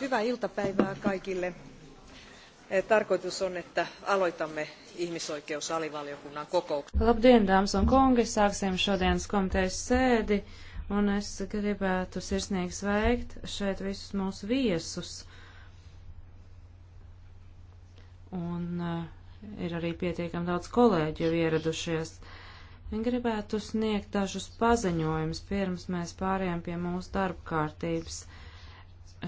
Hyvää iltapäivää kaikille. Eh, tarkoitus on, että aloitamme ihmisoikeusalivaliokunnan kokouksen. Labdien, dāmas un kungi, sāksim šodienas komitejas sēdi, un es gribētu sirsnīgi sveikt šeit visus mūsu viesus. Un uh, ir arī pietiekam daudz kolēģi jau ieradušies. Uh, Gribētu sniegt dažus paziņojumus pirms mēs pārējām pie mūsu darba kārtības.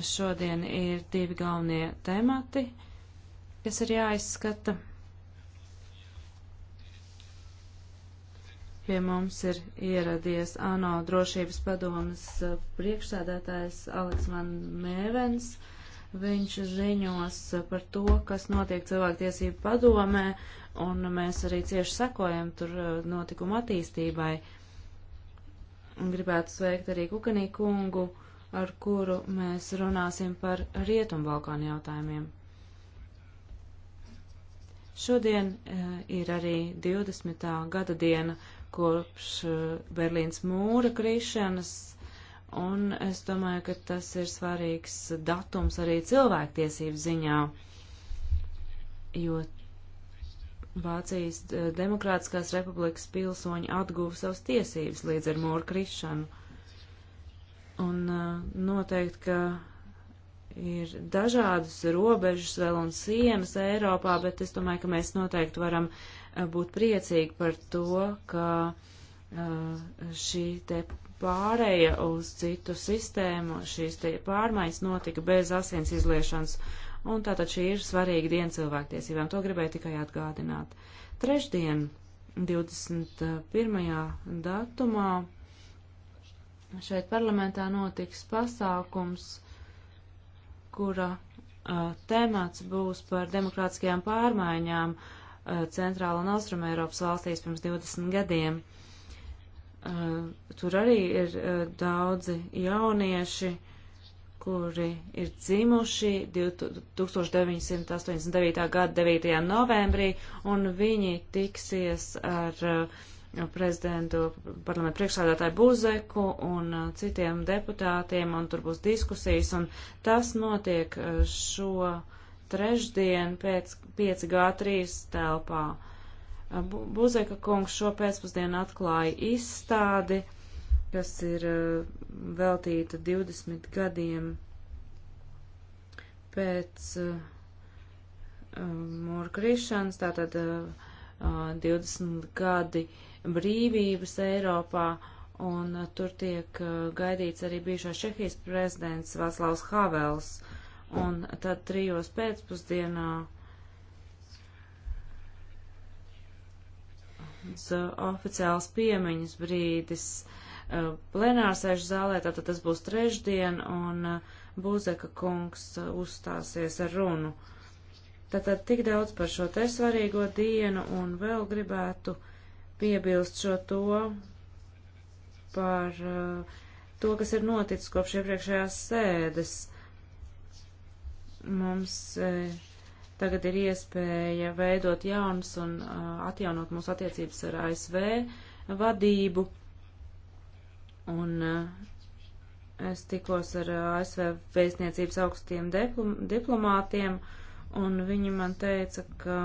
Šodien ir divi galvenie temati, kas ir jāizskata. Pie mums ir ieradies ANO drošības padomas eh, priekšsēdētājs Aleks Van Mēvens. Viņš ziņos eh, par to, kas notiek cilvēktiesību padomē un mēs arī cieši sekojam tur uh, notikuma attīstībai. Gribētu sveikt arī Kukanī kungu, ar kuru mēs runāsim par Rietumbalkānu jautājumiem. Šodien uh, ir arī 20. gada diena kopš uh, Berlīnas mūra krišanas, un es domāju, ka tas ir svarīgs datums arī cilvēktiesību ziņā, jo Vācijas eh, Demokrātiskās republikas pilsoņi atguva savas tiesības līdz ar mūru krišanu. Un eh, noteikti, ka ir dažādas robežas vēl un sienas Eiropā, bet es domāju, ka mēs noteikti varam eh, būt priecīgi par to, ka šī te pārēja uz citu sistēmu, šīs te pārmaiņas notika bez asins izliešanas un tātad šī ir svarīga diena cilvēktiesībām. To gribēju tikai atgādināt. Trešdien, 21. datumā, šeit parlamentā notiks pasākums, kura uh, temats būs par demokrātiskajām pārmaiņām uh, Centrāla un Austruma Eiropas valstīs pirms 20 gadiem. Uh, tur arī ir uh, daudzi jaunieši, uh, kuri ir dzimuši 1989. gada 9. novembrī, un viņi tiksies ar uh, prezidentu parlamentu priekšsādātāju Buzeku un uh, citiem deputātiem, un tur būs diskusijas, un tas notiek uh, šo trešdien pēc 5G3 telpā. Buzeka kungs šo pēcpusdienu atklāja izstādi kas ir eh, veltīta 20 gadiem pēc uh, eh, mūra krišanas, tātad uh, eh, 20 gadi brīvības Eiropā, un uh, tur tiek gaidīts arī bijušā Čehijas prezidents Vaclavs Havels, un tad trijos pēcpusdienā oficiāls piemiņas brīdis uh, Eh, plenārsēžu zālē, tātad tas būs trešdien, un eh, Buzeka kungs eh, uzstāsies ar runu. Tātad tik daudz par šo te svarīgo dienu, un vēl gribētu piebilst šo to par to, kas ir noticis kopš iepriekšējās sēdes. Mums tagad ir iespēja veidot jaunas un atjaunot mūsu attiecības ar ASV vadību. Un eh, es tikos ar eh, ASV vēstniecības augstiem diplomātiem, un viņi man teica, ka.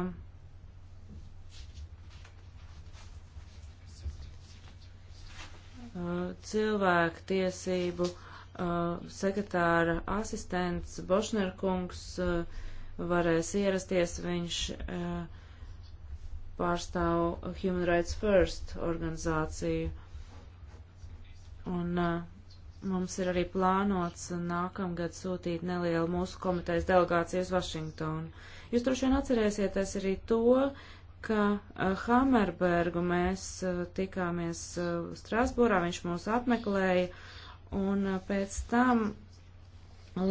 Eh, cilvēku tiesību uh, sekretāra asistents Bošnerkungs uh, varēs ierasties. Viņš uh, pārstāv Human Rights First organizāciju. Un uh, mums ir arī plānots nākamgad sūtīt nelielu mūsu komitejas delegāciju uz Vašingtonu. Jūs droši vien atcerēsieties arī to, ka uh, Hamerbergu mēs uh, tikāmies uh, Strasbūrā, viņš mūs apmeklēja, un uh, pēc tam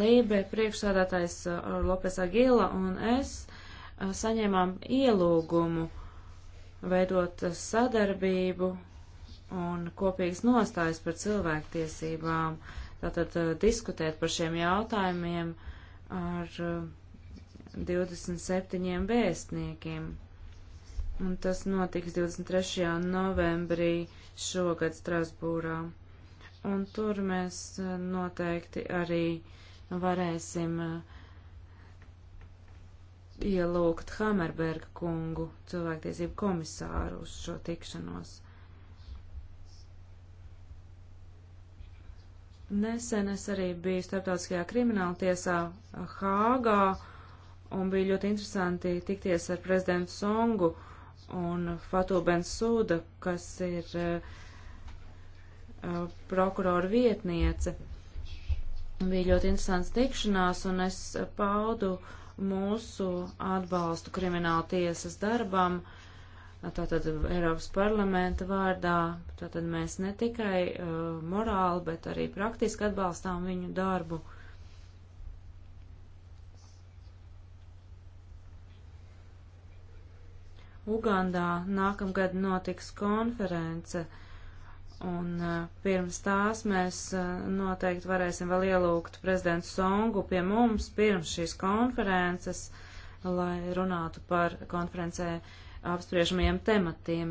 Lībe priekšsādātājs uh, Lopes Agila un es uh, saņēmām ielūgumu veidot uh, sadarbību un kopīgas nostājas par cilvēktiesībām, tātad uh, diskutēt par šiem jautājumiem ar uh, eh, 27 vēstniekiem. Un tas notiks 23. novembrī šogad Strasbūrā. Un tur mēs uh, noteikti arī varēsim uh, ielūgt Hamerberga kungu, cilvēktiesību komisāru, uz šo tikšanos. Nesen es arī biju starptautiskajā krimināla tiesā eh, Hāgā un bija ļoti interesanti tikties ar prezidentu Songu un Fatu Bensūda, kas ir uh, prokurora vietniece. Bija ļoti interesants tikšanās un es paudu mūsu atbalstu krimināla tiesas darbam. Uh, tātad Eiropas parlamenta vārdā. Tātad mēs ne tikai uh, morāli, bet arī praktiski atbalstām viņu darbu. Ugandā nākamgad notiks konference, un uh, pirms tās mēs uh, noteikti varēsim vēl ielūgt prezidentu Songu pie mums pirms šīs konferences, lai runātu par konferencē apspriežamajiem tematiem.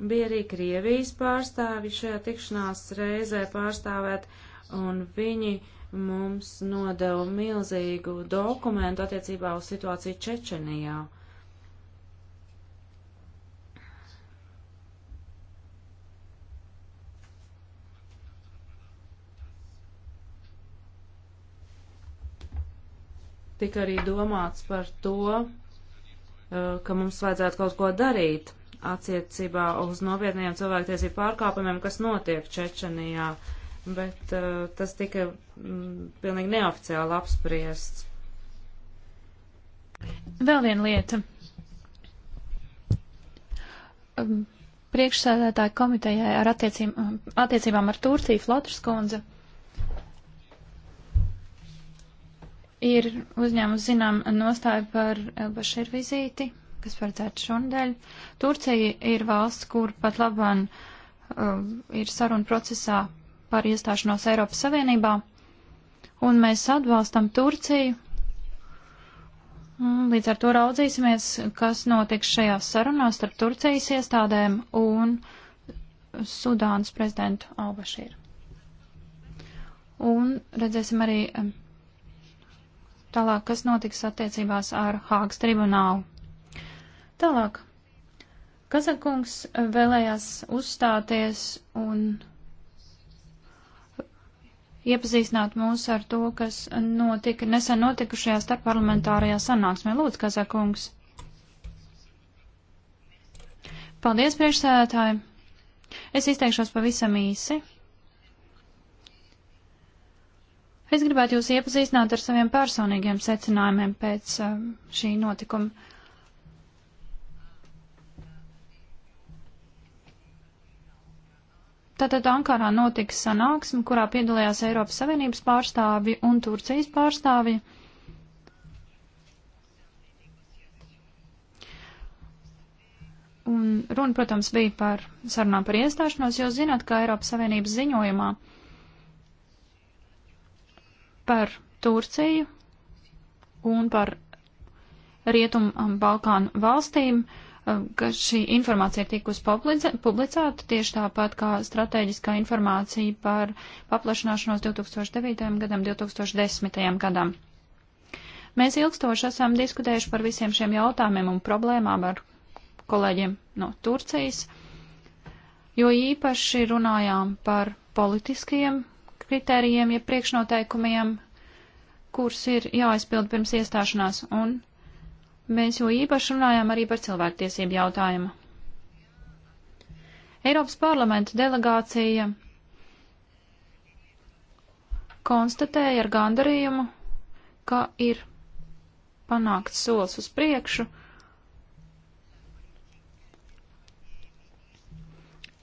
Bija arī Krievijas pārstāvi šajā tikšanās reizē pārstāvēt, un viņi mums nodeva milzīgu dokumentu attiecībā uz situāciju Čečenijā. tika arī domāts par to, Uh, ka mums vajadzētu kaut ko darīt attiecībā uz nopietniem cilvēktiesību pārkāpumiem, kas notiek Čečenijā, bet uh, tas tika mm, pilnīgi neoficiāli apspriests. Vēl viena lieta. Um, priekšsēdētāja komitejai ar um, attiecībām ar Turciju Flotras kundze ir uzņēmusi zinām nostāju par Elbašēru eh, vizīti, kas paredzēta šonadēļ. Turcija ir valsts, kur pat labāk uh, eh, ir saruna procesā par iestāšanos Eiropas Savienībā, un mēs atbalstam Turciju. Mm, līdz ar to raudzīsimies, kas notiks šajās sarunās starp Turcijas iestādēm un Sudānas prezidentu Albašīru. Un redzēsim arī um, tālāk, kas notiks attiecībās ar Hāgas tribunālu. Tālāk, Kazakungs vēlējās uzstāties un iepazīstināt mūs ar to, kas notika nesen notikušajā starpparlamentārajā sanāksmē. Lūdzu, Kazakungs. Paldies, priekšsēdētāji! Es izteikšos pavisam īsi. Es gribētu jūs iepazīstināt ar saviem personīgiem secinājumiem pēc uh, šī notikuma. Tātad Ankarā notika sanāksme, kurā piedalījās Eiropas Savienības pārstāvi un Turcijas pārstāvi. Un runa, protams, bija par sarunām par iestāšanos, jo zināt, ka Eiropas Savienības ziņojumā par Turciju un par Rietumu um, Balkānu valstīm, um, ka šī informācija tiek publicēta tieši tāpat kā strateģiskā informācija par paplašanāšanos 2009. gadam, 2010. gadam. Mēs ilgstoši esam diskutējuši par visiem šiem jautājumiem un problēmām ar kolēģiem no Turcijas, jo īpaši runājām par politiskiem kritērijiem, ja priekšnoteikumiem, kurus ir jāaizpild pirms iestāšanās, un mēs jau īpaši runājām arī par cilvēktiesību jautājumu. Eiropas parlamenta delegācija konstatēja ar gandarījumu, ka ir panākts solis uz priekšu,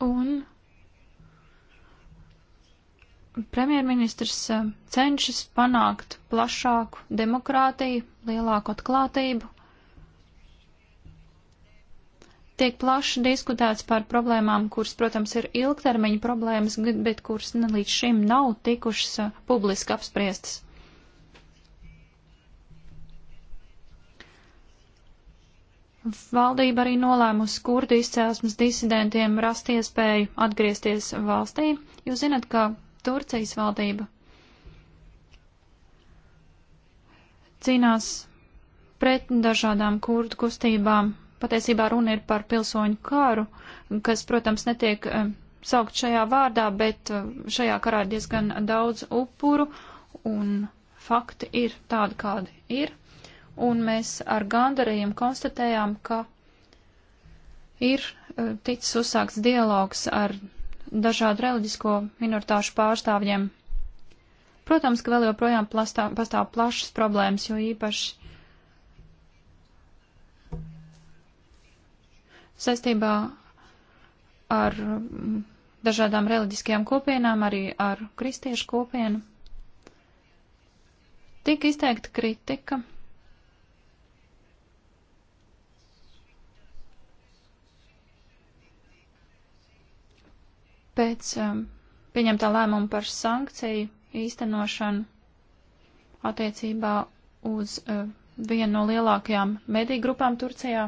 un premjerministrs eh, cenšas panākt plašāku demokrātiju, lielāku atklātību. Tiek plaši diskutēts par problēmām, kuras, protams, ir ilgtermiņa problēmas, bet kuras ne, līdz šim nav tikušas eh, publiski apspriestas. Valdība arī nolēmusi kurdu izcēlesmes disidentiem rast iespēju atgriezties valstī. Jūs zinat, ka Turcijas valdība cīnās pret dažādām kurdu kustībām. Patiesībā runa ir par pilsoņu kāru, kas, protams, netiek eh, saukt šajā vārdā, bet eh, šajā karā ir diezgan daudz upuru un fakti ir tādi, kādi ir. Un mēs ar gandarījumu konstatējām, ka ir eh, ticis uzsākts dialogs ar dažādu reliģisko minoritāšu pārstāvjiem. Protams, ka vēl joprojām plastā, pastāv plašas problēmas, jo īpaši saistībā ar mm, dažādām reliģiskajām kopienām, arī ar kristiešu kopienu. Tika izteikta kritika Pēc um, pieņemtā lēmuma par sankciju īstenošanu attiecībā uz uh, vienu no lielākajām mediju grupām Turcijā.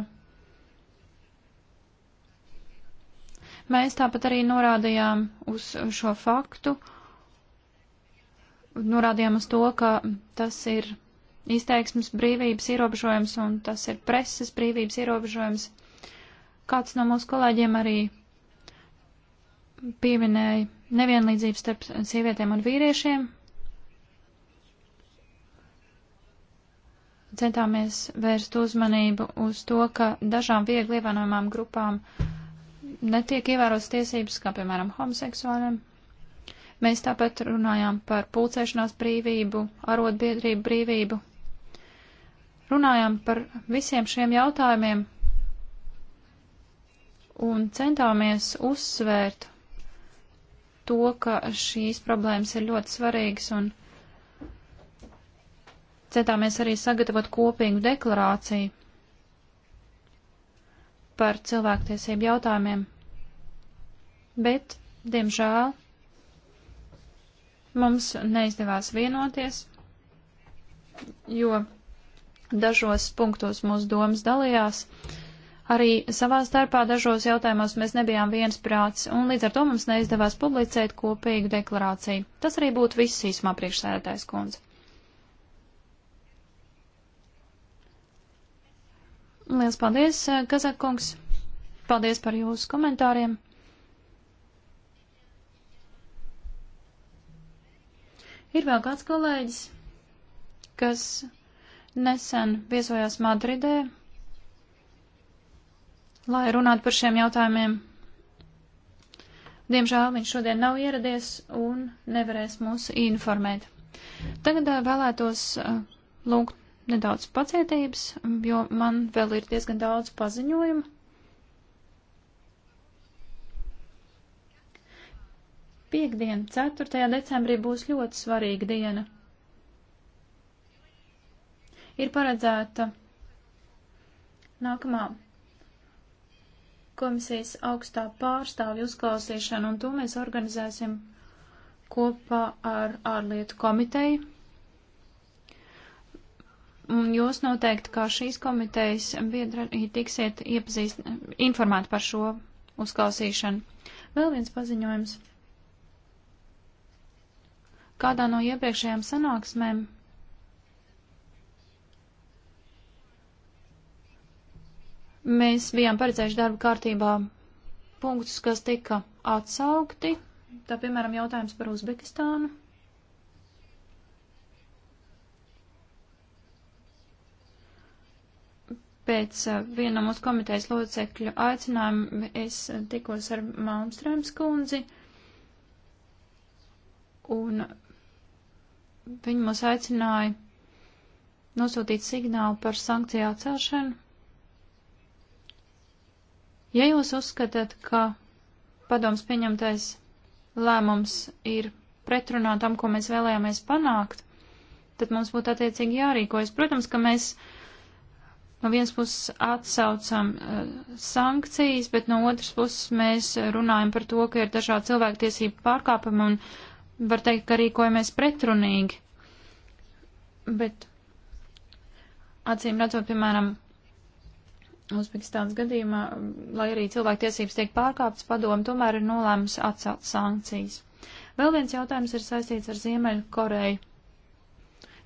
Mēs tāpat arī norādījām uz šo faktu, norādījām uz to, ka tas ir izteiksmes brīvības ierobežojums un tas ir preses brīvības ierobežojums. Kāds no mūsu kolēģiem arī pieminēja nevienlīdzību starp sievietēm un vīriešiem. Centāmies vērst uzmanību uz to, ka dažām viegli ievainojumām grupām netiek ievērotas tiesības, kā piemēram homoseksuāļiem. Mēs tāpat runājām par pulcēšanās brīvību, arotbiedrību brīvību. Runājām par visiem šiem jautājumiem un centāmies uzsvērt to, ka šīs problēmas ir ļoti svarīgas un centāmies arī sagatavot kopīgu deklarāciju par cilvēktiesību jautājumiem. Bet, diemžēl, mums neizdevās vienoties, jo dažos punktos mūsu domas dalījās. Uh, Arī savā starpā dažos jautājumos mēs nebijām viensprāts, un līdz ar to mums neizdevās publicēt kopīgu deklarāciju. Tas arī būtu viss īsumā priekšsēdētājs kundze. Liels paldies, eh, Kazakungs! Paldies par jūsu komentāriem! Ir vēl kāds kolēģis, kas nesen viesojās Madridē lai runātu par šiem jautājumiem. Diemžēl viņš šodien nav ieradies un nevarēs mūs informēt. Tagad vēlētos lūgt nedaudz pacietības, jo man vēl ir diezgan daudz paziņojumu. Piektdien, 4. decembrī būs ļoti svarīga diena. Ir paredzēta nākamā komisijas augstā pārstāvja uzklausīšanu, un to mēs organizēsim kopā ar ārlietu komiteju. Un jūs noteikti, kā šīs komitejas biedri, tiksiet iepazīst, informēti par šo uzklausīšanu. Vēl viens paziņojums. Kādā no iepriekšējām sanāksmēm Mēs bijām paredzējuši darba kārtībā punktus, kas tika atsaukti. Tā, piemēram, jautājums par Uzbekistānu. pēc eh, viena no mūsu komitejas locekļu aicinājuma es tikos ar Malmstrēms kundzi, un viņi mūs aicināja nosūtīt signālu par sankciju atcelšanu. Ja jūs uzskatāt, ka padoms pieņemtais lēmums ir pretrunā tam, ko mēs vēlējāmies panākt, tad mums būtu attiecīgi jārīkojas. Protams, ka mēs no vienas puses atsaucam uh, sankcijas, bet no otras puses mēs runājam par to, ka ir dažādi cilvēktiesību pārkāpumi un var teikt, ka rīkojamies pretrunīgi. Bet acīm redzot, piemēram, Uzbekistānas gadījumā, lai arī cilvēktiesības tiek pārkāptas, padomu tomēr ir nolēmusi atcelt sankcijas. Vēl viens jautājums ir saistīts ar Ziemeļu Koreju.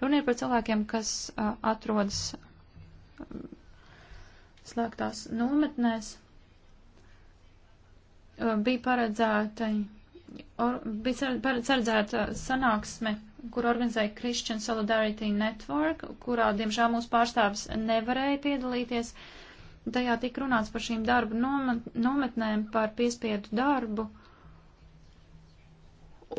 Runa ir par cilvēkiem, kas a, atrodas slēgtās nometnēs. A, bija paredzēta, or, bija paredzēta sanāksme, kur organizēja Christian Solidarity Network, kurā, diemžēl, mūsu pārstāvis nevarēja piedalīties. Uh, Tajā tika runāts par šīm darba nometnēm, par piespiedu darbu.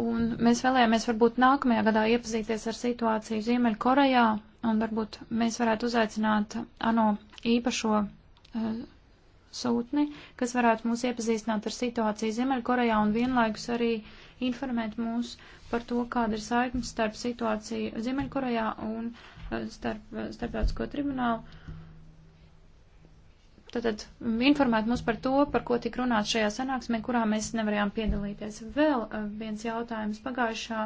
Un mēs vēlējāmies varbūt nākamajā gadā iepazīties ar situāciju Ziemeļkorejā, un varbūt mēs varētu uzaicināt ANO īpašo uh, sūtni, kas varētu mūs iepazīstināt ar situāciju Ziemeļkorejā un vienlaikus arī informēt mūs par to, kāda ir saiknes starp situāciju Ziemeļkorejā un eh, starp, eh, starptautisko tribunālu. Tātad informēt mūs par to, par ko tik runāts šajā sanāksmē, kurā mēs nevarējām piedalīties. Vēl uh, viens jautājums. Pagājušā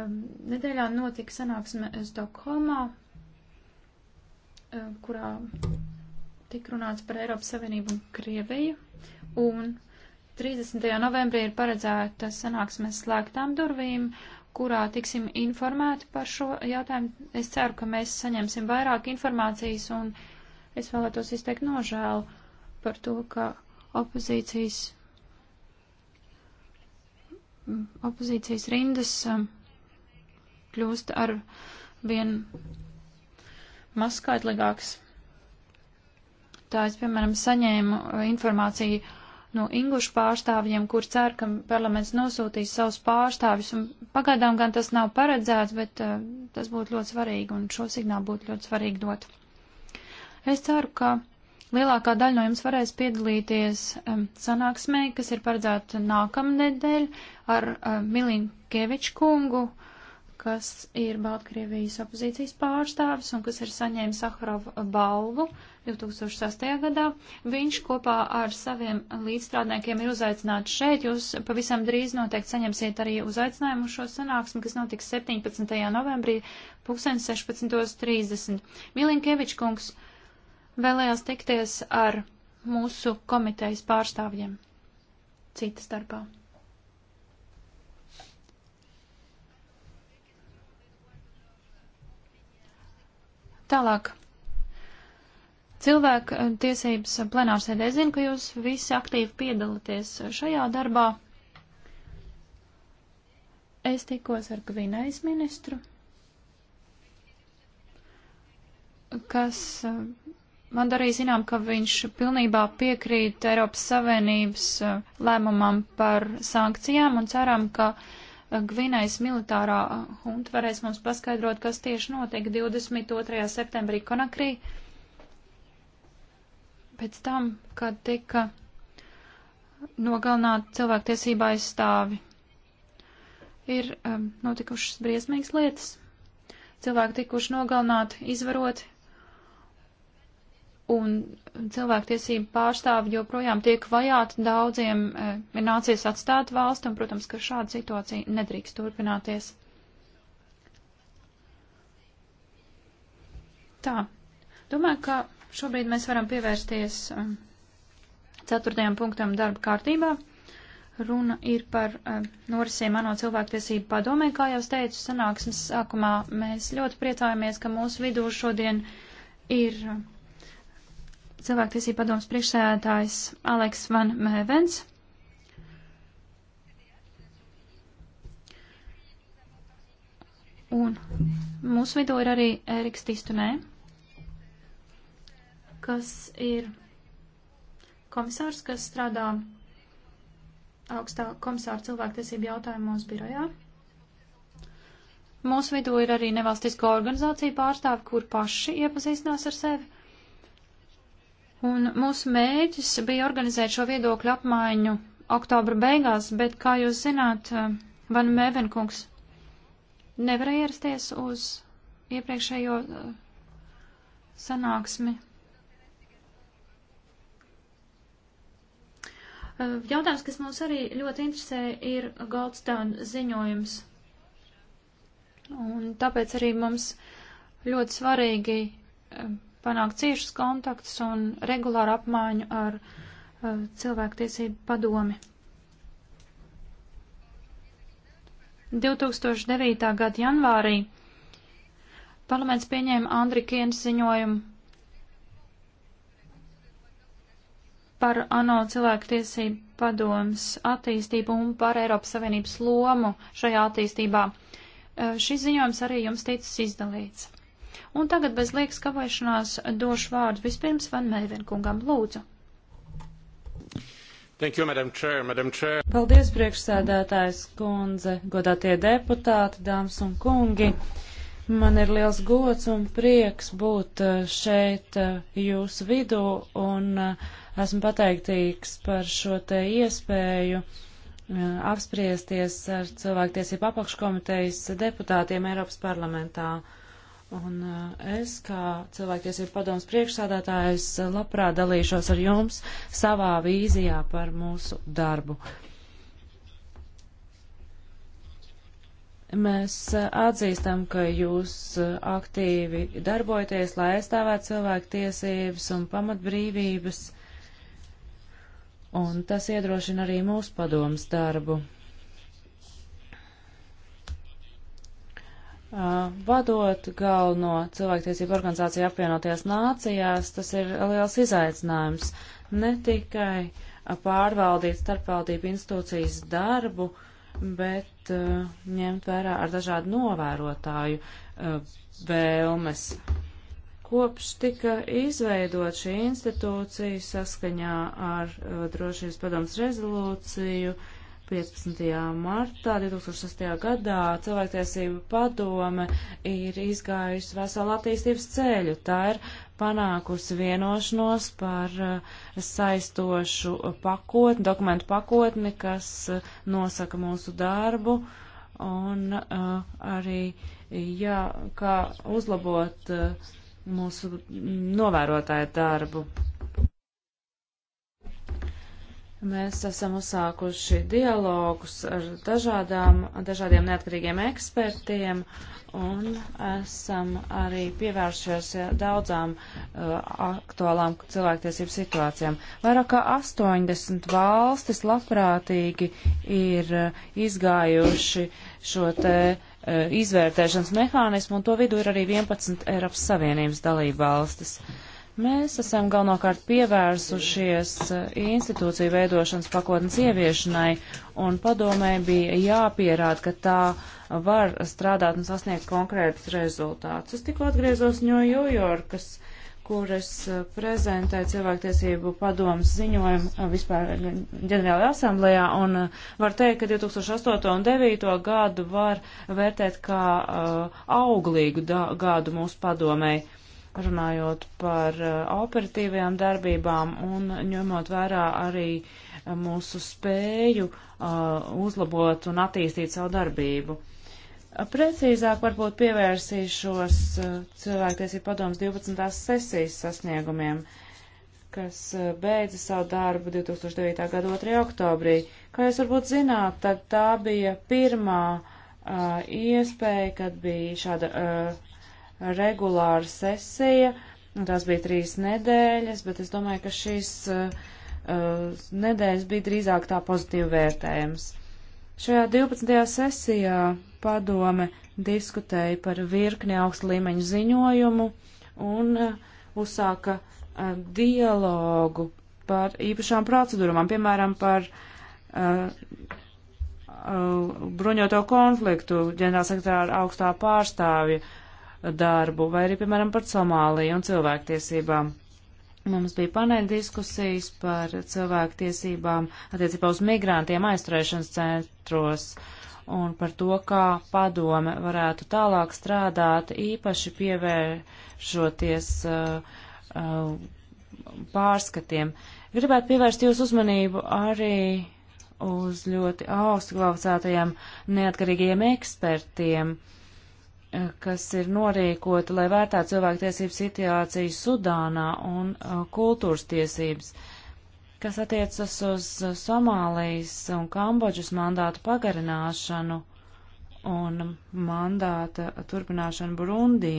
um, nedēļā notika sanāksme Stokholmā, uh, kurā tik runāts par Eiropas Savienību un Krieviju. Un 30. novembrī ir paredzēta sanāksme slēgtām durvīm, kurā tiksim informēti par šo jautājumu. Es ceru, ka mēs saņemsim vairāk informācijas un Es vēlētos izteikt nožēlu par to, ka opozīcijas, opozīcijas rindas kļūst ar vien mazskaitlīgāks. Tā es, piemēram, saņēmu e, informāciju no ingušu pārstāvjiem, kur cer, ka parlaments nosūtīs savus pārstāvjus, un pagaidām gan tas nav paredzēts, bet uh, tas būtu ļoti svarīgi, un šo signālu būtu ļoti svarīgi dot. Es ceru, ka lielākā daļa no jums varēs piedalīties um, sanāksmē, kas ir paredzēta nākamnedēļ ar um, Milinkeviču kungu, kas ir Baltkrievijas opozīcijas pārstāvis un kas ir saņēmis Sahrovu balvu 2008. gadā. Viņš kopā ar saviem līdzstrādniekiem ir uzaicināts šeit. Jūs pavisam drīz noteikti saņemsiet arī uzaicinājumu šo sanāksmi, kas notiks 17. novembrī 16.30. Milinkevičs kungs vēlējās tikties ar mūsu komitejas pārstāvjiem citas starpā. Tālāk. Cilvēku tiesības plenārsēdē zinu, ka jūs visi aktīvi piedalāties šajā darbā. Es tikos ar Gvinais ministru, kas man darīja zinām, ka viņš pilnībā piekrīt Eiropas Savienības eh, lēmumam par sankcijām un ceram, ka eh, Gvinais militārā hunta varēs mums paskaidrot, kas tieši notiek 22. septembrī Konakrī. Pēc tam, kad tika nogalināti cilvēktiesība aizstāvi, ir um, notikušas briesmīgas lietas. Cilvēki tikuši nogalināti, izvaroti, un cilvēktiesību pārstāvi joprojām tiek vajāti, daudziem eh, ir nācies atstāt valstu, un, protams, ka šāda situācija nedrīkst turpināties. Tā, domāju, ka šobrīd mēs varam pievērsties um, ceturtajam punktam darba kārtībā. Runa ir par um, norisiem ANO cilvēktiesību padomē, kā jau es teicu, sanāksmes sākumā mēs ļoti priecājamies, ka mūsu vidū šodien ir um, cilvēktiesība padomas priekšsēdētājs Aleks Van Mēvens. Un mūsu vidū ir arī Ēriks Tistunē, kas ir komisārs, kas strādā augstā komisāra cilvēktiesību jautājumos birojā. Mūsu vidū ir arī nevalstisko organizāciju pārstāvi, kur paši iepazīstinās ar sevi. Un mūsu mēģis bija organizēt šo viedokļu apmaiņu oktobra beigās, bet, kā jūs zināt, Van Mēvenkungs nevarēja ierasties uz iepriekšējo eh, sanāksmi. Eh, jautājums, kas mums arī ļoti interesē, ir Goldstone ziņojums. Un tāpēc arī mums ļoti svarīgi eh, panākt ciešus kontaktus un regulāru apmaiņu ar uh, cilvēktiesību padomi. 2009. gada janvārī parlaments pieņēma Andri Kienas ziņojumu par ANO cilvēktiesību padomas attīstību un par Eiropas Savienības lomu šajā attīstībā. Uh, šis ziņojums arī jums ticis izdalīts. Un tagad bez liekas kavēšanās došu vārdu vispirms Van Meivenkungam. Lūdzu. Thank you, Madam Chair, Madam Chair. Paldies, priekšsēdētājs kundze, godātie deputāti, dāmas un kungi. Man ir liels gods un prieks būt eh, šeit eh, jūsu vidū un eh, esmu pateiktīgs par šo te iespēju apspriesties ar cilvēktiesību apakškomitejas deputātiem Eiropas parlamentā. Un eh, es, kā cilvēktiesību padomas priekšsādātājs, eh, labprāt dalīšos ar jums savā vīzijā par mūsu darbu. Mēs eh, atzīstam, ka jūs aktīvi darbojaties, lai aizstāvētu cilvēku tiesības un pamatbrīvības, un tas iedrošina arī mūsu padomas darbu. Uh, vadot galveno cilvēktiesību organizāciju apvienotajās nācijās, tas ir liels izaicinājums ne tikai uh, pārvaldīt starpvaldību institūcijas darbu, bet uh, ņemt vērā ar dažādu novērotāju uh, vēlmes. Kopš tika izveidot šī institūcija saskaņā ar uh, drošības padomas rezolūciju, uh, 15. martā 2006. gadā cilvēktiesība padome ir izgājusi veselu attīstības ceļu. Tā ir panākusi vienošanos par uh, saistošu pakotni, dokumentu pakotni, kas uh, nosaka mūsu darbu un uh, arī, jā, kā uzlabot uh, mūsu novērotāju darbu. Mēs esam uzsākuši dialogus ar dažādām, dažādiem neatkarīgiem ekspertiem un esam arī pievēršies daudzām uh, aktuālām cilvēktiesību situācijām. Vairāk kā 80 valstis labprātīgi ir uh, izgājuši šo te uh, izvērtēšanas mehānismu, un to vidū ir arī 11 Eiropas Savienības dalība valstis. Uh, Mēs esam galvenokārt pievērsušies eh, institūciju veidošanas pakotnes ieviešanai, un padomēji bija jāpierāda, ka tā var strādāt un sasniegt konkrētus rezultātus. Es tikko atgriezos no Ņujorkas, kur es eh, prezentēju cilvēktiesību padomas ziņojumu eh, vispār ģenerālajā asamblējā, un var teikt, ka 2008 un 2009 gadu var vērtēt kā auglīgu gadu mūsu padomēji runājot par eh, operatīvajām darbībām un ņemot vērā arī eh, mūsu spēju uh, uzlabot un attīstīt savu darbību. Precīzāk varbūt pievērsīšos cilvēktiesību padomas 12. sesijas sasniegumiem, kas beidza savu darbu 2009. gada 2. oktobrī. Kā jūs varbūt zināt, tad tā bija pirmā uh, iespēja, kad bija šāda uh, regulāra sesija, un tās bija trīs nedēļas, bet es domāju, ka šīs uh, uh nedēļas bija drīzāk tā pozitīvi vērtējams. Šajā 12. sesijā padome diskutēja par virkni augstu līmeņu ziņojumu un uh, uzsāka uh, dialogu par īpašām procedūrām, piemēram, par uh, uh bruņoto konfliktu ģenerālsekretāra augstā pārstāvja darbu, vai arī, piemēram, par Somāliju un cilvēktiesībām. Mums bija paneļa diskusijas par cilvēktiesībām attiecībā uz migrantiem aizturēšanas centros un par to, kā padome varētu tālāk strādāt, īpaši pievēršoties uh, uh, pārskatiem. Gribētu pievērst jūsu uzmanību arī uz ļoti augstu kvalificētajiem neatkarīgiem ekspertiem. Uh, Eh, kas ir norīkota, lai vērtētu cilvēktiesību situāciju Sudānā un eh, kultūras tiesības. Kas attiecas uz eh, Somālijas un Kambodžas mandātu pagarināšanu un mandāta turpināšanu Burundī,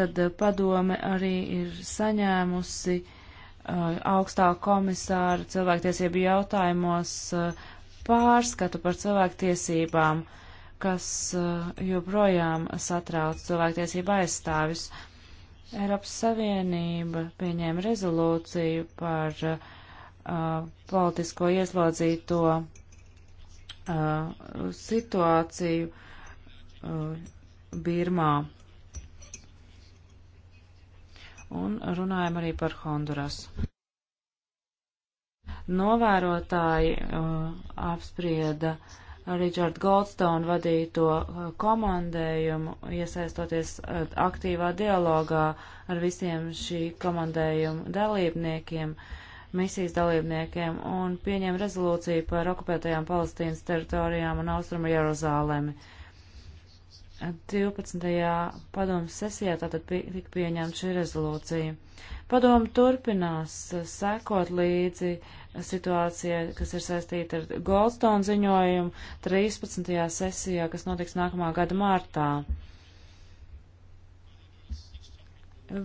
tad padome arī ir saņēmusi augstā komisāra cilvēktiesību jautājumos pārskatu par cilvēktiesībām. tiesībām kas eh, joprojām satrauc cilvēktiesību aizstāvis. Eiropas Savienība pieņēma rezolūciju par uh, politisko ieslodzīto uh, situāciju uh, Birmā. Un runājam arī par Honduras. Novērotāji uh, apsprieda uh, Richard Goldstone vadīto uh, komandējumu, iesaistoties uh, aktīvā dialogā ar visiem šī komandējuma dalībniekiem, misijas dalībniekiem, un pieņem rezolūciju par okupētajām Palestīnas teritorijām un Austrumu Jeruzālēmi. 12. padomas sesijā tātad tika pieņemta šī rezolūcija. Padomu turpinās eh, sekot līdzi situācijai, kas ir saistīta ar Goldstone ziņojumu 13. sesijā, kas notiks nākamā gada martā.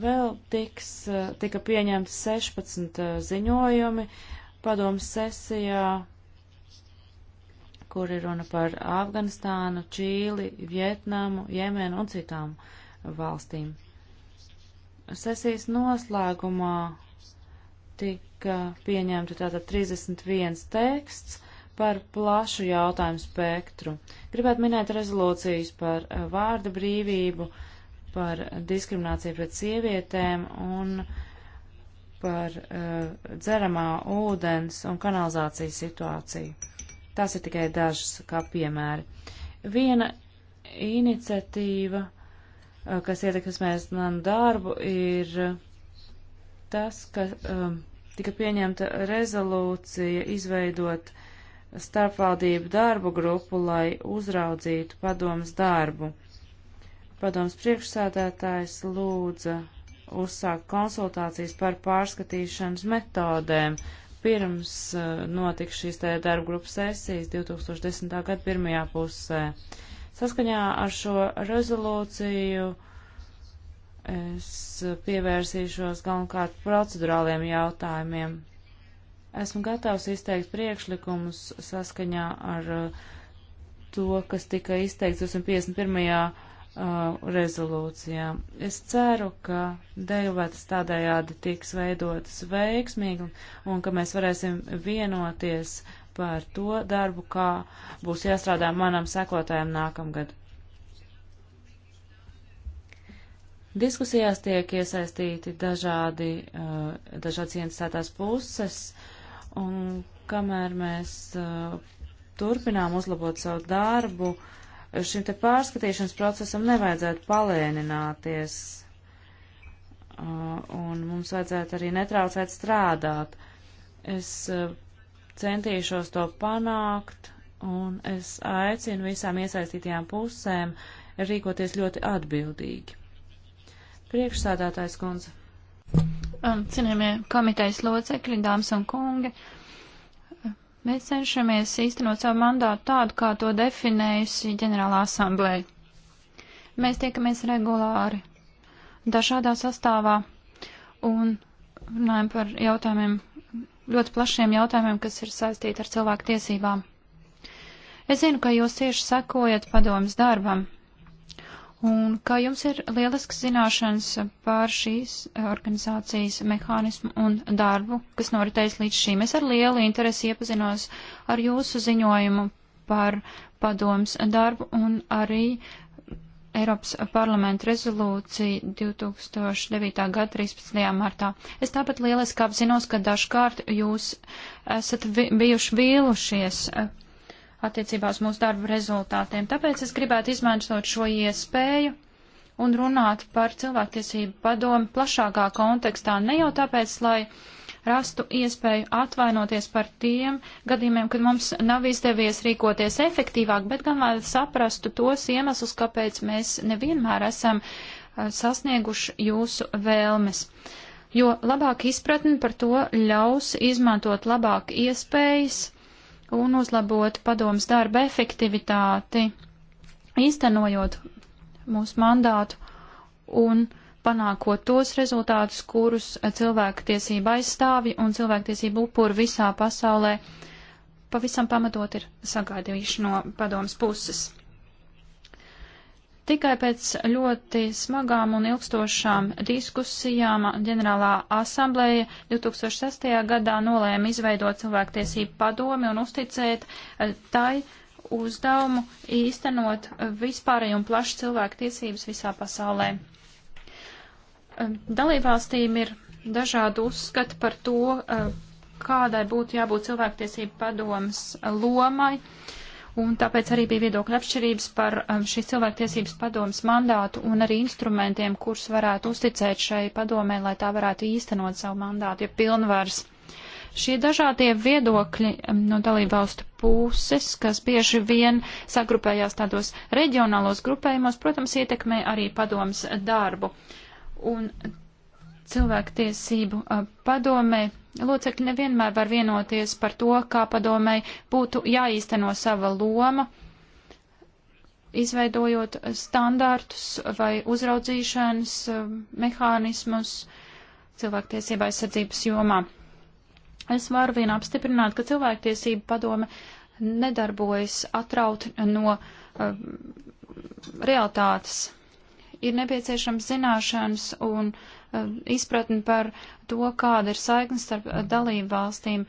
Vēl tiks, eh, tika pieņemts 16 eh, ziņojumi padomu sesijā, kur ir runa par Afganistānu, Čīli, Vietnamu, Jemenu un citām valstīm. Sesijas noslēgumā tika pieņemta tātad 31 teksts par plašu jautājumu spektru. Gribētu minēt rezolūcijas par eh, vārda brīvību, par diskrimināciju pret sievietēm un par uh, dzeramā ūdens un kanalizācijas situāciju. Tās ir tikai dažas kā piemēri. Viena iniciatīva uh, Eh, kas ietekmēs manu darbu, ir eh, tas, ka um, tika pieņemta rezolūcija izveidot starpvaldību darbu grupu, lai uzraudzītu padomas darbu. Padomas priekšsādātājs lūdza uzsākt konsultācijas par pārskatīšanas metodēm pirms uh, notika šīs te darba grupas sesijas 2010. gada pirmajā pusē. Uh, Saskaņā ar šo rezolūciju es pievērsīšos galvenokārt procedurāliem jautājumiem. Esmu gatavs izteikt priekšlikumus saskaņā ar uh, to, kas tika izteikts 251. Uh, rezolūcijā. Es ceru, ka debatas tādējādi tiks veidotas veiksmīgi un ka mēs varēsim vienoties par to darbu, kā būs jāstrādā manam sekotājam nākamgad. Diskusijās tiek iesaistīti dažādi, uh, dažādas interesētās puses, un kamēr mēs uh, turpinām uzlabot savu darbu, šim te pārskatīšanas procesam nevajadzētu palēnināties, uh, un mums vajadzētu arī netraucēt strādāt. Es centīšos to panākt, un es aicinu visām iesaistītajām pusēm rīkoties ļoti atbildīgi. Priekšsādātājs kundze. Um, cienījamie komitejas locekļi, dāmas un kungi, mēs cenšamies īstenot savu mandātu tādu, kā to definējusi ģenerālā asamblēja. Mēs tiekamies regulāri, dažādā sastāvā un runājam par jautājumiem, ļoti plašiem jautājumiem, kas ir saistīti ar cilvēku tiesībām. Es zinu, ka jūs tieši sekojat padomas darbam un ka jums ir lielisks zināšanas par šīs organizācijas mehānismu un darbu, kas noritējis līdz šim. Es ar lielu interesi iepazinos ar jūsu ziņojumu par padomas darbu un arī Eiropas parlamenta rezolūciju 2009. gada 13. martā. Es tāpat lieliski apzinos, ka dažkārt jūs esat vi bijuši vīlušies eh, attiecībā uz mūsu darbu rezultātiem. Tāpēc es gribētu izmantot šo iespēju un runāt par cilvēktiesību padomu plašākā kontekstā, ne jau tāpēc, lai rastu iespēju atvainoties par tiem gadījumiem, kad mums nav izdevies rīkoties efektīvāk, bet gan lai saprastu tos iemeslus, kāpēc mēs nevienmēr esam eh, sasnieguši jūsu vēlmes. Jo labāk izpratni par to ļaus izmantot labāk iespējas un uzlabot padomas darba efektivitāti, īstenojot mūsu mandātu un uh, panākot tos rezultātus, kurus cilvēktiesība aizstāvi un cilvēktiesību upuri visā pasaulē pavisam pamatot ir sagaidījuši no padomas puses. Tikai pēc ļoti smagām un ilgstošām diskusijām ģenerālā asambleja 2006. gadā nolēma izveidot cilvēktiesību padomi un uzticēt eh, tai uzdevumu īstenot vispārēju un plašu cilvēku tiesības visā pasaulē. Dalībvalstīm ir dažādi uzskati par to, kādai būtu jābūt cilvēktiesību padomas lomai, un tāpēc arī bija viedokļa apšķirības par šīs cilvēktiesības padomas mandātu un arī instrumentiem, kurus varētu uzticēt šai padomē, lai tā varētu īstenot savu mandātu, ja pilnvars. Šie dažādie viedokļi no dalībvalstu puses, kas bieži vien sagrupējās tādos reģionālos grupējumos, protams, ietekmē arī padomas darbu. Uh, un cilvēktiesību padomē locekļi nevienmēr var vienoties par to, kā padomē būtu jāīsteno sava loma, izveidojot standārtus vai uzraudzīšanas mehānismus cilvēktiesība aizsardzības jomā. Es varu vien apstiprināt, ka cilvēktiesība padome nedarbojas atraut no uh, realitātes ir nepieciešams zināšanas un uh, izpratni par to, kāda ir saikne starp eh, dalību valstīm.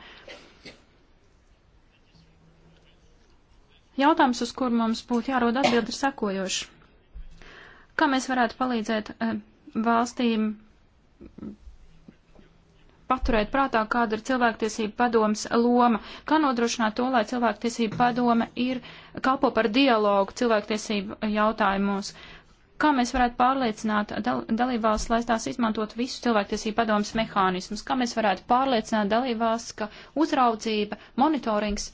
Jautājums, uz kur mums būtu jārod atbildi, ir sekojoši. Kā mēs varētu palīdzēt uh, valstīm paturēt prātā, kāda ir cilvēktiesība padomas loma, kā nodrošināt to, lai cilvēktiesība padome ir kalpo par dialogu cilvēktiesību jautājumos. Uh, Kā mēs varētu pārliecināt dal dalībvalsts, lai tās izmantot visu cilvēktiesību padomus mehānismus? Kā mēs varētu pārliecināt dalībvalsts, ka uzraudzība, monitorings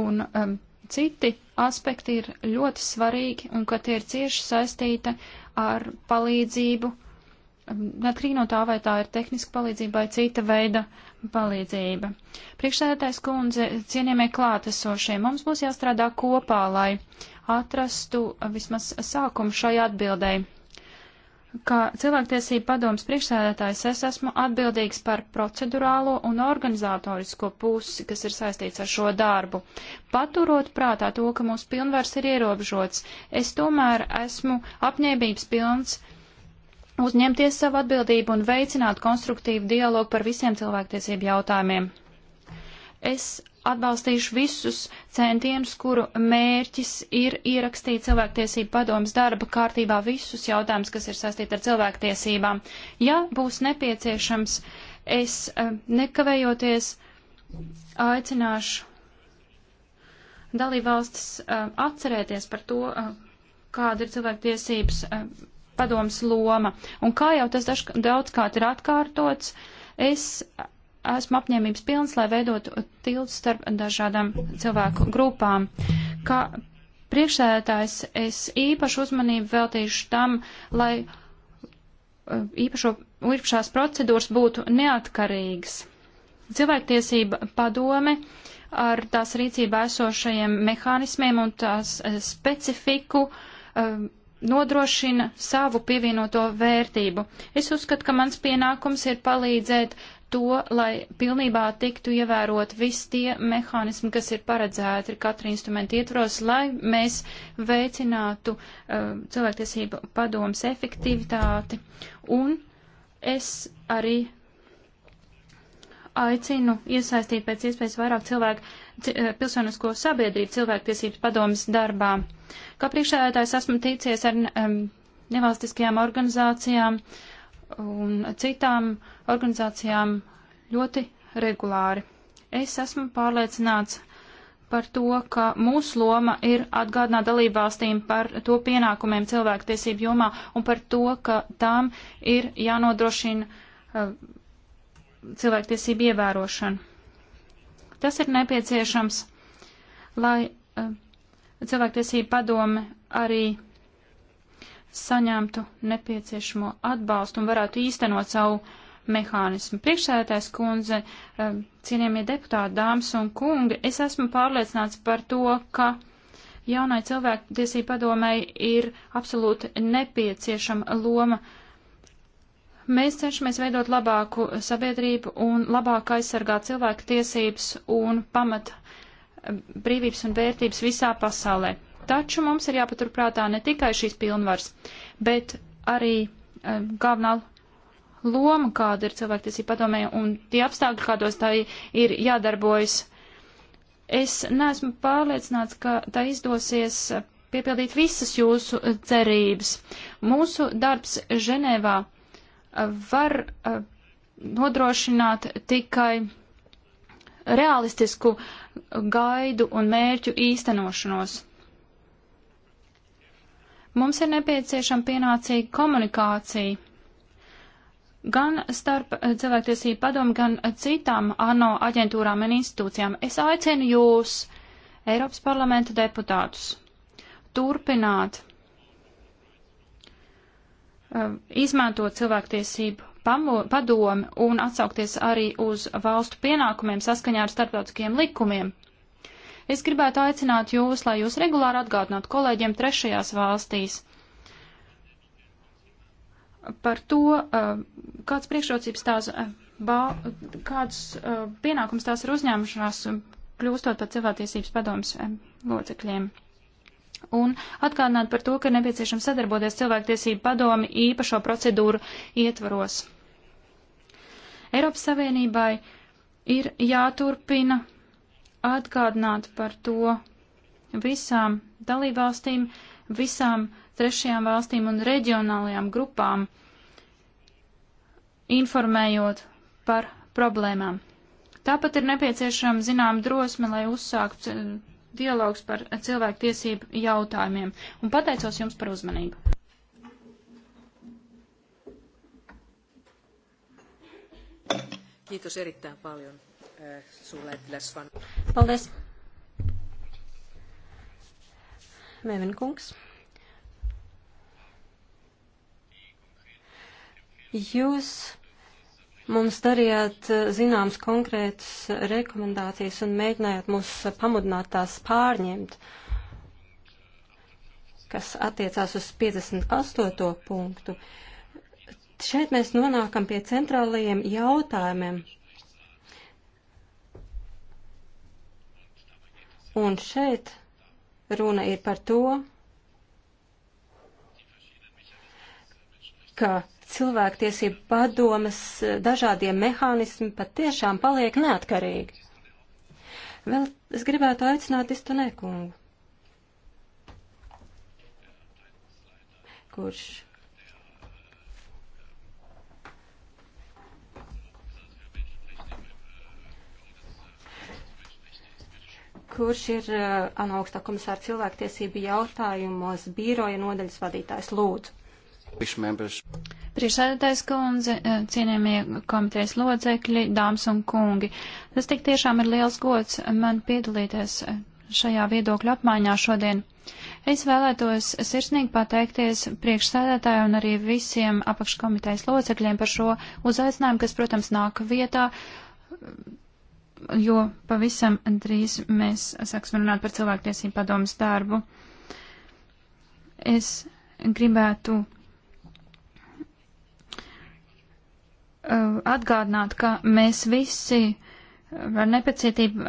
un um, citi aspekti ir ļoti svarīgi un ka tie ir cieši saistīti ar palīdzību, um, neatkarīgi no tā, vai tā ir tehniska palīdzība vai cita veida palīdzība. Priekšsēdētājs kundze, cienījamie klātesošie, mums būs jāstrādā kopā, lai uh, atrastu vismaz sākumu šai atbildēji. Kā cilvēktiesība padomas priekšsēdētājs es esmu atbildīgs par procedurālo un organizatorisko pusi, kas ir saistīts ar šo darbu. Paturot prātā to, ka mūsu pilnvars ir ierobežots, es tomēr esmu apņēmības pilns uzņemties savu atbildību un veicināt konstruktīvu dialogu par visiem cilvēktiesību jautājumiem. Es atbalstīšu visus centienus, kuru mērķis ir ierakstīt cilvēktiesību padomas darba kārtībā visus jautājumus, kas ir saistīti ar cilvēktiesībām. Ja būs nepieciešams, es eh, nekavējoties aicināšu dalībvalstis eh, atcerēties par to, eh, kāda ir cilvēktiesības padomas loma. Un kā jau tas dažkārt, daudzkārt ir atkārtots, es esmu apņēmības pilns, lai veidotu tiltu starp dažādām cilvēku grupām. Kā priekšsēdētājs es īpašu uzmanību veltīšu tam, lai uh, īpašo līpšās procedūras būtu neatkarīgas. Cilvēktiesība padome ar tās rīcībā esošajiem mehānismiem un tās uh, specifiku um, nodrošina savu pievienoto vērtību. Es uzskatu, ka mans pienākums ir palīdzēt to, lai pilnībā tiktu ievērot visi tie mehānismi, kas ir paredzēti katra instrumenta ietvaros, lai mēs veicinātu uh, cilvēktiesību padomas efektivitāti. Un es arī aicinu iesaistīt pēc iespējas vairāk cilvēku uh, pilsonisko sabiedrību cilvēktiesības padomas darbā. Kā priekšsēdētājs esmu tīcies ar um, nevalstiskajām organizācijām, uh, un citām organizācijām ļoti regulāri. Es esmu pārliecināts par to, ka mūsu loma ir atgādināt dalībvalstīm par to pienākumiem cilvēktiesību jomā un par to, ka tām ir jānodrošina uh, cilvēktiesību ievērošana. Tas ir nepieciešams, lai uh, cilvēktiesība padome arī saņemtu nepieciešamo atbalstu un varētu īstenot savu mehānismu. Priekšsēdētājs kundze, eh, cienījamie deputāti, dāmas un kungi, es esmu pārliecināts par to, ka jaunai cilvēktiesību padomēji ir absolūti nepieciešama loma. Mēs cenšamies veidot labāku sabiedrību un labāk aizsargāt cilvēku tiesības un pamat eh, brīvības un vērtības visā pasaulē. Taču mums ir jāpaturprātā ne tikai šīs pilnvars, bet arī eh, galvenā loma, kāda ir cilvēktiesība padomē un tie apstākļi, kādos tā ir jādarbojas. Es neesmu pārliecināts, ka tā izdosies eh, piepildīt visas jūsu eh, cerības. Mūsu darbs Ženēvā var nodrošināt tikai realistisku gaidu un mērķu īstenošanos. Mums ir nepieciešama pienācīga komunikācija gan starp eh, cilvēktiesību padomu, gan citām ANO aģentūrām un institūcijām. Es aicinu jūs, Eiropas parlamenta deputātus, turpināt uh, izmantot cilvēktiesību padomi un atsaukties arī uz valstu pienākumiem saskaņā ar starptautiskiem likumiem. Es gribētu aicināt jūs, lai jūs regulāri atgādinātu kolēģiem trešajās valstīs par to, kāds priekšrocības tās, kāds pienākums tās ir uzņēmušās, kļūstot par cilvēktiesības padomus locekļiem. Un atgādināt par to, ka ir nepieciešams sadarboties cilvēktiesību padomi īpašo procedūru ietvaros. Eiropas Savienībai ir jāturpina atgādināt par to visām dalībvalstīm, visām trešajām valstīm un reģionālajām grupām, informējot par problēmām. Tāpat ir nepieciešama zinām drosme, lai uzsākt eh, dialogs par cilvēku tiesību jautājumiem. Un pateicos jums par uzmanību. Kiitos erittäin paljon sulle Lesvan. Paldies. Mēvenkungs. Jūs mums darījāt eh, zināmas konkrētas rekomendācijas un mēģinājāt mūs pamudināt tās pārņemt, kas attiecās uz 58. punktu. Šeit mēs nonākam pie centrālajiem jautājumiem, Un šeit runa ir par to, ka cilvēktiesību padomas dažādie mehānismi patiešām paliek neatkarīgi. Vēl es gribētu aicināt Istu Nekungu, kurš kurš ir eh, ANO augstā komisāra cilvēktiesību jautājumos bīroja nodaļas vadītājs lūdzu. Priekšsēdētājs kundze, eh, cienījamie komitejas lodzekļi, dāmas un kungi, tas tik tiešām ir liels gods man piedalīties eh, šajā viedokļu apmaiņā šodien. Es vēlētos sirsnīgi pateikties priekšsēdētāju un arī visiem apakškomitejas locekļiem par šo uzaicinājumu, kas, protams, nāk vietā jo pavisam drīz mēs sāksim runāt par cilvēktiesību padomas darbu. Es gribētu uh, atgādināt, ka mēs visi uh, ar nepacietību uh,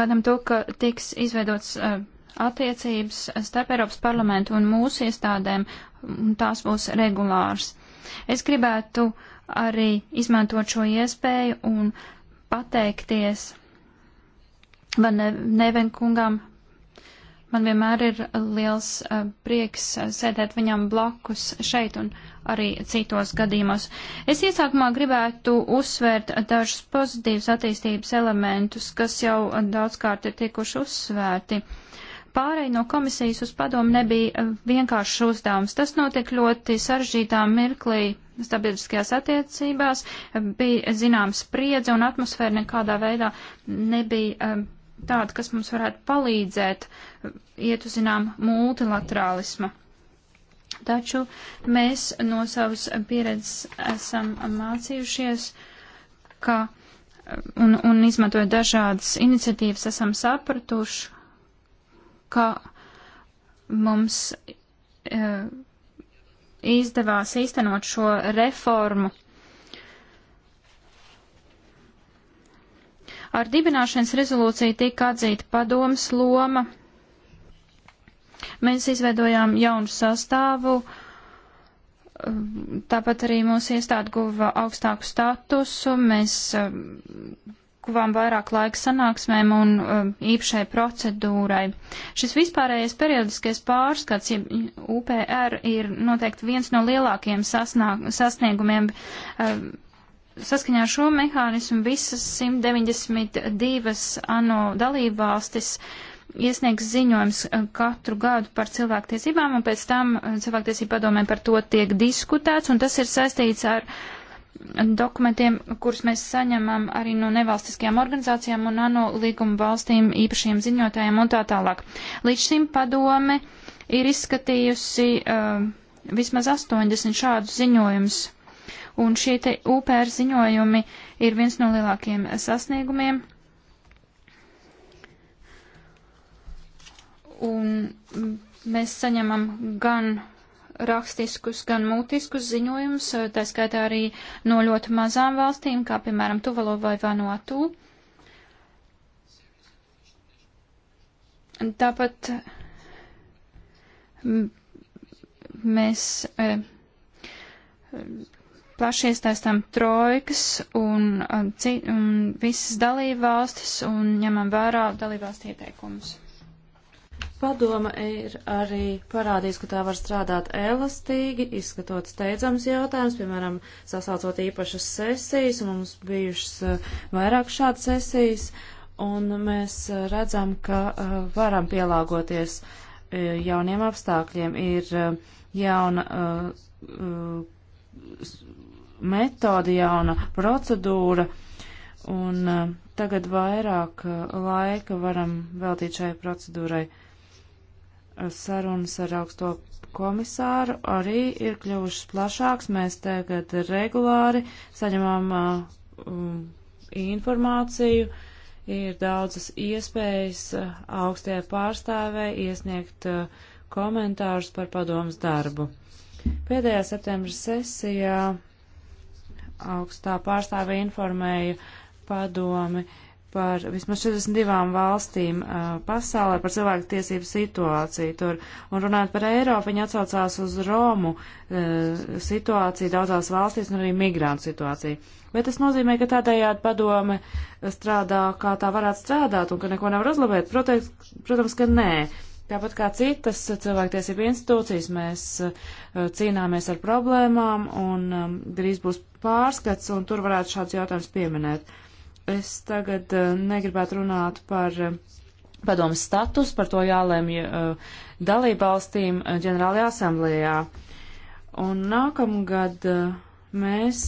gadam to, ka tiks izveidots attiecības starp Eiropas parlamentu un mūsu iestādēm, un tās būs regulārs. Es gribētu arī izmantot šo iespēju un uh, pateikties Van Nevenkungam. Man vienmēr ir liels eh, prieks eh, sēdēt viņam blakus šeit un arī citos gadījumos. Es iesākumā gribētu uzsvērt dažus pozitīvus attīstības elementus, kas jau eh, daudzkārt ir tikuši uzsvērti. Uh, Pārēj no komisijas uz padomu nebija eh, vienkāršs uzdevums. Tas notiek ļoti saržģītā mirklī sabiedriskajās attiecībās, eh, bija zināms spriedze un atmosfēra nekādā veidā nebija eh, tāda, kas mums varētu palīdzēt iet uz zinām multilaterālismu. Taču mēs no savas pieredzes esam mācījušies, ka un, un izmantojot dažādas iniciatīvas, esam sapratuši, ka mums e, izdevās īstenot šo reformu. Ar dibināšanas rezolūciju tika atzīta padomas loma. Mēs izveidojām jaunu sastāvu, tāpat arī mūsu iestāde guva augstāku statusu, mēs e, ieguvām vairāk laika sanāksmēm un um, īpašai procedūrai. Šis vispārējais periodiskais pārskats, ja UPR, ir noteikti viens no lielākajiem sasniegumiem. Um, saskaņā ar šo mehānismu visas 192 ANO dalībvalstis iesniegs ziņojums um, katru gadu par cilvēktiesībām, un pēc tam um, cilvēktiesība padomē par to tiek diskutēts, un tas ir saistīts ar uh, dokumentiem, kurus mēs saņemam arī no nevalstiskajām organizācijām un ANO līguma valstīm, īpašiem ziņotājiem un tā tālāk. Līdz šim padome ir izskatījusi uh, vismaz 80 šādus ziņojumus, un šie te UPR ziņojumi ir viens no lielākiem sasniegumiem. Un mēs saņemam gan rakstiskus, gan mūtiskus ziņojumus, eh, tā skaitā arī no ļoti mazām valstīm, kā piemēram Tuvalo vai Vanuatu. Tāpat mēs eh, plaši iestaistām trojkas un, un, eh, un visas dalībvalstis un ņemam vērā dalībvalstu ieteikumus. Padoma ir arī parādījusi, ka tā var strādāt elastīgi, izskatot steidzams jautājums, piemēram, sasaucot īpašas sesijas, un mums bijušas eh, vairāk šādas sesijas, un mēs eh, redzam, ka eh, varam pielāgoties jauniem apstākļiem. Ir jauna metode, jauna procedūra, un tagad vairāk laika varam veltīt šai procedūrai sarunas ar augsto komisāru arī ir kļuvušas plašāks. Mēs tagad regulāri saņemam uh, um, informāciju. Ir daudzas iespējas uh, augstajai pārstāvē iesniegt uh, komentārus par padomas darbu. Pēdējā septembra sesijā augstā pārstāve informēja padomi uh, par vismaz 42 valstīm uh, pasaulē par cilvēku tiesību situāciju tur. Un runājot par Eiropu, viņi atsaucās uz Romu uh, situāciju daudzās valstīs un arī migrantu situāciju. Bet tas nozīmē, ka tādējādi padome strādā, kā tā varētu strādāt un ka neko nevar uzlabēt. Protams, protams ka nē. Tāpat kā citas cilvēktiesība institūcijas, mēs uh, cīnāmies ar problēmām un um, drīz būs pārskats un tur varētu šāds jautājums pieminēt. Uh, Es tagad eh, negribētu runāt par eh, padomu status, par to jālēmj eh, dalībvalstīm ģenerālajā asamblējā. Un nākamgad mēs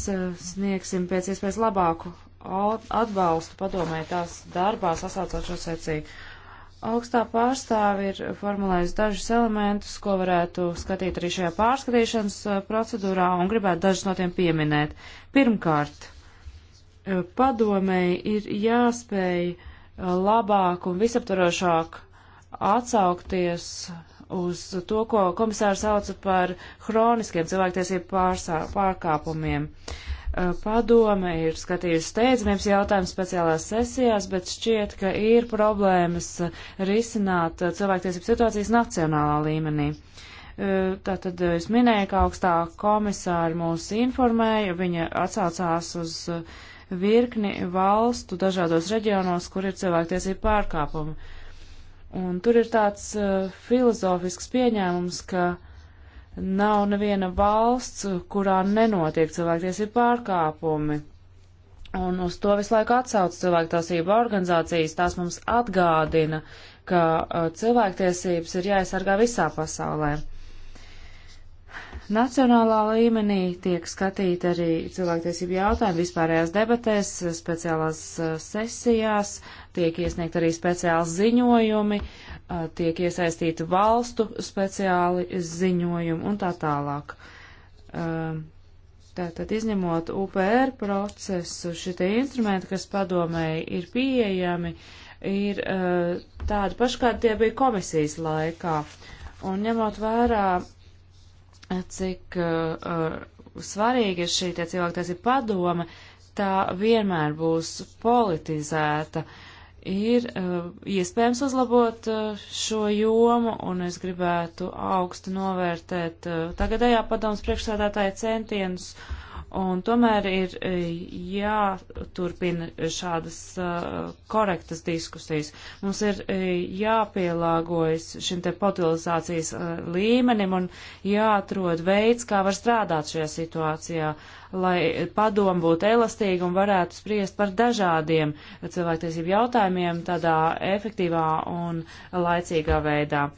sniegsim pēc iespējas labāku atbalstu padomē tās darbā sasaucot šo secību. Augstā pārstāve ir formulējusi dažus elementus, ko varētu skatīt arī šajā pārskatīšanas procedūrā un gribētu dažus no tiem pieminēt. Pirmkārt, Eh, padomēji ir jāspēj eh, labāk un visaptvarošāk atsaukties uz to, ko komisārs sauca par hroniskiem cilvēktiesību pārkāpumiem. Eh, padome ir skatījusi steidzamības jautājumus speciālās sesijās, bet šķiet, ka ir problēmas risināt cilvēktiesību situācijas nacionālā līmenī. Tātad es minēju, ka augstā komisāra mūs informēja, viņa atsaucās uz uh, virkni valstu dažādos reģionos, kur ir cilvēktiesība pārkāpumi. Un tur ir tāds uh, filozofisks pieņēmums, ka nav neviena valsts, kurā nenotiek cilvēktiesība pārkāpumi. Un uz to visu laiku atsauc cilvēktiesība organizācijas, tās mums atgādina, ka uh, cilvēktiesības ir jāaizsargā visā pasaulē. Nacionālā līmenī tiek skatīti arī cilvēktiesību jautājumi vispārējās debatēs, speciālās uh, sesijās, tiek iesniegt arī speciāli ziņojumi, uh, tiek iesaistīti valstu speciāli ziņojumi un tā tālāk. Um, tātad izņemot UPR procesu, šitie instrumenti, kas padomēji ir pieejami, ir uh, tādi paši, kādi tie bija komisijas laikā. Un ņemot vērā cik uh, uh svarīga ir šī cilvēktiesība padome, tā vienmēr būs politizēta. Ir uh, iespējams uzlabot uh, šo jomu, un es gribētu augstu novērtēt uh, tagadējā padomas priekšsādātāja centienus uh, Un tomēr ir e, jāturpina šādas uh, korektas diskusijas. Mums ir uh, jāpielāgojas šim te potilizācijas uh, līmenim un jāatrod veids, kā var strādāt šajā situācijā, lai padomu būtu elastīga un varētu spriest par dažādiem cilvēktiesību jautājumiem tādā efektīvā un laicīgā veidā.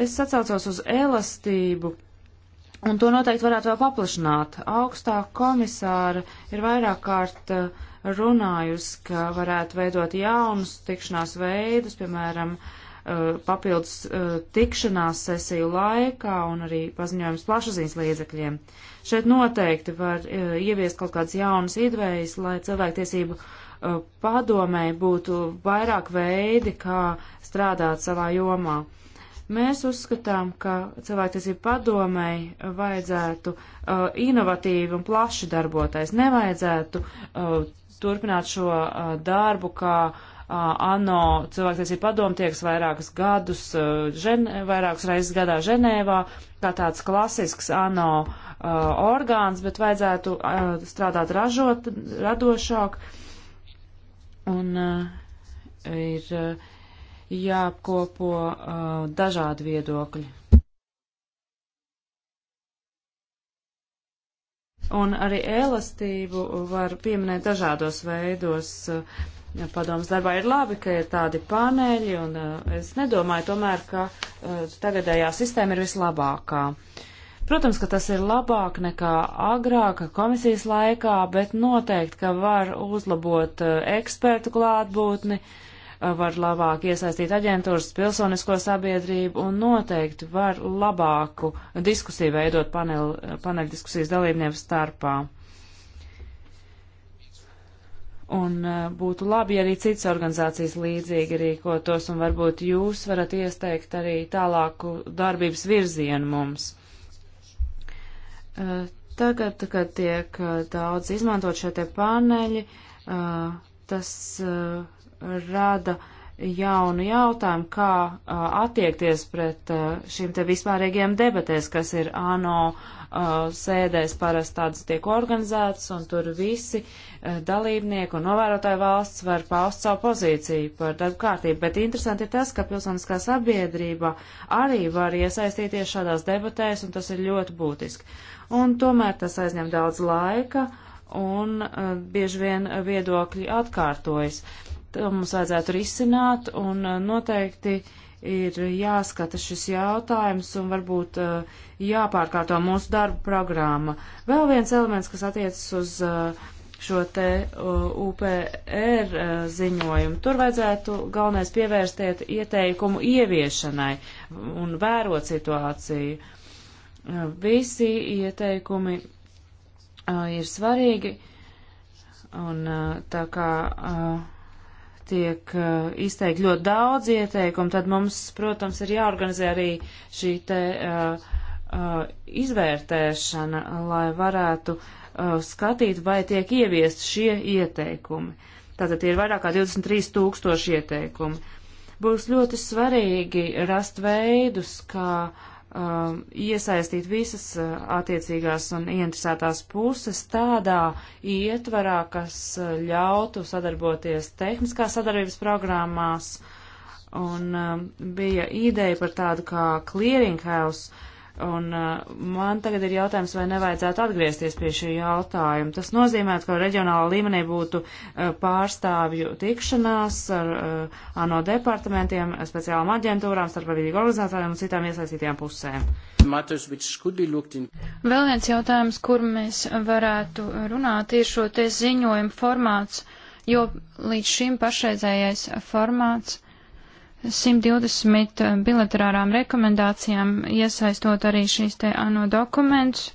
Es sacaucos uz elastību Un to noteikti varētu vēl paplašināt. Augstā komisāra ir vairāk kārt eh, runājusi, ka varētu veidot jaunus tikšanās veidus, piemēram, eh, papildus eh, tikšanās sesiju laikā un arī paziņojums plašsaziņas līdzekļiem. Šeit noteikti var ieviest kaut kādas jaunas idejas, lai cilvēktiesību padomēji būtu vairāk veidi, kā strādāt savā jomā. Mēs uzskatām, ka cilvēktiesību padomēji vajadzētu uh, inovatīvi un plaši darboties. Nevajadzētu uh, turpināt šo uh, darbu, kā uh, ANO cilvēktiesību padomu tieks vairākus gadus, uh, žen, vairākus reizes gadā Ženēvā, kā tāds klasisks ANO uh, orgāns, bet vajadzētu uh, strādāt ražot, radošāk. Un uh, ir. Uh, jāapkopo uh, dažādi viedokļi. Un arī elastību var pieminēt dažādos veidos. Ja uh, padoms darbā ir labi, ka ir tādi paneļi, un uh, es nedomāju tomēr, ka uh, tagadējā sistēma ir vislabākā. Protams, ka tas ir labāk nekā agrāka komisijas laikā, bet noteikti, ka var uzlabot ekspertu klātbūtni, uh, Eh, var labāk iesaistīt aģentūras, pilsonisko sabiedrību un noteikti var labāku diskusiju veidot paneļu eh, paneļ diskusijas dalībnieku starpā. Un eh, būtu labi, ja arī citas organizācijas līdzīgi rīkotos, un varbūt jūs varat iesteikt arī tālāku darbības virzienu mums. Tagad, kad tiek daudz izmantot šie te paneļi, tas uh, rada jaunu jautājumu, kā a, attiekties pret a, šīm te vispārīgiem debatēs, kas ir ANO a, sēdēs parasti tādas tiek organizētas, un tur visi dalībnieki un novērotāju valsts var paust savu pozīciju par darbu kārtību. Bet interesanti ir tas, ka pilsoniskā sabiedrība arī var iesaistīties šādās debatēs, un tas ir ļoti būtiski. Un tomēr tas aizņem daudz laika, un bieži vien viedokļi atkārtojas. Uh, to mums vajadzētu risināt un uh, noteikti ir jāskata šis jautājums un varbūt uh, jāpārkārto mūsu darba programma. Vēl viens elements, kas attiecas uz uh, šo te UPR ziņojumu. Tur vajadzētu galvenais pievērstiet ieteikumu ieviešanai un vērot situāciju. Visi ieteikumi ir svarīgi un tā kā tiek uh, eh, izteikti ļoti daudz ieteikumu, tad mums, protams, ir jāorganizē arī šī te uh, uh, izvērtēšana, lai varētu skatīt, vai tiek ieviest šie ieteikumi. Tātad ir vairāk kā 23 tūkstoši ieteikumi. Būs ļoti svarīgi rast veidus, kā uh, Um, iesaistīt visas uh, attiecīgās un ieinteresētās puses tādā ietvarā, kas uh, ļautu sadarboties tehniskās sadarbības programmās, un um, bija ideja par tādu kā clearinghouse, Un uh, man tagad ir jautājums, vai nevajadzētu atgriezties pie šī jautājuma. Tas nozīmē, ka reģionāla līmenī būtu uh, pārstāvju tikšanās ar uh, ANO departamentiem, speciālām aģentūrām, starpavīdīgu organizācijām un citām iesaistītajām pusēm. Vēl viens jautājums, kur mēs varētu runāt, ir šo te ziņojumu formāts, jo līdz šim pašreizējais formāts 120 bilaterārām rekomendācijām, iesaistot arī šīs te ANO dokumentus,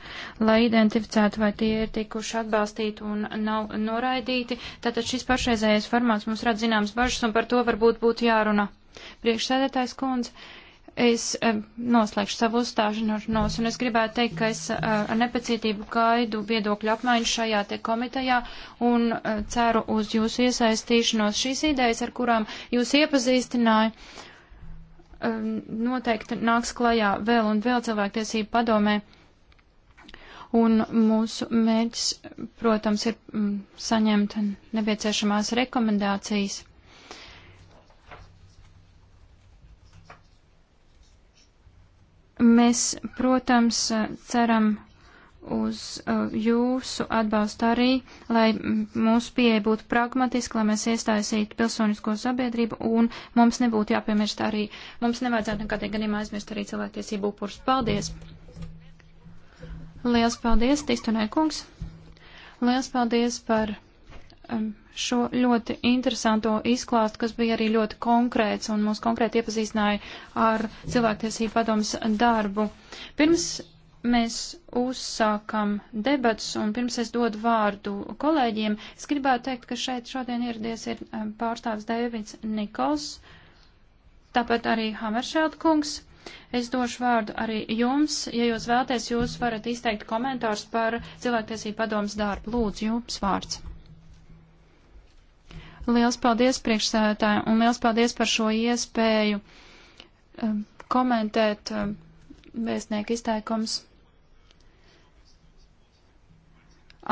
lai identificētu, vai tie ir tikuši atbalstīti un nav noraidīti. Tātad šis pašreizējais formāts mums rada zināmas bažas, un par to varbūt būtu jārunā. Priekšsēdētājs kundze, Es noslēgšu savu uzstāšanos, un es gribētu teikt, ka es eh, ar nepacietību gaidu viedokļu apmaiņu šajā te komitejā un eh, ceru uz jūsu iesaistīšanos. Šīs idejas, ar kurām jūs iepazīstināja, noteikti nāks klajā vēl un vēl cilvēktiesību padomē. Un mūsu mērķis, protams, ir mm, saņemt nepieciešamās rekomendācijas. Mēs, protams, ceram uz uh, jūsu atbalstu arī, lai mūsu pieeja būtu pragmatiska, lai mēs iestāstītu pilsonisko sabiedrību un mums nebūtu jāpiemirst arī, mums nevajadzētu nekādā gadījumā aizmirst arī cilvēktiesību upurus. Paldies! Liels paldies, Tistunē kungs! Liels paldies par um, šo ļoti interesanto izklāstu, kas bija arī ļoti konkrēts un mūs konkrēti iepazīstināja ar cilvēktiesību padomas darbu. Pirms mēs uzsākam debats un pirms es dodu vārdu kolēģiem, es gribētu teikt, ka šeit šodien ieradies ir eh, pārstāvs Dēvids Nikols, tāpat arī Hameršēlt kungs. Es došu vārdu arī jums, ja jūs vēlaties, jūs varat izteikt komentārus par cilvēktiesību padomas darbu. Lūdzu, jums vārds. Liels paldies priekšsēdētājiem un liels paldies par šo iespēju um, komentēt um, vēstnieku izteikums.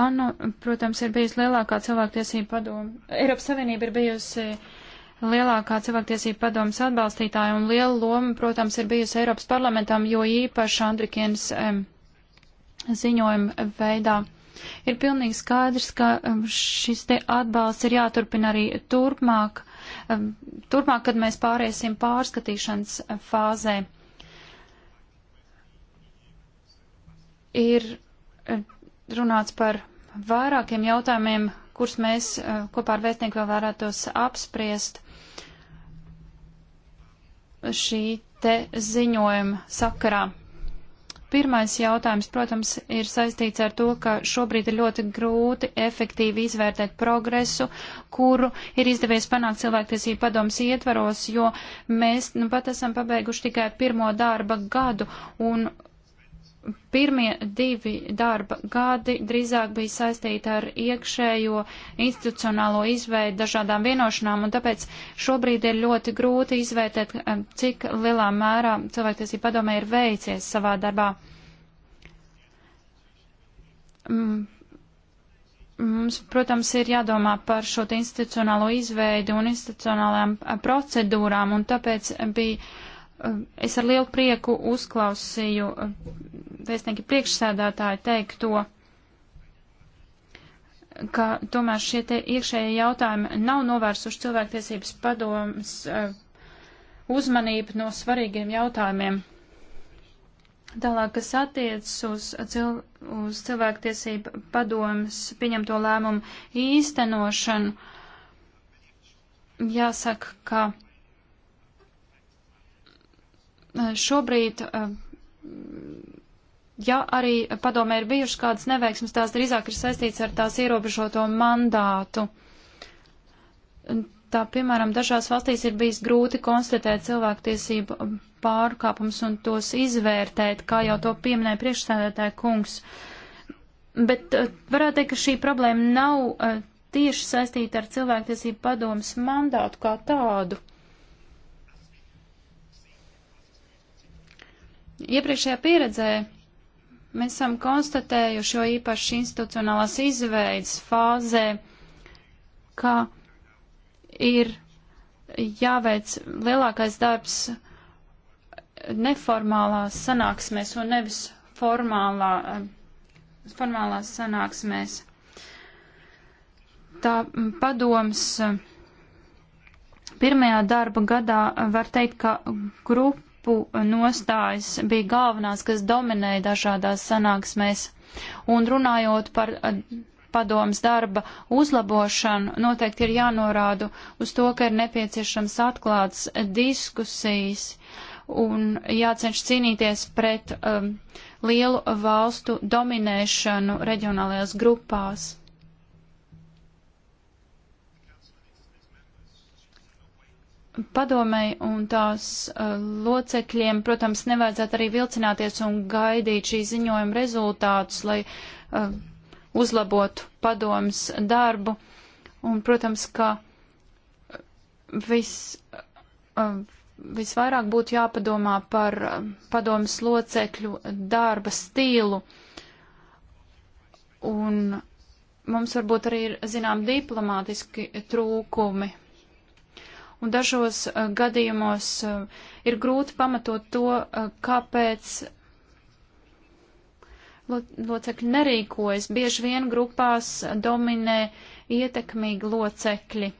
Anu, protams, ir bijusi lielākā cilvēktiesība padoma. Eiropas Savienība ir bijusi lielākā cilvēktiesība padomas atbalstītāja un liela loma, protams, ir bijusi Eiropas parlamentam, jo īpaši Andrikienas um, ziņojuma veidā. Ir pilnīgi skaidrs, ka um, šis te atbalsts ir jāturpina arī turpmāk, um, turpmāk, kad mēs pāriesim pārskatīšanas fāzē. Ir um, runāts par vairākiem jautājumiem, kurus mēs uh, kopā ar vēstnieku vēl varētos apspriest. Šī te ziņojuma sakarā. Pirmais jautājums, protams, ir saistīts ar to, ka šobrīd ir ļoti grūti efektīvi izvērtēt progresu, kuru ir izdevies panākt cilvēktiesību padomas ietvaros, jo mēs nu, pat esam pabeiguši tikai pirmo darba gadu un Pirmie divi darba gadi drīzāk bija saistīti ar iekšējo institucionālo izveidu dažādām vienošanām, un tāpēc šobrīd ir ļoti grūti izvērtēt, eh, cik lielā mērā cilvēktiesība padomē ir veicies savā darbā. Mm. Mums, protams, ir jādomā par šo institucionālo izveidu un institucionālām eh, procedūrām, un tāpēc bija Um, es ar lielu prieku uzklausīju um, vēstnieki priekšsēdētāju teikto, ka tomēr šie te iekšējie jautājumi nav novērsuši cilvēktiesības padomas uh, uzmanību no svarīgiem jautājumiem. Tālāk, kas attiecas uz, cil, uz cilvēktiesību padomas pieņemto lēmumu īstenošanu, jāsaka, ka Eh, šobrīd, eh, ja arī padomē ir bijušas kādas neveiksmes, tās drīzāk ir saistīts ar tās ierobežoto mandātu. Tā, piemēram, dažās valstīs ir bijis grūti konstatēt cilvēktiesību pārkāpums un tos izvērtēt, kā jau to pieminēja priekšsēdētāja kungs. Bet eh, varētu teikt, ka šī problēma nav tieši saistīta ar cilvēktiesību padomas mandātu kā tādu. Iepriekšējā pieredzē mēs esam konstatējuši, jo īpaši institucionālās izveidas fāzē, ka ir jāveic lielākais darbs neformālās sanāksmēs un nevis formālā, formālās sanāksmēs. Tā padoms pirmajā darba gadā var teikt, ka grupa grupu nostājas bija galvenās, kas dominēja dažādās sanāksmēs. Un runājot par eh, padomas darba uzlabošanu, noteikti ir jānorādu uz to, ka ir nepieciešams atklāts diskusijas un jācenš cīnīties pret um, lielu valstu dominēšanu reģionālajās grupās. padomēji un tās uh, locekļiem, protams, nevajadzētu arī vilcināties un gaidīt šī ziņojuma rezultātus, lai uh, uzlabotu padomas darbu. Un, protams, ka vis, uh, visvairāk būtu jāpadomā par uh, padomas locekļu darba stīlu. Un mums varbūt arī ir, zinām, diplomātiski trūkumi un dažos eh, gadījumos eh, ir grūti pamatot to, eh, kāpēc locekļi nerīkojas. Bieži vien grupās dominē ietekmīgi locekļi,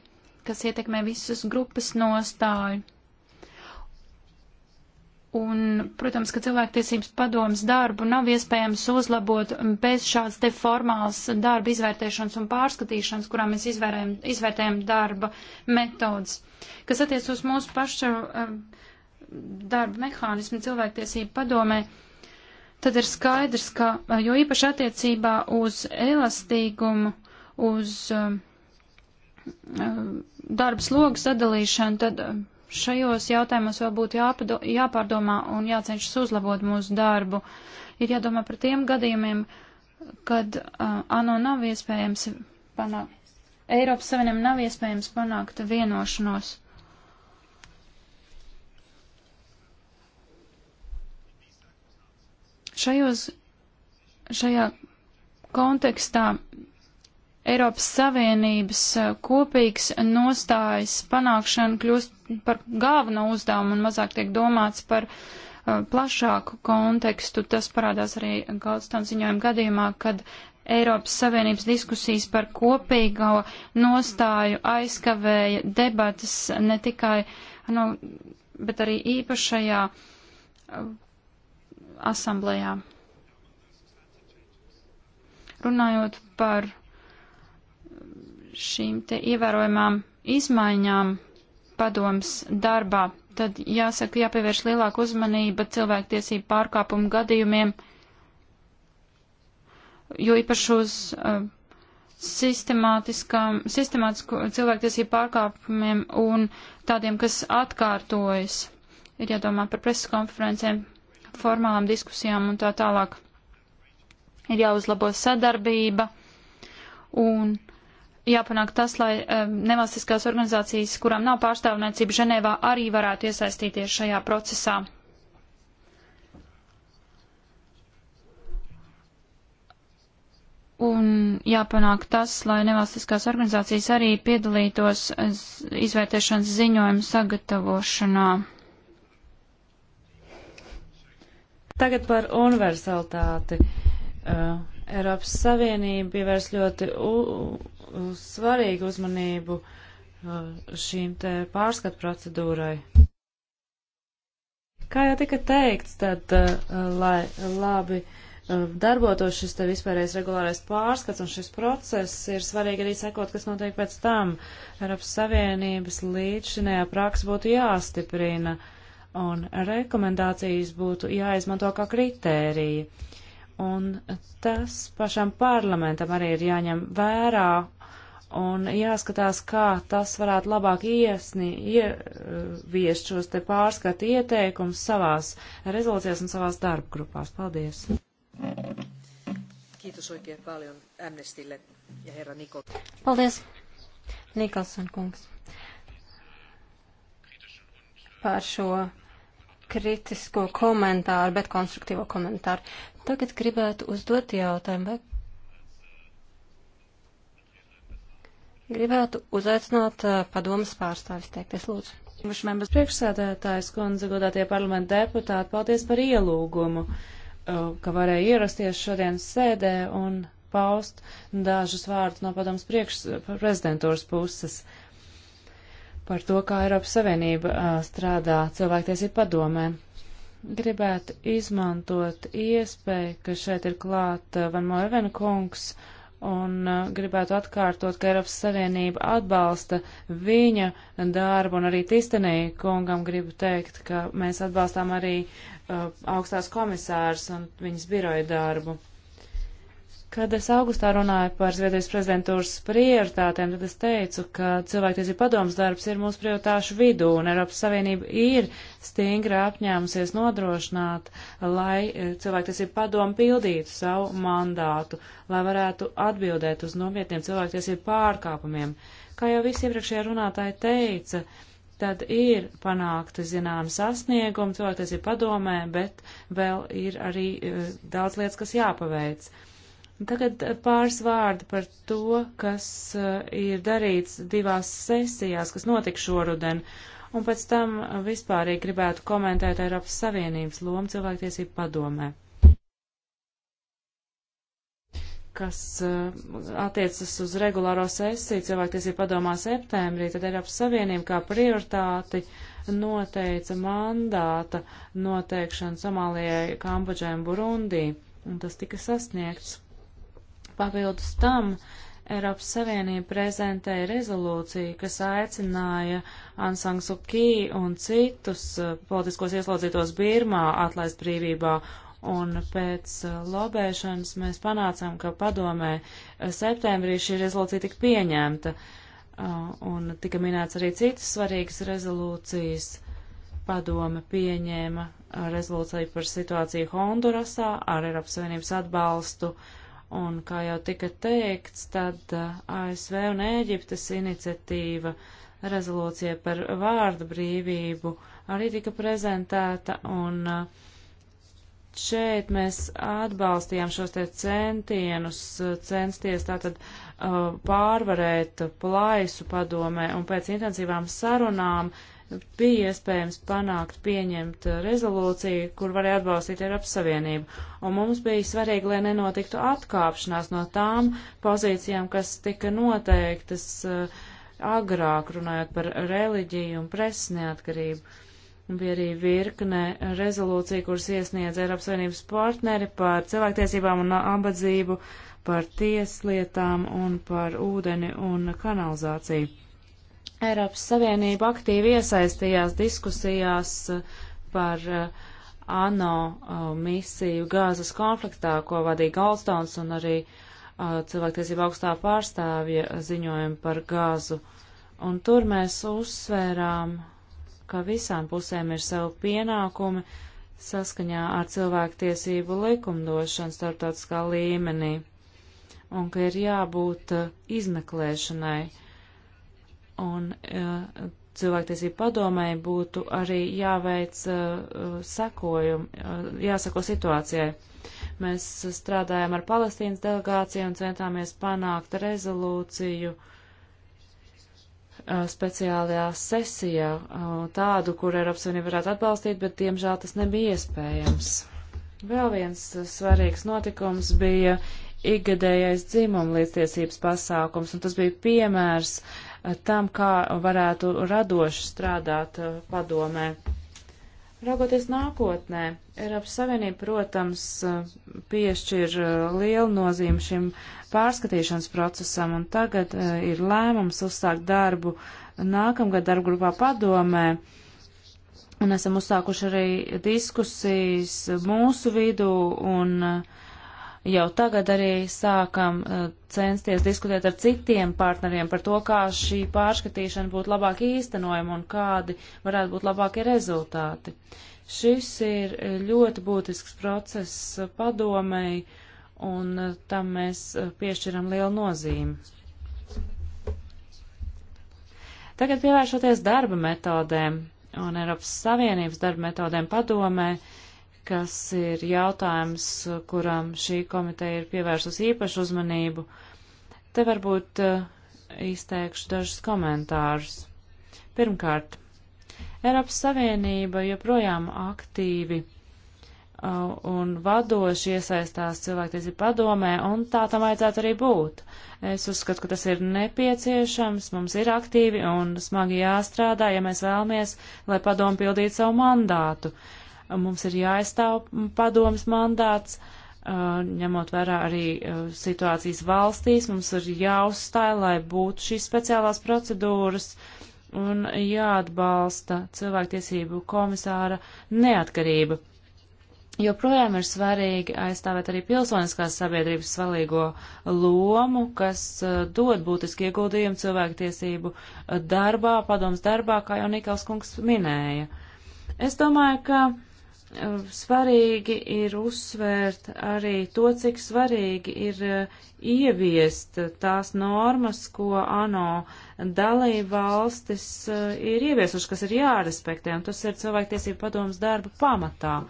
kas ietekmē visus grupas nostāju. Un, protams, ka cilvēktiesības padomas darbu nav iespējams uzlabot bez šādas te formālas darba izvērtēšanas un pārskatīšanas, kurā mēs izvērējam, izvērtējam darba metodas. Kas attiec uz mūsu pašu um, darba mehānismu cilvēktiesību padomē, tad ir skaidrs, ka, uh, jo īpaši attiecībā uz elastīgumu, uz um, uh, darba slogu sadalīšanu, tad um, šajos jautājumos vēl būtu jāpado, jāpārdomā un jācenšas uzlabot mūsu darbu. Ir jādomā par tiem gadījumiem, kad uh, ANO nav iespējams panākt, Eiropas Savienam nav iespējams panākt vienošanos. Šajos, šajā kontekstā Eiropas Savienības eh, kopīgs nostājas panākšana kļūst par galveno uzdevumu un mazāk tiek domāts par uh, plašāku kontekstu. Tas parādās arī Goldstone ziņojuma gadījumā, kad Eiropas Savienības diskusijas par kopīgo nostāju aizkavēja debatas ne tikai, nu, bet arī īpašajā uh, asamblējā. Runājot par šīm te ievērojumām izmaiņām padomas darbā, tad jāsaka, jāpievērš lielāka uzmanība cilvēktiesību pārkāpumu gadījumiem, jo īpaši uz uh, sistemātisku cilvēktiesību pārkāpumiem un tādiem, kas atkārtojas. Ir jādomā par preses konferencēm, formālām diskusijām un tā tālāk. Ir jāuzlabo sadarbība un jāpanāk tas, lai um, nevalstiskās organizācijas, kurām nav pārstāvniecība Ženēvā, arī varētu iesaistīties šajā procesā. Un jāpanāk tas, lai nevalstiskās organizācijas arī piedalītos izvērtēšanas ziņojumu sagatavošanā. Tagad par universalitāti. Uh, Eiropas Savienība pievērs ļoti svarīgu uzmanību uh, šīm te pārskatu procedūrai. Kā jau tika teikts, tad, uh, lai labi uh, darbotos šis te vispārējais regulārais pārskats un šis process, ir svarīgi arī sekot, kas notiek pēc tam. Eiropas Savienības līdzšinējā praksa būtu jāstiprina un rekomendācijas būtu jāizmanto kā kritērija. Un tas pašam parlamentam arī ir jāņem vērā un jāskatās, kā tas varētu labāk iesni, ieviest šos te pārskatu ieteikumus savās rezolūcijās un savās darba grupās. Paldies! Kiitos oikein paljon Amnestille ja herra Nikol. Paldies, Nikolson kungs, par šo kritisko komentāru, bet konstruktīvo komentāru. Tagad gribētu uzdot jautājumu, vai Gribētu uzaicināt padomas pārstāvis teikties lūdzu. Priekšsēdētājs kundze, godātie parlamenta deputāti, paldies par ielūgumu, ka varēja ierasties šodienas sēdē un paust dažus vārdus no padomas priekšprezidentūras puses par to, kā Eiropas Savienība strādā cilvēktiesību padomē. Gribētu izmantot iespēju, ka šeit ir klāt Van Moevena kungs un uh, gribētu atkārtot, ka Eiropas Savienība atbalsta viņa darbu, un arī Tistenī kungam gribu teikt, ka mēs atbalstām arī uh, augstās komisārs un viņas biroja darbu. Kad es augustā runāju par Zviedrijas prezidentūras prioritātēm, tad es teicu, ka cilvēktiesība padomas darbs ir mūsu prioritāšu vidū, un Eiropas Savienība ir stingri apņēmusies nodrošināt, lai e, cilvēktiesība padoma pildītu savu mandātu, lai varētu atbildēt uz nopietniem cilvēktiesību pārkāpumiem. Kā jau visi iepriekšējie runātāji teica, tad ir panākti zināmi sasniegumi, cilvēktiesība padomē, bet vēl ir arī e, daudz lietas, kas jāpaveic. Tagad eh, pāris vārdi par to, kas eh, ir darīts divās sesijās, kas notika šoruden, un pēc tam eh, vispārīgi gribētu komentēt Eiropas Savienības lomu cilvēktiesību padomē, kas attiecas uz regulāro sesiju cilvēktiesību padomā septembrī, tad Eiropas Savienība kā prioritāti noteica mandāta noteikšanu Somālijai, Kambodžai un Burundī, un tas tika sasniegts. Papildus tam Eiropas Savienība prezentēja rezolūciju, kas aicināja Ansang Suki un citus uh, politiskos ieslodzītos Birmā atlaist brīvībā. Un pēc uh, lobēšanas mēs panācām, ka padomē uh, septembrī šī rezolūcija tika pieņemta. Un tika minēts arī citas svarīgas rezolūcijas. Padome pieņēma rezolūciju par situāciju Hondurasā ar Eiropas Savienības atbalstu. Uh, Un, kā jau tika teikts, tad uh, ASV un Ēģiptes iniciatīva rezolūcija par vārdu brīvību arī tika prezentēta, un uh, šeit mēs atbalstījām šos te centienus, uh, censties tātad pārvarēt plaisu padomē, un pēc intensīvām sarunām bija iespējams panākt, pieņemt uh, rezolūciju, kur varēja atbalstīt Eiropas Savienību. Un mums bija svarīgi, lai nenotiktu atkāpšanās no tām pozīcijām, kas tika noteiktas uh, agrāk, runājot par reliģiju un presas neatkarību. Bija arī virkne rezolūcija, kuras iesniedz Eiropas Savienības partneri par cilvēktiesībām un abadzību, par tieslietām un par ūdeni un kanalizāciju Eiropas Savienība aktīvi iesaistījās diskusijās uh, par uh, ANO uh, misiju gāzes konfliktā, ko vadīja Galstons un arī cilvēktiesība augstā pārstāvja ziņojumu par gāzu. Un tur mēs uzsvērām, ka visām pusēm ir savu pienākumi saskaņā ar cilvēktiesību likumdošanu starptautiskā līmenī un ka ir jābūt izmeklēšanai Un uh, cilvēktiesību padomēji būtu arī jāveic uh, eh, sakojumi, uh, eh, jāsako situācijai. Mēs strādājam ar Palestīnas delegāciju un centāmies panākt rezolūciju uh, speciālajā sesijā, tādu, kur Eiropas Savienība varētu atbalstīt, bet diemžēl tas nebija iespējams. Vēl viens svarīgs notikums bija ikgadējais dzimuma līdztiesības pasākums, un tas bija piemērs uh, tam, kā varētu radoši strādāt uh, padomē. Raugoties nākotnē, Eiropas Savienība, protams, uh, piešķir uh, lielu nozīmi šim pārskatīšanas procesam, un tagad ir lēmums uzsākt darbu nākamgad darba grupā padomē, un esam uzsākuši arī diskusijas mūsu vidū, un uh, jau tagad arī sākam eh, censties diskutēt ar citiem partneriem par to, kā šī pārskatīšana būtu labāk īstenojama un kādi varētu būt labākie rezultāti. Šis ir eh, ļoti būtisks process eh, padomei, un tam mēs piešķiram lielu nozīmi. Tagad pievēršoties darba metodēm un Eiropas Savienības darba metodēm padomē, uh, kas ir jautājums, kuram šī komiteja ir pievērsus īpašu uzmanību. Te varbūt eh, izteikšu dažus komentārus. Pirmkārt, Eiropas Savienība joprojām aktīvi eh, un vadoši iesaistās cilvēktiesību padomē, un tā tam vajadzētu arī būt. Es uzskatu, ka tas ir nepieciešams, mums ir aktīvi un smagi jāstrādā, ja mēs vēlamies, lai padomu pildītu savu mandātu. Uh, Mums ir jāaizstāv padomas mandāts, ņemot vērā arī situācijas valstīs. Mums ir jāuzstāj, lai būtu šīs speciālās procedūras un jāatbalsta cilvēktiesību komisāra neatkarība. Joprojām ir svarīgi aizstāvēt arī pilsoniskās sabiedrības svarīgo lomu, kas dod būtiski ieguldījumu cilvēktiesību darbā, padoms darbā, kā jau Nikals kungs minēja. Es domāju, ka svarīgi ir uzsvērt arī to, cik svarīgi ir eh, ieviest tās normas, ko ANO dalība valstis eh, ir ieviesuši, kas ir jārespektē, un tas ir cilvēktiesību padomas darba pamatā.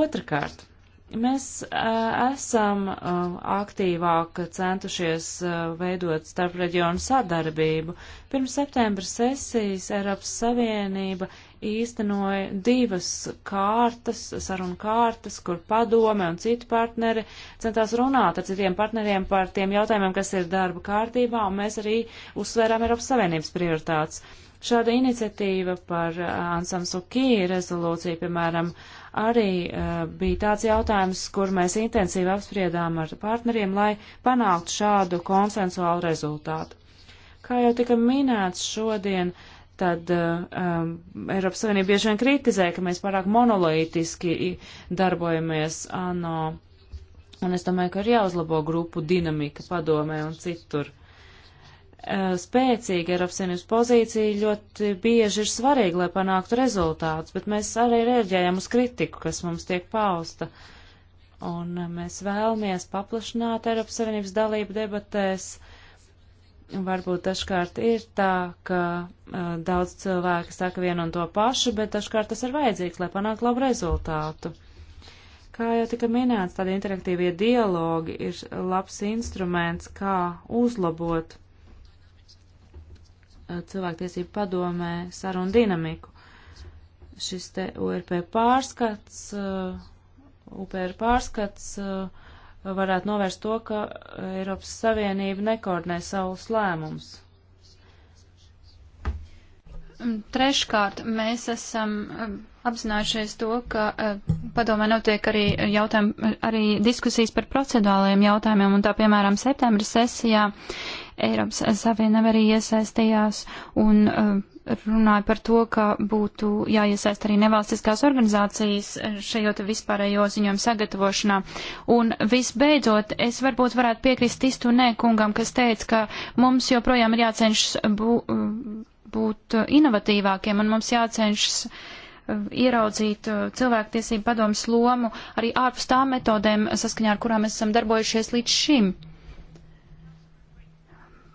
Otrakārt, mēs eh, esam aktīvāk centušies veidot starp reģionu sadarbību. Pirms septembra sesijas Eiropas Savienība īstenoja divas kārtas, sarunu kārtas, kur padome un citi partneri centās runāt ar citiem partneriem par tiem jautājumiem, kas ir darba kārtībā, un mēs arī uzsvērām Eiropas Savienības prioritātes. Šāda iniciatīva par uh, Ansam Sukī rezolūciju, piemēram, arī uh, bija tāds jautājums, kur mēs intensīvi apspriedām ar partneriem, lai panāktu šādu konsensuālu rezultātu. Kā jau tika minēts šodien, uh, tad uh, um, Eiropas Savienība bieži vien kritizē, ka mēs pārāk monolītiski darbojamies ANO. Un es domāju, ka ir jāuzlabo grupu dinamika padomē un citur. Uh, spēcīga Eiropas Savienības pozīcija ļoti bieži ir svarīga, lai panāktu rezultātus, bet mēs arī rēģējam uz kritiku, kas mums tiek pausta. Un uh, mēs vēlamies paplašināt Eiropas Savienības dalību debatēs. Uh, varbūt dažkārt ir tā, ka uh, daudz cilvēki saka vienu un to pašu, bet dažkārt tas ir vajadzīgs, lai panāktu labu rezultātu. Kā jau tika minēts, tādi interaktīvie dialogi ir labs instruments, kā uzlabot uh, cilvēktiesību padomē sarunu dinamiku. Šis te URP pārskats, uh, UPR pārskats uh, varētu novērst to, ka Eiropas Savienība nekoordinē savus lēmumus. Mm, treškārt, mēs esam mm, apzinājušies to, ka mm, padomē notiek arī, arī diskusijas par procedūrālajiem jautājumiem, un tā piemēram septembra sesijā Eiropas Savienība arī iesaistījās un runāja par to, ka būtu jāiesaist arī nevalstiskās organizācijas šajot vispārējo ziņojumu sagatavošanā. Un visbeidzot, es varbūt varētu piekrist Istūnē kungam, kas teica, ka mums joprojām ir jācenšas bū, būt inovatīvākiem un mums jācenšas uh, ieraudzīt uh, cilvēktiesību padomas lomu arī ārpus tām metodēm, saskaņā ar kurām mēs esam darbojušies līdz šim.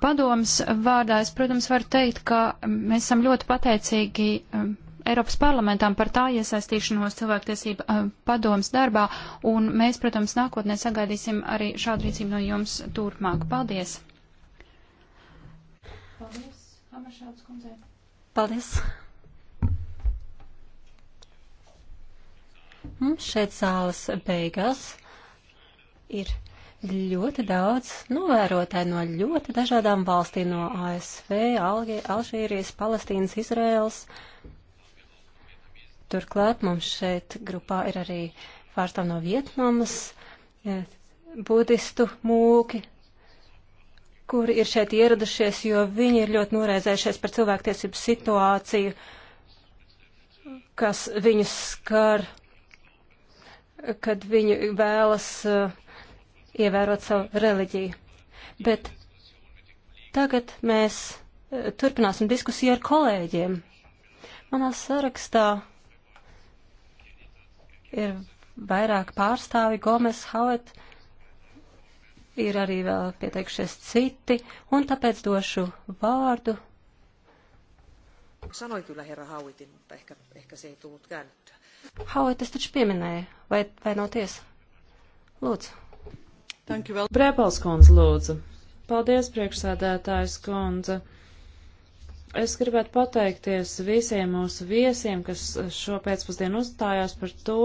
Padoms vārdā es, protams, varu teikt, ka mēs esam ļoti pateicīgi um, Eiropas parlamentām par tā iesaistīšanos cilvēktiesība um, padomas darbā, un mēs, protams, nākotnē sagaidīsim arī šādu rīcību no jums turpmāk. Paldies! Paldies, Amašāds kundzei! Paldies! Mums šeit zāles beigās ir ļoti daudz novērotāju no ļoti dažādām valstīm, no ASV, Alžīrijas, Palestīnas, Izraels. Turklāt mums šeit grupā ir arī pārstāv no Vietnamas, budistu mūki, kuri ir šeit ieradušies, jo viņi ir ļoti noraizējušies par cilvēktiesību situāciju, kas viņus skar, kad viņi vēlas uh, ievērot savu reliģiju. Bet tagad mēs eh, turpināsim diskusiju ar kolēģiem. Manā sarakstā ir vairāk pārstāvi Gomes, Hauet, ir arī vēl pieteikušies citi, un tāpēc došu vārdu. Sanoi kyllä herra Hauitin, mutta ehkä, ehkä se ei tullut käännettyä. Hauit, es taču pieminēju, vai, vai nav tiesa? Lūdzu. Brēpals kundze, lūdzu. Paldies, priekšsēdētājs kundze. Es gribētu pateikties visiem mūsu viesiem, kas šo pēcpusdienu uzstājās par to,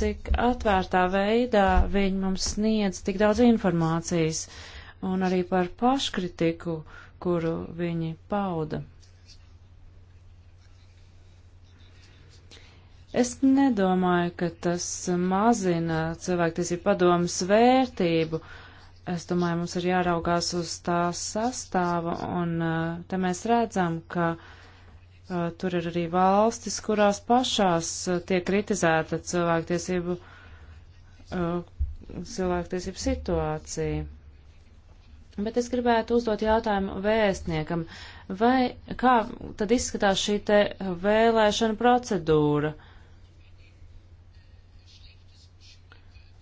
cik atvērtā veidā viņi mums sniedz tik daudz informācijas un arī par paškritiku, kuru viņi pauda. Es nedomāju, ka tas mazina cilvēktiesību padomas vērtību. Es domāju, mums ir jāraugās uz tā sastāva, un uh, te mēs redzam, ka uh, tur ir arī valstis, kurās pašās uh, tiek kritizēta cilvēktiesību, uh, cilvēktiesību situācija. Bet es gribētu uzdot jautājumu vēstniekam, vai kā tad izskatās šī te vēlēšana procedūra? Uh,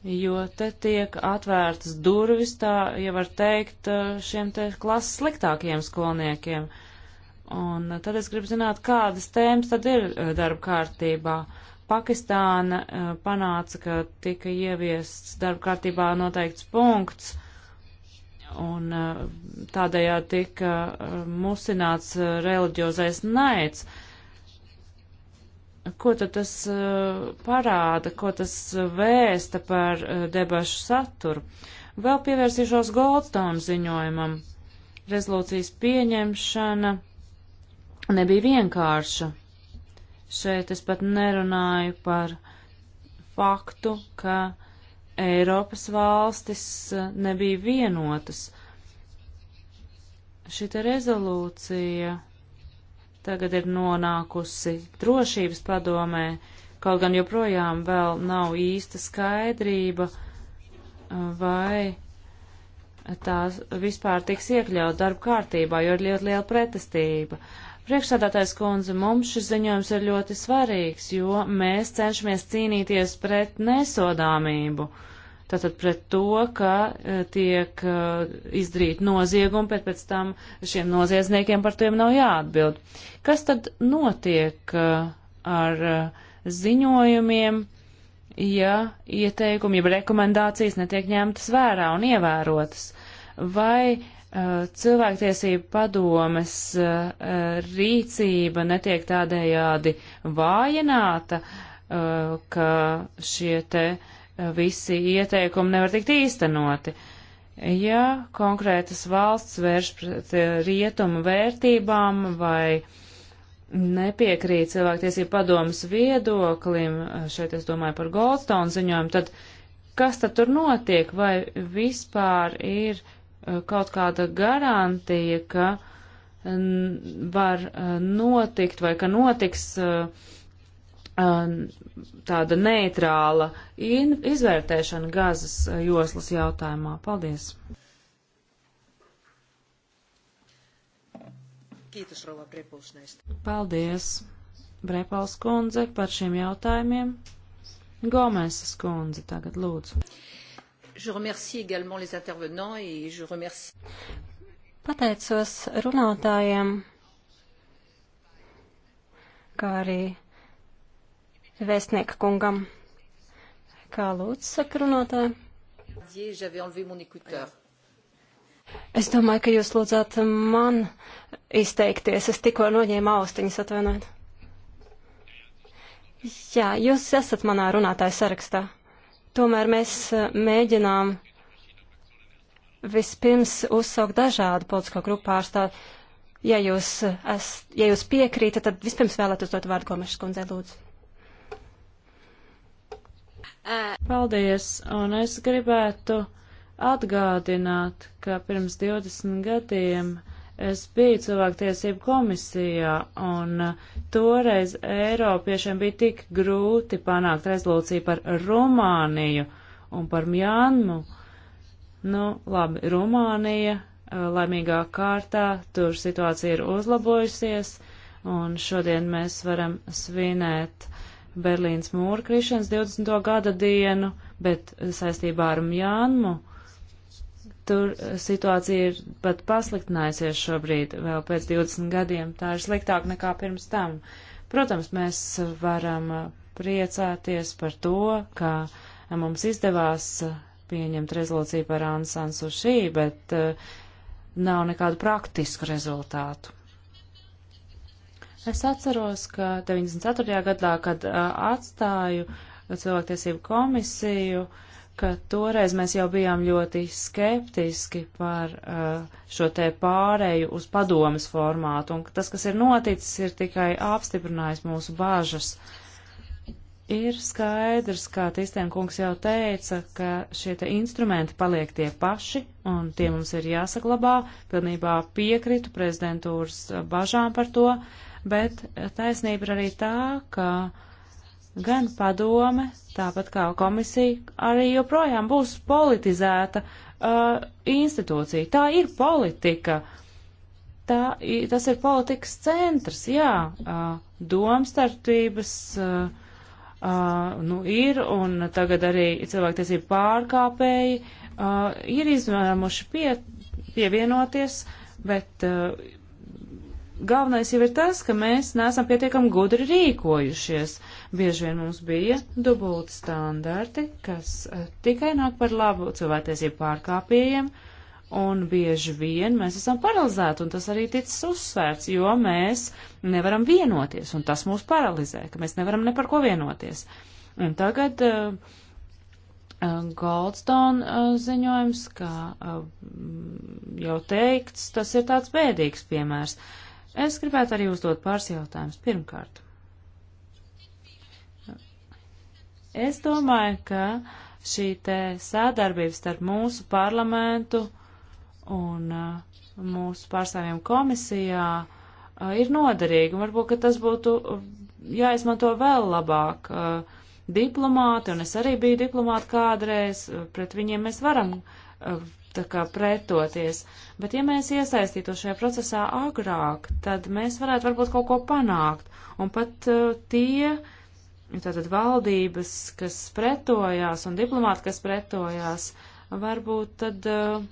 jo te tiek atvērtas durvis, tā jau var teikt, eh, šiem te klases sliktākajiem skolniekiem. Un eh, tad es gribu zināt, kādas tēmas tad ir eh, darba kārtībā. Pakistāna panāca, ka tika ieviests darba kārtībā noteikts punkts, un tādējādi tika musināts reliģiozais naids. Uh, ko tad tas uh, parāda, ko tas vēsta par uh, debašu saturu. Vēl pievērsīšos Goldstone ziņojumam. Rezolūcijas pieņemšana nebija vienkārša. Šeit es pat nerunāju par faktu, ka Eiropas valstis uh, nebija vienotas. Šita rezolūcija tagad ir nonākusi drošības padomē, kaut gan joprojām vēl nav īsta skaidrība, uh, vai tās vispār tiks iekļaut darba kārtībā, jo ir ļoti liela pretestība. Priekšsādātais kundze, mums šis ziņojums ir ļoti svarīgs, jo mēs cenšamies cīnīties pret nesodāmību. Uh, Tātad pret to, ka e, tiek e, izdarīt noziegumi, bet pēc tam šiem noziedzniekiem par tiem nav jāatbild. Kas tad notiek e, ar ziņojumiem, ja ieteikumi, ja rekomendācijas netiek ņemtas vērā un ievērotas? Vai cilvēktiesība padomes rīcība netiek tādējādi vājināta, ka šie te uh, visi ieteikumi nevar tikt īstenoti. Ja konkrētas valsts vērš pret eh, rietumu vērtībām vai nepiekrīt cilvēktiesību padomas viedoklim, eh, šeit es domāju par Goldstone ziņojumu, tad kas tad tur notiek? Vai vispār ir eh, kaut kāda garantija, ka var notikt vai ka notiks uh, Um, tāda neitrāla izvērtēšana gazas uh, joslas jautājumā. Paldies! Kītus, Rova, Brepuls, Paldies, Brepals kundze, par šiem jautājumiem. Gomesas kundze tagad lūdzu. Pateicos runātājiem, kā arī vēstnieka kungam. Kā lūdzu, saka runātāji? Es domāju, ka jūs lūdzāt man izteikties. Es tikko noņēmu austiņas, atvainojiet. Jā, jūs esat manā runātāja sarakstā. Tomēr mēs e, mēģinām vispirms uzsaukt dažādu politisko grupu pārstāvju. Ja jūs, es, ja jūs piekrītat, tad vispirms vēlētos dot vārdu Gomešas kundzei, lūdzu. Uh, Paldies, un es gribētu atgādināt, ka pirms 20 gadiem es biju cilvēktiesību komisijā, un uh, toreiz Eiropiešiem bija tik grūti panākt rezolūciju par Rumāniju un par Mjanmu. Nu, labi, Rumānija uh, laimīgā kārtā, tur situācija ir uzlabojusies, un šodien mēs varam svinēt Berlīnas mūra krišanas 20. gada dienu, bet saistībā ar Mjānmu tur situācija ir pat pasliktinājusies šobrīd, vēl pēc 20 gadiem. Tā ir sliktāk nekā pirms tam. Protams, mēs varam priecāties par to, ka mums izdevās pieņemt rezolūciju par Ansansu šī, bet eh, nav nekādu praktisku rezultātu. Es atceros, ka 94. gadā, kad uh, atstāju cilvēktiesību komisiju, ka toreiz mēs jau bijām ļoti skeptiski par uh, šo te pārēju uz padomas formātu, un tas, kas ir noticis, ir tikai apstiprinājis mūsu bāžas. Ir skaidrs, kā Tistēn kungs jau teica, ka šie te instrumenti paliek tie paši, un tie mums ir jāsaglabā. Pilnībā piekritu prezidentūras bažām par to. Uh, bet taisnība ir arī tā, ka gan padome, tāpat kā komisija, arī joprojām būs politizēta uh, institūcija. Tā ir politika. Tā, tas ir politikas centrs, jā, uh, domstarpības. Uh, Uh, nu, ir, un tagad arī cilvēktiesību pārkāpēji uh, ir izvēmuši pie, pievienoties, bet uh, galvenais jau ir tas, ka mēs neesam pietiekami gudri rīkojušies. Bieži vien mums bija dubulti standarti, kas eh, tikai nāk par labu cilvēktiesību pārkāpējiem, un bieži vien mēs esam paralizēti, un tas arī ticis uzsvērts, jo mēs nevaram vienoties, un tas mūs paralizē, ka mēs nevaram ne par ko vienoties. Un tagad uh, Goldstone uh, ziņojums, kā uh, jau teikts, tas ir tāds bēdīgs piemērs. Uh, Es gribētu arī uzdot pāris jautājumus. Pirmkārt, es domāju, ka šī te sādarbības starp mūsu parlamentu un uh, mūsu pārstāvjiem komisijā uh, ir noderīga. Varbūt, ka tas būtu uh, jāizmanto vēl labāk. Diplomāti, un es arī biju diplomāti kādreiz, pret viņiem mēs varam tā kā pretoties. Bet ja mēs iesaistītu šajā procesā agrāk, tad mēs varētu varbūt kaut ko panākt. Un pat uh, tie, tātad valdības, kas pretojās un diplomāti, kas pretojās, varbūt tad uh,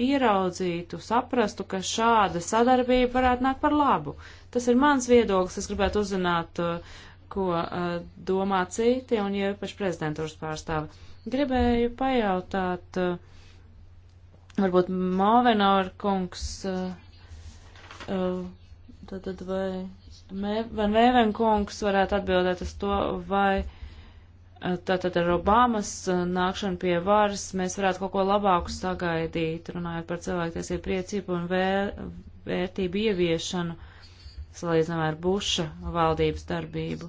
ieraudzītu, saprastu, ka šāda sadarbība varētu nākt par labu. Tas ir mans viedoklis, es gribētu uzzināt, uh, ko uh, domā citi un iepaši prezidentūras pārstāvi. Gribēju pajautāt, uh, Varbūt Māvenāra kungs, eh, eh, tad, tad vai Van Vēven kungs varētu atbildēt uz to, vai eh, tātad ar Obamas nākšanu pie varas mēs varētu kaut ko labāku sagaidīt, runājot par cilvēktiesību priecību un vēr, vērtību ieviešanu, salīdzinām ar Buša valdības darbību.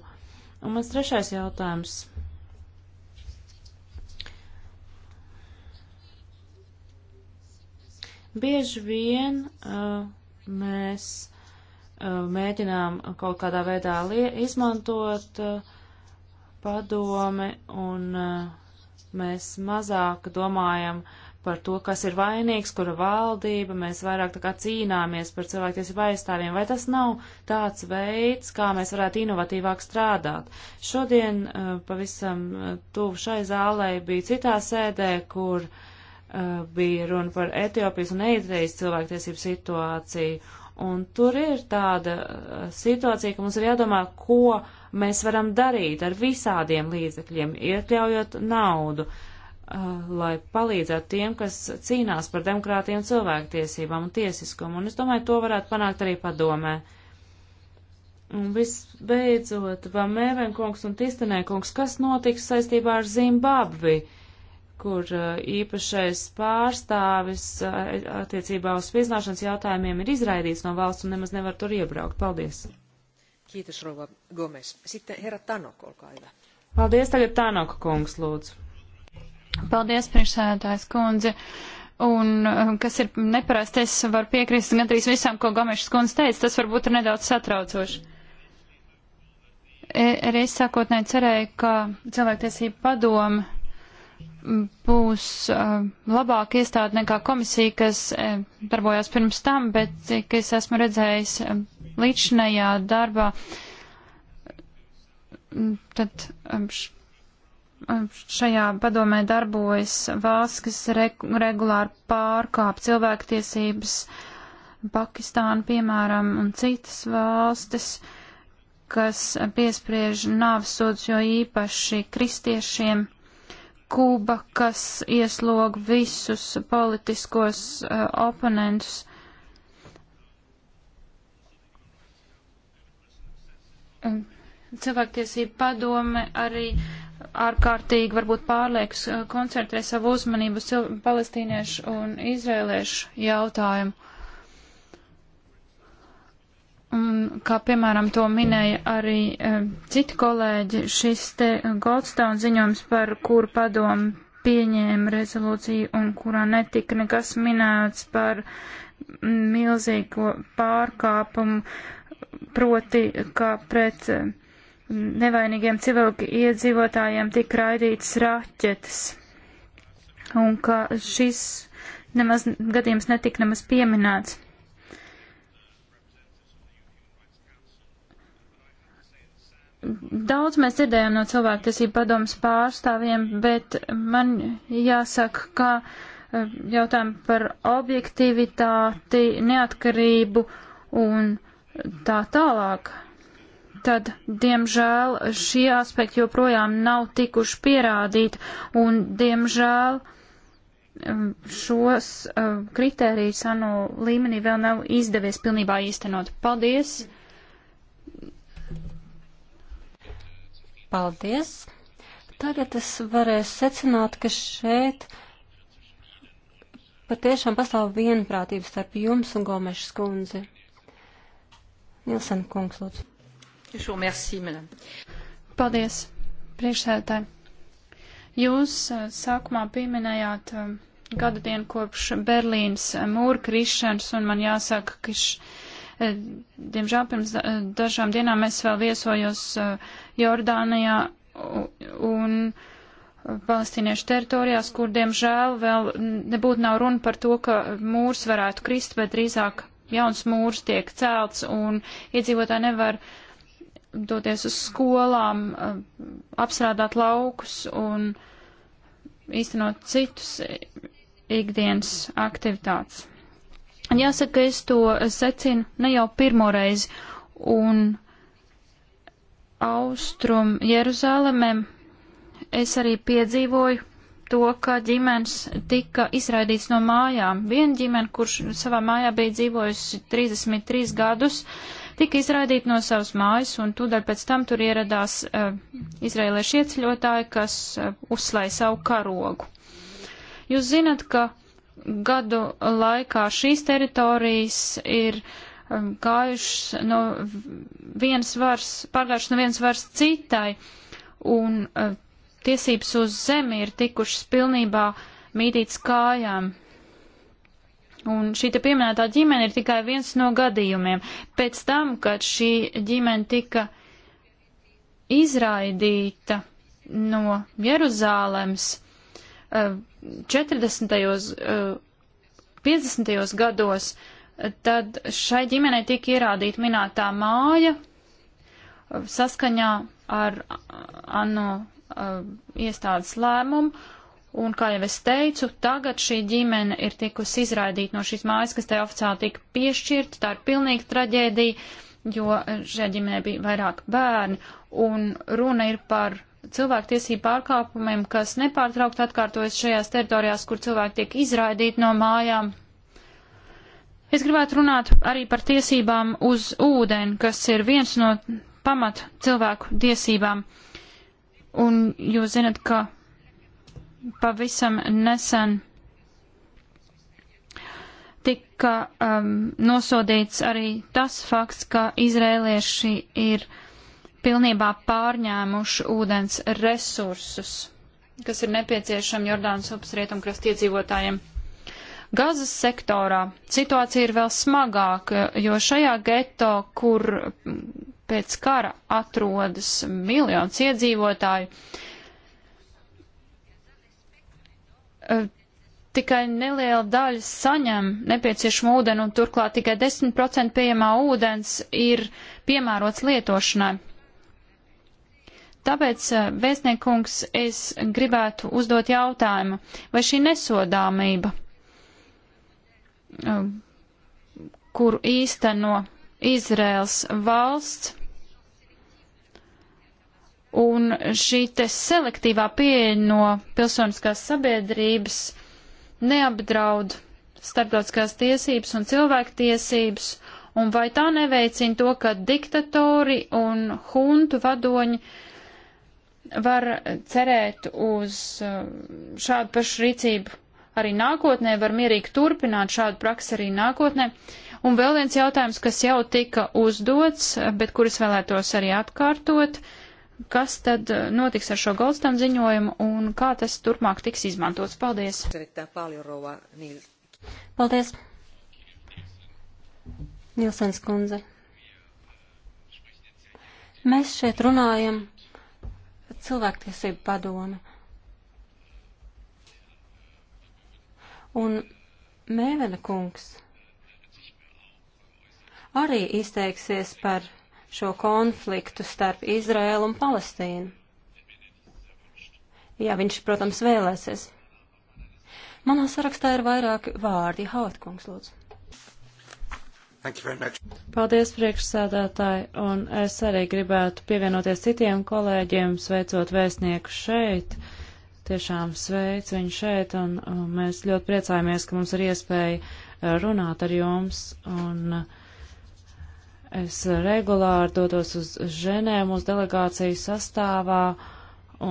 Un mans trešais jautājums Bieži vien uh, mēs uh, mēģinām kaut kādā veidā izmantot uh, padome un uh, mēs mazāk domājam par to, kas ir vainīgs, kura valdība, mēs vairāk tā kā cīnāmies par cilvēktiesību aizstāvjiem, vai tas nav tāds veids, kā mēs varētu inovatīvāk strādāt. Šodien uh, pavisam uh, tuvu šai zālē bija citā sēdē, kur uh, Eh, bija runa par Etiopijas un Eidrejas cilvēktiesību situāciju. Un tur ir tāda eh, situācija, ka mums ir jādomā, ko mēs varam darīt ar visādiem līdzekļiem, iekļaujot naudu, eh, lai palīdzētu tiem, kas cīnās par demokrātiem cilvēktiesībām un tiesiskumu. Un es domāju, to varētu panākt arī padomē. Un visbeidzot, Vamēvenkungs un Tistinēkungs, kas notiks saistībā ar Zimbabvi? Uh, kur uh, īpašais pārstāvis uh, attiecībā uz spīdzināšanas jautājumiem ir izraidīts no valsts un nemaz nevar tur iebraukt. Paldies! Kiitos, Rova Gomes. Sitten herra Tanok, olkaa hyvä. Paldies, tagad Tanok, kungs, lūdzu. Paldies, priekšsēdētājs kundze. Un uh, kas ir neparasti, es varu piekrist gandrīz visam, ko Gomešs kundze teica, tas varbūt ir nedaudz satraucoši. E, arī es sākotnēji cerēju, ka cilvēktiesība padoma būs uh, eh, labāka iestāde nekā komisija, kas uh, darbojās pirms tam, bet cik es esmu redzējis uh, eh, līdšanējā darbā, mm, tad um, šajā padomē darbojas valsts, kas reg regulāri pārkāp cilvēktiesības, Pakistāna, piemēram, un citas valstis kas piespriež nāvsods, jo īpaši kristiešiem Kuba, kas ieslog visus politiskos uh, oponentus. Cilvēktiesība padome arī ārkārtīgi varbūt pārlieks eh, koncentrē savu uzmanību palestīniešu un izrēliešu jautājumu. Un, kā piemēram to minēja arī e, citi kolēģi, šis te Goldstone ziņojums, par kuru padomu pieņēma rezolūciju un kurā netika nekas minēts par milzīgo pārkāpumu, proti, kā pret e, nevainīgiem civilki iedzīvotājiem tika raidītas raķetes. Un ka šis nemaz gadījums netika nemaz pieminēts. Daudz mēs dzirdējām no cilvēktiesību padomas pārstāvjiem, bet man jāsaka, ka e, jautājumi par objektivitāti, neatkarību un tā tālāk tad, diemžēl, šie aspekti joprojām nav tikuši pierādīti, un, diemžēl, šos uh, kritērijus ANO līmenī vēl nav izdevies pilnībā īstenot. Paldies! Paldies! Tagad es varēju secināt, ka šeit patiešām pastāv vienprātības starp jums un Gomešas kundzi. Nilsen kungs, lūdzu. Šo merci, madam. Paldies, priekšsēdētāji. Jūs uh, sākumā pieminējāt um, gada dienu kopš Berlīnas uh, mūra krišanas, un man jāsaka, ka šis Eh, diemžēl pirms eh, dažām dienām es vēl viesojos eh, Jordānijā un palestīniešu teritorijās, kur diemžēl vēl nebūtu nav runa par to, ka mūrs varētu krist, bet drīzāk jauns mūrs tiek celts un iedzīvotāji nevar doties uz skolām, apstrādāt laukus un īstenot citus ikdienas aktivitātes. Un jāsaka, es to secinu ne jau pirmo reizi. Un austrum Jeruzālēmēm es arī piedzīvoju to, ka ģimenes tika izraidīts no mājām. Viena ģimene, kurš savā mājā bija dzīvojusi 33 gadus, tika izraidīta no savas mājas, un tūdaļ pēc tam tur ieradās uh, eh, izraelieši ieceļotāji, kas uh, uzslēja savu karogu. Jūs zinat, ka gadu laikā šīs teritorijas ir um, gājušas no vienas varas, pārgājušas no vienas varas citai, un uh, tiesības uz zemi ir tikušas pilnībā mītītas kājām. Un šī te pieminētā ģimene ir tikai viens no gadījumiem. Pēc tam, kad šī ģimene tika izraidīta no Jeruzālemes, uh, 40. Uh, 50. gados, tad šai ģimenei tika ierādīta minētā māja eh, saskaņā ar ANO uh, iestādes lēmumu, Un, kā jau es teicu, tagad šī ģimene ir tikusi izraidīta no šīs mājas, kas tai oficiāli tika piešķirta. Tā ir pilnīga traģēdija, jo šajā ģimenē bija vairāk bērni. Un runa ir par cilvēktiesību pārkāpumiem, kas nepārtraukt atkārtojas šajās teritorijās, kur cilvēki tiek izraidīti no mājām. Es gribētu runāt arī par tiesībām uz ūdeni, kas ir viens no pamat cilvēku tiesībām. Un jūs zinat, ka pavisam nesen tika um, nosodīts arī tas fakts, ka izrēlieši ir uh, pilnībā pārņēmuši ūdens resursus, kas ir nepieciešami Jordānas upes rietumkrasta iedzīvotājiem. Gazas sektorā situācija ir vēl smagāka, jo šajā geto, kur pēc kara atrodas miljons iedzīvotāju, e, tikai neliela daļa saņem nepieciešamo ūdeni, un turklāt tikai 10% pieejamā ūdens ir piemērots lietošanai. Tāpēc, eh, vēstniekungs, es gribētu uzdot jautājumu, vai šī nesodāmība, eh, kuru īsteno Izraels valsts, un šī te selektīvā pieeja no pilsoniskās sabiedrības neapdraud starptautiskās tiesības un cilvēktiesības, un vai tā neveicina to, ka diktatori un huntu vadoņi uh, var cerēt uz uh, šādu pašu rīcību arī nākotnē, var mierīgi turpināt šādu praksi arī nākotnē. Un vēl viens jautājums, kas jau tika uzdots, bet kuris vēlētos arī atkārtot, kas tad uh, notiks ar šo Goldstam ziņojumu un kā tas turpmāk tiks izmantots. Paldies! Paldies! Nilsens kundze. Mēs šeit runājam cilvēktiesību padome. Un Mēvena kungs arī izteiksies par šo konfliktu starp Izrēlu un Palestīnu. Jā, viņš, protams, vēlēsies. Manā sarakstā ir vairāki vārdi. Hautkungs, lūdzu. Paldies, priekšsēdētāji, un es arī gribētu pievienoties citiem kolēģiem, sveicot vēstnieku šeit. Tiešām sveic viņu šeit, un, un mēs ļoti priecājamies, ka mums ir iespēja uh, runāt ar jums, un uh, es regulāri dodos uz Ženēmu, uz delegāciju sastāvā,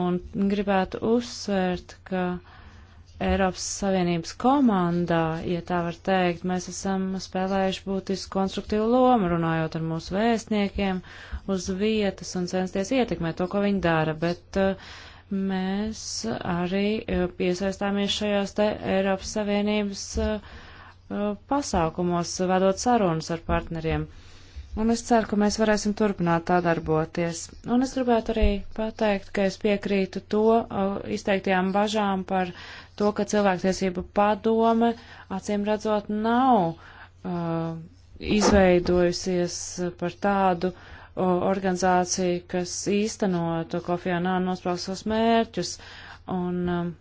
un gribētu uzsvērt, ka. Uh, Eiropas Savienības komandā, ja tā var teikt, mēs esam spēlējuši būtisku konstruktīvu lomu, runājot ar mūsu vēstniekiem uz vietas un censties ietekmēt to, ko viņi dara, bet uh, mēs arī uh, piesaistāmies šajās te Eiropas Savienības uh, uh pasākumos, vedot sarunas ar partneriem. Uh, Un es ceru, ka mēs varēsim turpināt tā darboties. Un es gribētu arī pateikt, ka es piekrītu to izteiktajām bažām par to, ka cilvēktiesība padome acīm redzot nav uh, izveidojusies par tādu uh, organizāciju, kas īstenotu Kofi Anāna nospraustos mērķus. Un um,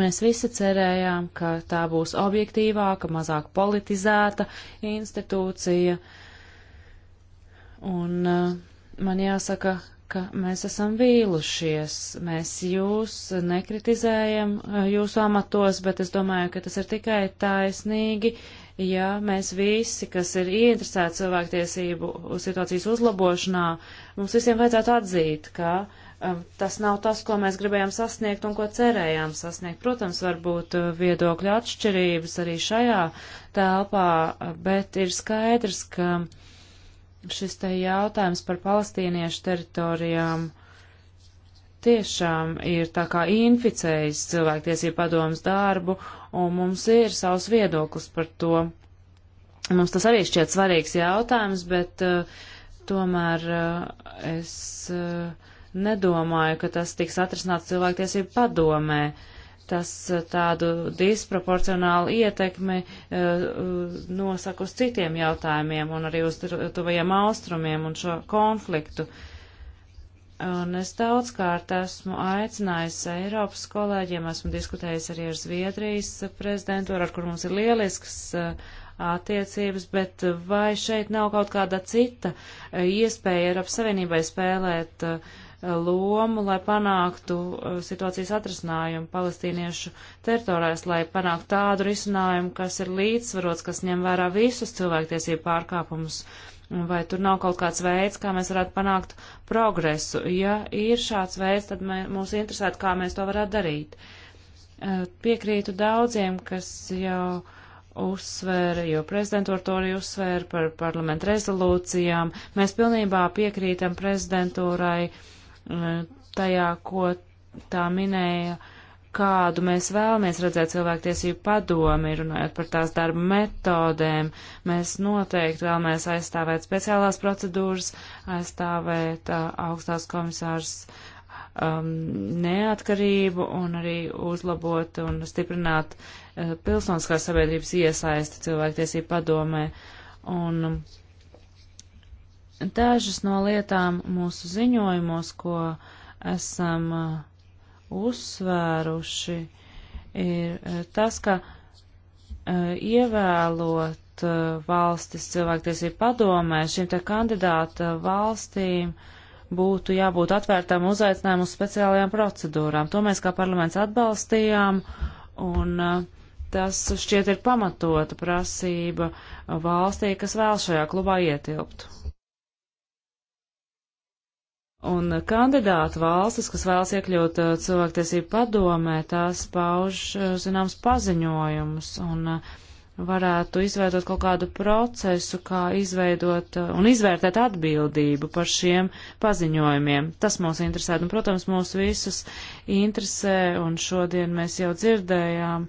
Mēs visi cerējām, ka tā būs objektīvāka, mazāk politizēta institūcija. Un uh, man jāsaka, ka mēs esam vīlušies. Mēs jūs nekritizējam uh, jūsu amatos, bet es domāju, ka tas ir tikai taisnīgi, ja mēs visi, kas ir ieinteresēti cilvēktiesību situācijas uzlabošanā, mums visiem vajadzētu atzīt, ka uh, Um, tas nav tas, ko mēs gribējām sasniegt un ko cerējām sasniegt. Protams, var būt uh, viedokļu atšķirības arī šajā telpā, uh, bet ir skaidrs, ka šis te jautājums par palestīniešu teritorijām tiešām ir tā kā inficējis cilvēktiesību padomus darbu, un mums ir savs viedoklis par to. Mums tas arī šķiet svarīgs jautājums, bet uh, tomēr uh, es. Uh, nedomāju, ka tas tiks atrisināts cilvēktiesību padomē. Tas eh, tādu disproporcionālu ietekmi eh, nosaka uz citiem jautājumiem un arī uz tuvajiem austrumiem un šo konfliktu. Un es daudzkārt esmu aicinājis Eiropas kolēģiem, esmu diskutējis arī ar Zviedrijas prezidentūru, ar kur mums ir lielisks eh, attiecības, bet vai šeit nav kaut kāda cita iespēja Eiropas Savienībai spēlēt uh, lomu, lai panāktu uh, situācijas atrasinājumu palestīniešu teritorijās, lai panāktu tādu risinājumu, kas ir līdzsvarots, kas ņem vērā visus cilvēktiesību pārkāpumus. Vai tur nav kaut kāds veids, kā mēs varētu panākt progresu? Ja ir šāds veids, tad mē, mūs interesētu, kā mēs to varētu darīt. Uh, piekrītu daudziem, kas jau uzsvēra, jo prezidentūra to arī uzsvēra par parlamentu rezolūcijām. Mēs pilnībā piekrītam prezidentūrai uh, Eh, tajā, ko tā minēja, kādu mēs vēlamies redzēt cilvēktiesību padomi, runājot par tās darba metodēm. Mēs noteikti vēlamies aizstāvēt speciālās procedūras, aizstāvēt uh, augstās komisārs um, neatkarību un arī uzlabot un stiprināt uh, pilsoniskās sabiedrības iesaisti cilvēktiesību padomē. Un, um, Dažas no lietām mūsu ziņojumos, ko esam uh, uzsvēruši, ir uh, tas, ka uh, ievēlot valstis cilvēktiesību padomē, šīm te kandidāta valstīm būtu jābūt atvērtām uzaicinājumu uz speciālajām procedūrām. To mēs kā parlaments atbalstījām, un tas šķiet ir pamatota prasība valstī, kas vēl šajā klubā ietilptu. Un kandidātu valstis, kas vēlas iekļūt uh, cilvēktiesību padomē, tās pauž, uh, zināms, paziņojumus un uh, varētu izveidot kaut kādu procesu, kā izveidot un izvērtēt atbildību par šiem paziņojumiem. Tas mūs interesē, un, protams, mūs visus interesē, un šodien mēs jau dzirdējām,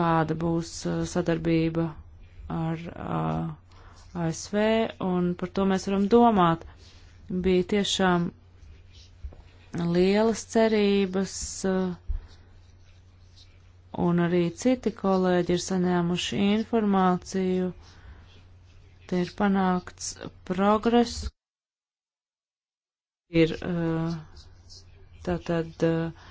kāda būs sadarbība ar ASV, un par to mēs varam domāt bija tiešām lielas cerības, eh, un arī citi kolēģi ir saņēmuši informāciju. Te ir panākts progress. Ir eh, tātad eh,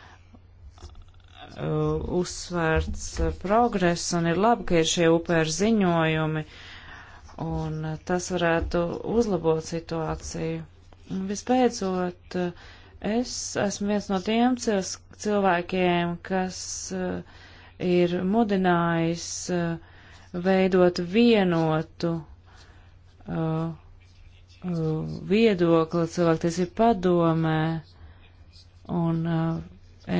uzsvērts progress, un ir labi, ka ir šie upēr ziņojumi, un tas varētu uzlabot situāciju. Visbeidzot, es esmu viens no tiem cilvēkiem, kas eh, ir mudinājis eh, veidot vienotu eh, viedokli cilvēktiesību padomē, un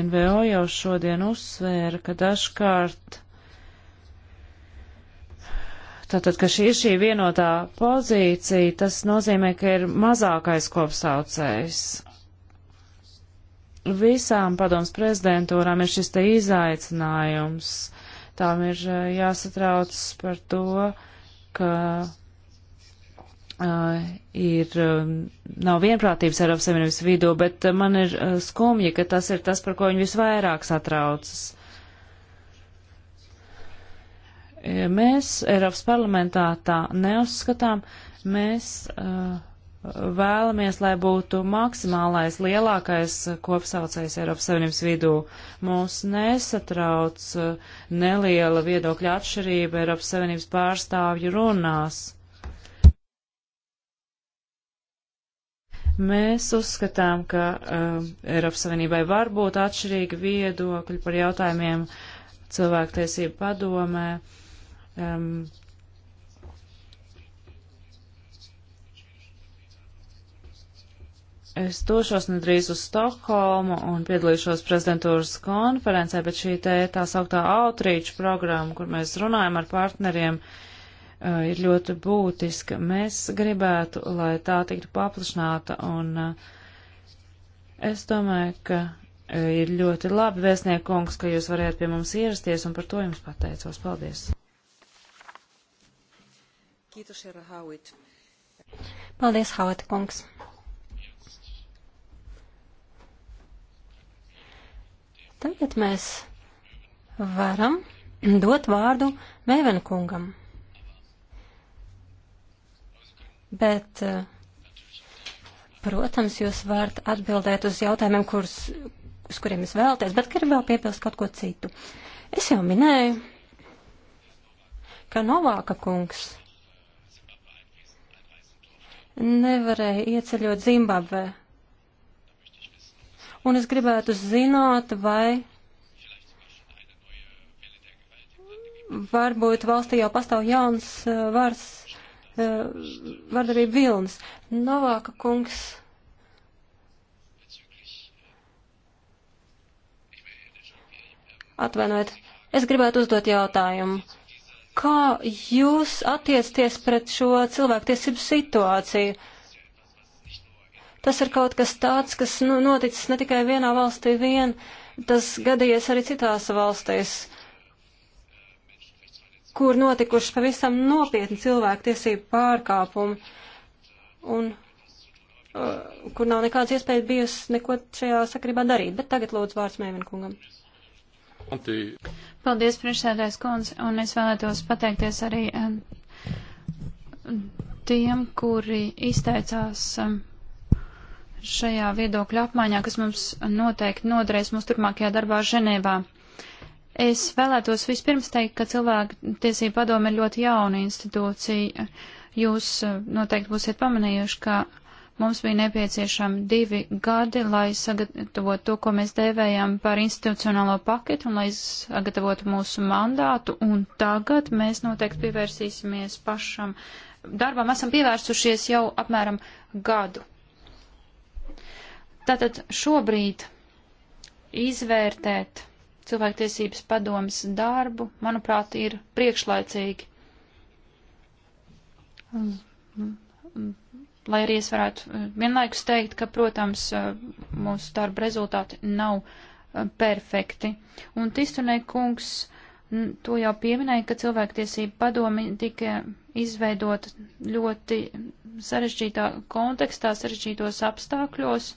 NVO jau šodien uzsvēra, ka dažkārt Tātad, ka šī ir šī vienotā pozīcija, tas nozīmē, ka ir mazākais kopsaucējs. Visām padoms prezidentūrām ir šis te izaicinājums. Tām ir eh, jāsatrauc par to, ka uh, ir, um, nav vienprātības Eiropas Savienības vidū, bet eh, man ir uh, skumji, ka tas ir tas, par ko viņi visvairāk satraucas. Mēs Eiropas parlamentā tā neuzskatām, mēs uh, vēlamies, lai būtu maksimālais lielākais kopsaucējs Eiropas Savienības vidū. Mūs nesatrauc uh, neliela viedokļa atšķirība Eiropas Savienības pārstāvju runās. Mēs uzskatām, ka uh, Eiropas Savienībai var būt atšķirīgi viedokļi par jautājumiem cilvēktiesību padomē. Uh, Um, es došos nedrīz uz Stokholmu un piedalīšos prezidentūras konferencē, bet šī te tā sauktā outreach programma, kur mēs runājam ar partneriem, uh, ir ļoti būtiska. Mēs gribētu, lai tā tiktu paplašināta un uh, es domāju, ka uh, Ir ļoti labi, vēstniekungs, ka jūs varējāt pie mums ierasties, un par to jums pateicos. Paldies! Kītus, Herra Hauit. Paldies, Hauit kungs. Tagad mēs varam dot vārdu Mēven kungam. Bet, eh, protams, jūs varat atbildēt uz jautājumiem, kurus, uz kuriem es vēlties, bet gribu vēl piebilst kaut ko citu. Es jau minēju, ka Novāka kungs nevarēja ieceļot Zimbabvē. Un es gribētu zināt, vai varbūt valstī jau pastāv jauns uh, vars, uh, vardarbība vilnis. Novāka kungs. Atvainojiet, es gribētu uzdot jautājumu. Kā jūs attiecties pret šo cilvēktiesību situāciju? Tas ir kaut kas tāds, kas nu, noticis ne tikai vienā valstī vien, tas gadījies arī citās valstīs, kur notikuši pavisam nopietni cilvēktiesību pārkāpumi. Un uh, kur nav nekādas iespējas bijusi neko šajā sakarībā darīt. Bet tagad lūdzu vārds Mēvenkungam. Paldies, priekšsēdājs kundze, un es vēlētos pateikties arī um, tiem, kuri izteicās um, šajā viedokļa apmaiņā, kas mums noteikti noderēs mūsu turpmākajā darbā Ženēvā. Es vēlētos vispirms teikt, ka cilvēku tiesība padome ir ļoti jauna institūcija. Jūs uh, noteikti būsiet pamanījuši, ka Mums bija nepieciešami divi gadi, lai sagatavotu to, ko mēs dēvējam par institucionālo paketu un lai sagatavotu mūsu mandātu. Un tagad mēs noteikti pievērsīsimies pašam darbam. Esam pievērsušies jau apmēram gadu. Tātad šobrīd izvērtēt cilvēktiesības padomas darbu, manuprāt, ir priekšlaicīgi. Lai arī es varētu eh, vienlaikus teikt, ka, protams, eh, mūsu darba rezultāti nav eh, perfekti. Un Tistunē kungs to jau pieminēja, ka cilvēktiesība padomi tika izveidota ļoti sarežģītā kontekstā, sarežģītos apstākļos.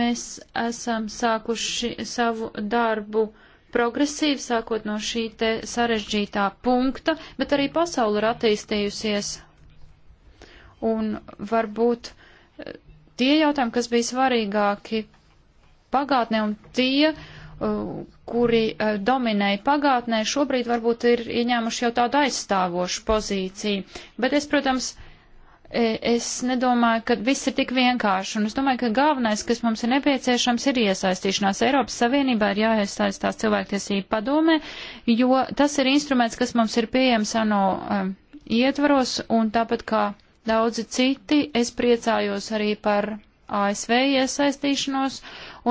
Mēs esam sākuši savu darbu progresīvi, sākot no šī te sarežģītā punkta, bet arī pasauli ir attīstījusies un varbūt eh, tie jautājumi, kas bija svarīgāki pagātnē un tie, eh, kuri eh, dominēja pagātnē, šobrīd varbūt ir ieņēmuši jau tādu aizstāvošu pozīciju. Bet es, protams, es nedomāju, ka viss ir tik vienkārši, un es domāju, ka galvenais, kas mums ir nepieciešams, ir iesaistīšanās. Eiropas Savienībā ir jāiesaistās cilvēktiesību padomē, jo tas ir instruments, kas mums ir pieejams ANO um, ietvaros, un tāpat kā daudzi citi. Es priecājos arī par ASV iesaistīšanos,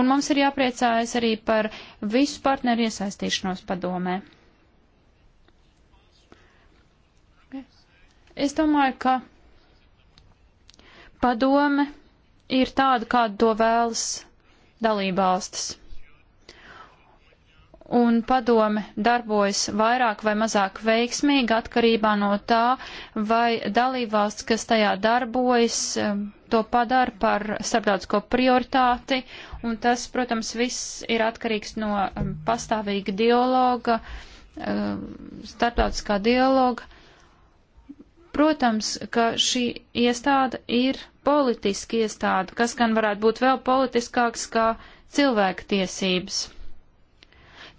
un mums ir jāpriecājas arī par visu partneru iesaistīšanos padomē. Es domāju, ka padome ir tāda, kādu to vēlas dalībvalstis un padome darbojas vairāk vai mazāk veiksmīgi atkarībā no tā, vai dalībvalsts, kas tajā darbojas, um, to padara par starptautisko prioritāti, un tas, protams, viss ir atkarīgs no um, pastāvīga dialoga, um, starptautiskā dialoga. Protams, ka šī iestāde ir politiska iestāde, kas gan varētu būt vēl politiskāks kā cilvēka tiesības.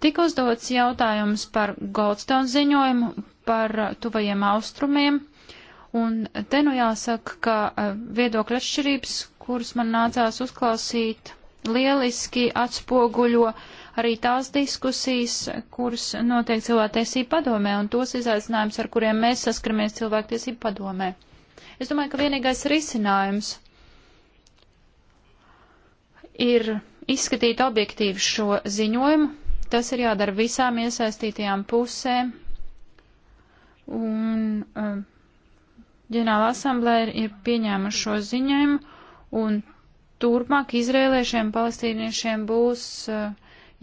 Tika uzdots jautājums par Goldstone ziņojumu, par uh, tuvajiem austrumiem, un te nu jāsaka, ka uh, viedokļa atšķirības, kuras man nācās uzklausīt, lieliski atspoguļo arī tās diskusijas, kuras notiek cilvēktiesību padomē un tos izaicinājums, ar kuriem mēs saskaramies cilvēktiesību padomē. Es domāju, ka vienīgais risinājums ir izskatīt objektīvi šo ziņojumu, Tas ir jādara visām iesaistītajām pusēm. Un um, ģenerāla asamblēja ir pieņēmuši šo ziņojumu, un turpmāk izrēliešiem, palestīniešiem būs uh,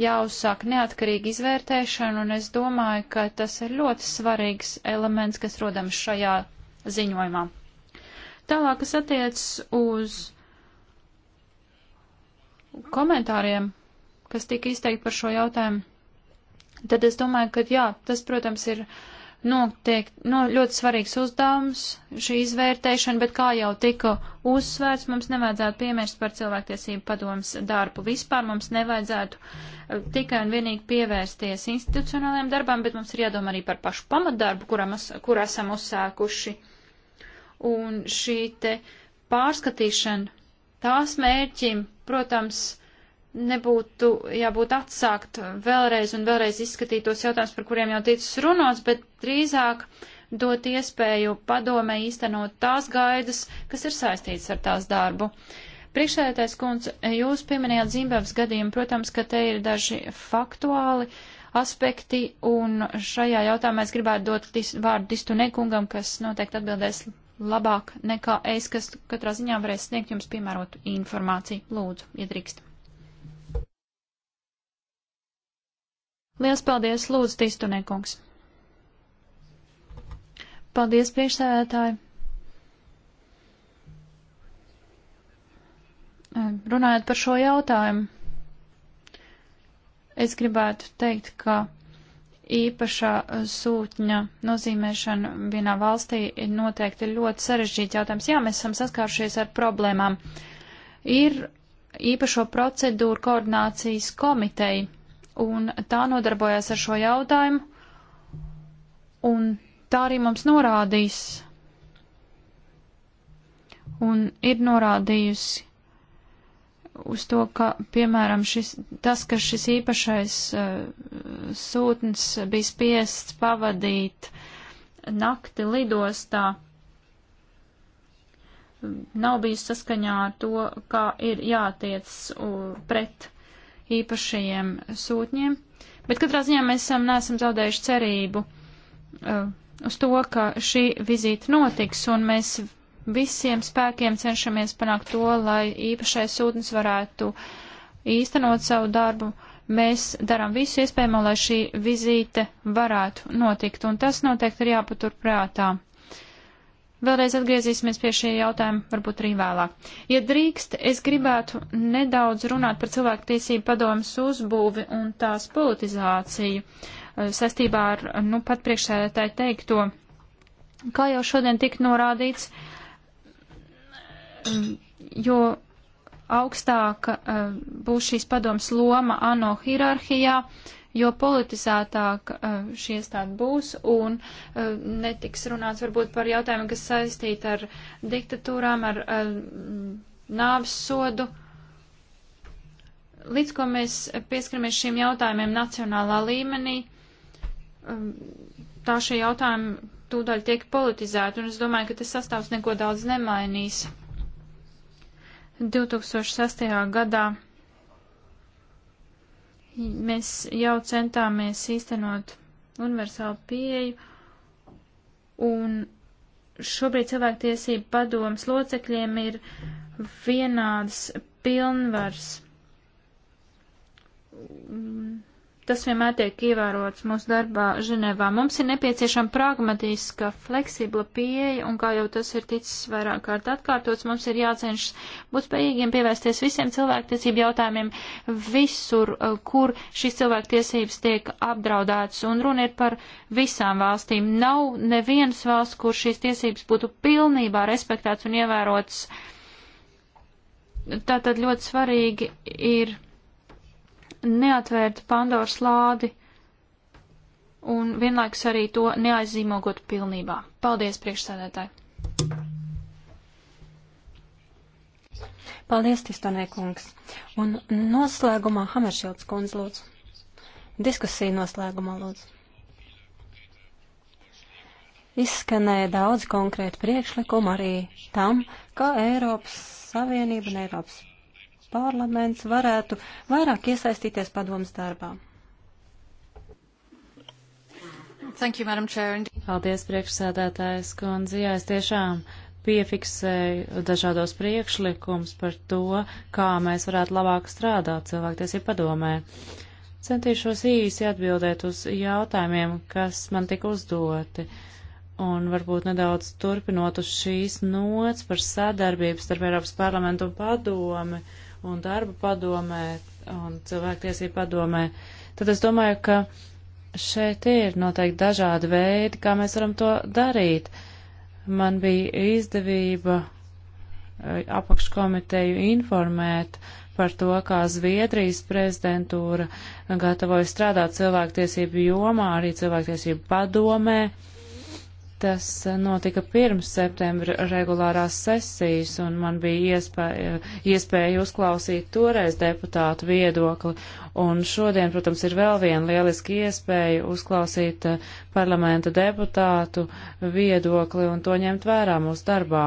jāuzsāk neatkarīgi izvērtēšana, un es domāju, ka tas ir ļoti svarīgs elements, kas rodams šajā ziņojumā. Tālāk, kas attiec uz komentāriem kas tika izteikti par šo jautājumu, tad es domāju, ka jā, tas, protams, ir notiek, no, nu, ļoti svarīgs uzdevums, šī izvērtēšana, bet kā jau tika uzsvērts, mums nevajadzētu piemērst par cilvēktiesību padomas darbu. Vispār mums nevajadzētu eh, tikai un vienīgi pievērsties institucionālajiem darbām, bet mums ir jādomā arī par pašu pamatdarbu, kuram, kur esam uzsākuši. Un šī te pārskatīšana tās mērķim, protams, nebūtu jābūt atsākt vēlreiz un vēlreiz izskatīt tos jautājumus, par kuriem jau ticis runots, bet drīzāk dot iespēju padomē īstenot tās gaidas, kas ir saistītas ar tās darbu. Priekšsēdētais kundze, jūs pieminējāt Zimbabves gadījumu, protams, ka te ir daži faktuāli aspekti, un šajā jautājumā es gribētu dot dis, vārdu Distu Nekungam, kas noteikti atbildēs labāk nekā es, kas katrā ziņā varēs sniegt jums piemērotu informāciju. Lūdzu, iedrīkst. Ja Liels paldies, lūdzu, Tistuniekungs. Paldies, priekšsēdētāji. Runājot par šo jautājumu, es gribētu teikt, ka īpašā sūtņa nozīmēšana vienā valstī ir noteikti ļoti sarežģīts jautājums. Jā, mēs esam saskārušies ar problēmām. Ir īpašo procedūru koordinācijas komiteja, un tā nodarbojās ar šo jautājumu, un tā arī mums norādīs, un ir norādījusi uz to, ka, piemēram, šis, tas, ka šis īpašais uh, sūtnis bija spiests pavadīt nakti lidostā, nav bijis saskaņā ar to, kā ir jātiec uh, pret uh, īpašajiem sūtņiem. Bet katrā ziņā mēs esam, um, neesam zaudējuši cerību uh, uz to, ka šī vizīte notiks, un mēs visiem spēkiem cenšamies panākt to, lai īpašais sūtnis varētu īstenot savu darbu. Mēs darām visu iespējamo, lai šī vizīte varētu notikt, un tas noteikti ir jāpatur prātā. Vēlreiz atgriezīsimies pie šī jautājuma, varbūt arī vēlāk. Ja drīkst, es gribētu nedaudz runāt par cilvēktiesību padomas uzbūvi un tās politizāciju eh, saistībā ar, nu, pat priekšsēdētāju teikto. Kā jau šodien tika norādīts, eh, jo augstāka eh, būs šīs padomas loma ANO hierarhijā, uh, jo politizētāk eh, šī iestāde būs un eh, netiks runāts varbūt par jautājumiem, kas saistīti ar diktatūrām, ar, ar eh, nāves sodu. Līdz ko mēs pieskaramies šiem jautājumiem nacionālā līmenī, tā šie jautājumi tūdaļ tiek politizēti, un es domāju, ka tas sastāvs neko daudz nemainīs. 2006. gadā Mēs jau centāmies īstenot universālu pieeju, un šobrīd cilvēktiesību padomas locekļiem ir vienādas pilnvars. Tas vienmēr tiek ievērots mūsu darbā Ženevā. Mums ir nepieciešama pragmatiska, fleksibla pieeja, un kā jau tas ir ticis vairāk kārt atkārtots, mums ir jācenšas būt spējīgiem pievērsties visiem cilvēktiesību jautājumiem visur, eh, kur šīs cilvēktiesības tiek apdraudētas, un runa ir par visām valstīm. Nav nevienas valsts, kur šīs tiesības būtu pilnībā respektētas un ievērotas. Tātad ļoti svarīgi ir neatvērt Pandoras lādi un vienlaiks arī to neaizzīmogot pilnībā. Paldies, priekšsēdētāji! Paldies, Tistonē kungs! Un noslēgumā Hameršilds kundz lūdzu. Diskusija noslēgumā lūdzu. Izskanēja daudz konkrētu priekšlikumu arī tam, kā Eiropas Savienība un Eiropas parlaments varētu vairāk iesaistīties padomas darbā. Thank you, Madam Chair. Paldies, priekšsēdētājs kundze. Jā, es tiešām piefiksēju dažādos priekšlikums par to, kā mēs varētu labāk strādāt cilvēktiesību padomē. Centīšos īsi atbildēt uz jautājumiem, kas man tika uzdoti, un varbūt nedaudz turpinot uz šīs nots par sadarbību starp Eiropas parlamentu un padomi. Uh, un darba padomē un cilvēktiesību padomē, tad es domāju, ka šeit ir noteikti dažādi veidi, kā mēs varam to darīt. Man bija izdevība e, apakškomiteju informēt par to, kā Zviedrijas prezidentūra gatavoja strādāt cilvēktiesību jomā, arī cilvēktiesību padomē. Uh, Tas notika pirms septembra regulārās sesijas, un man bija iespēja, iespēja uzklausīt toreiz deputātu viedokli. Un šodien, protams, ir vēl viena lieliska iespēja uzklausīt eh, parlamenta deputātu viedokli un to ņemt vērā mūsu darbā.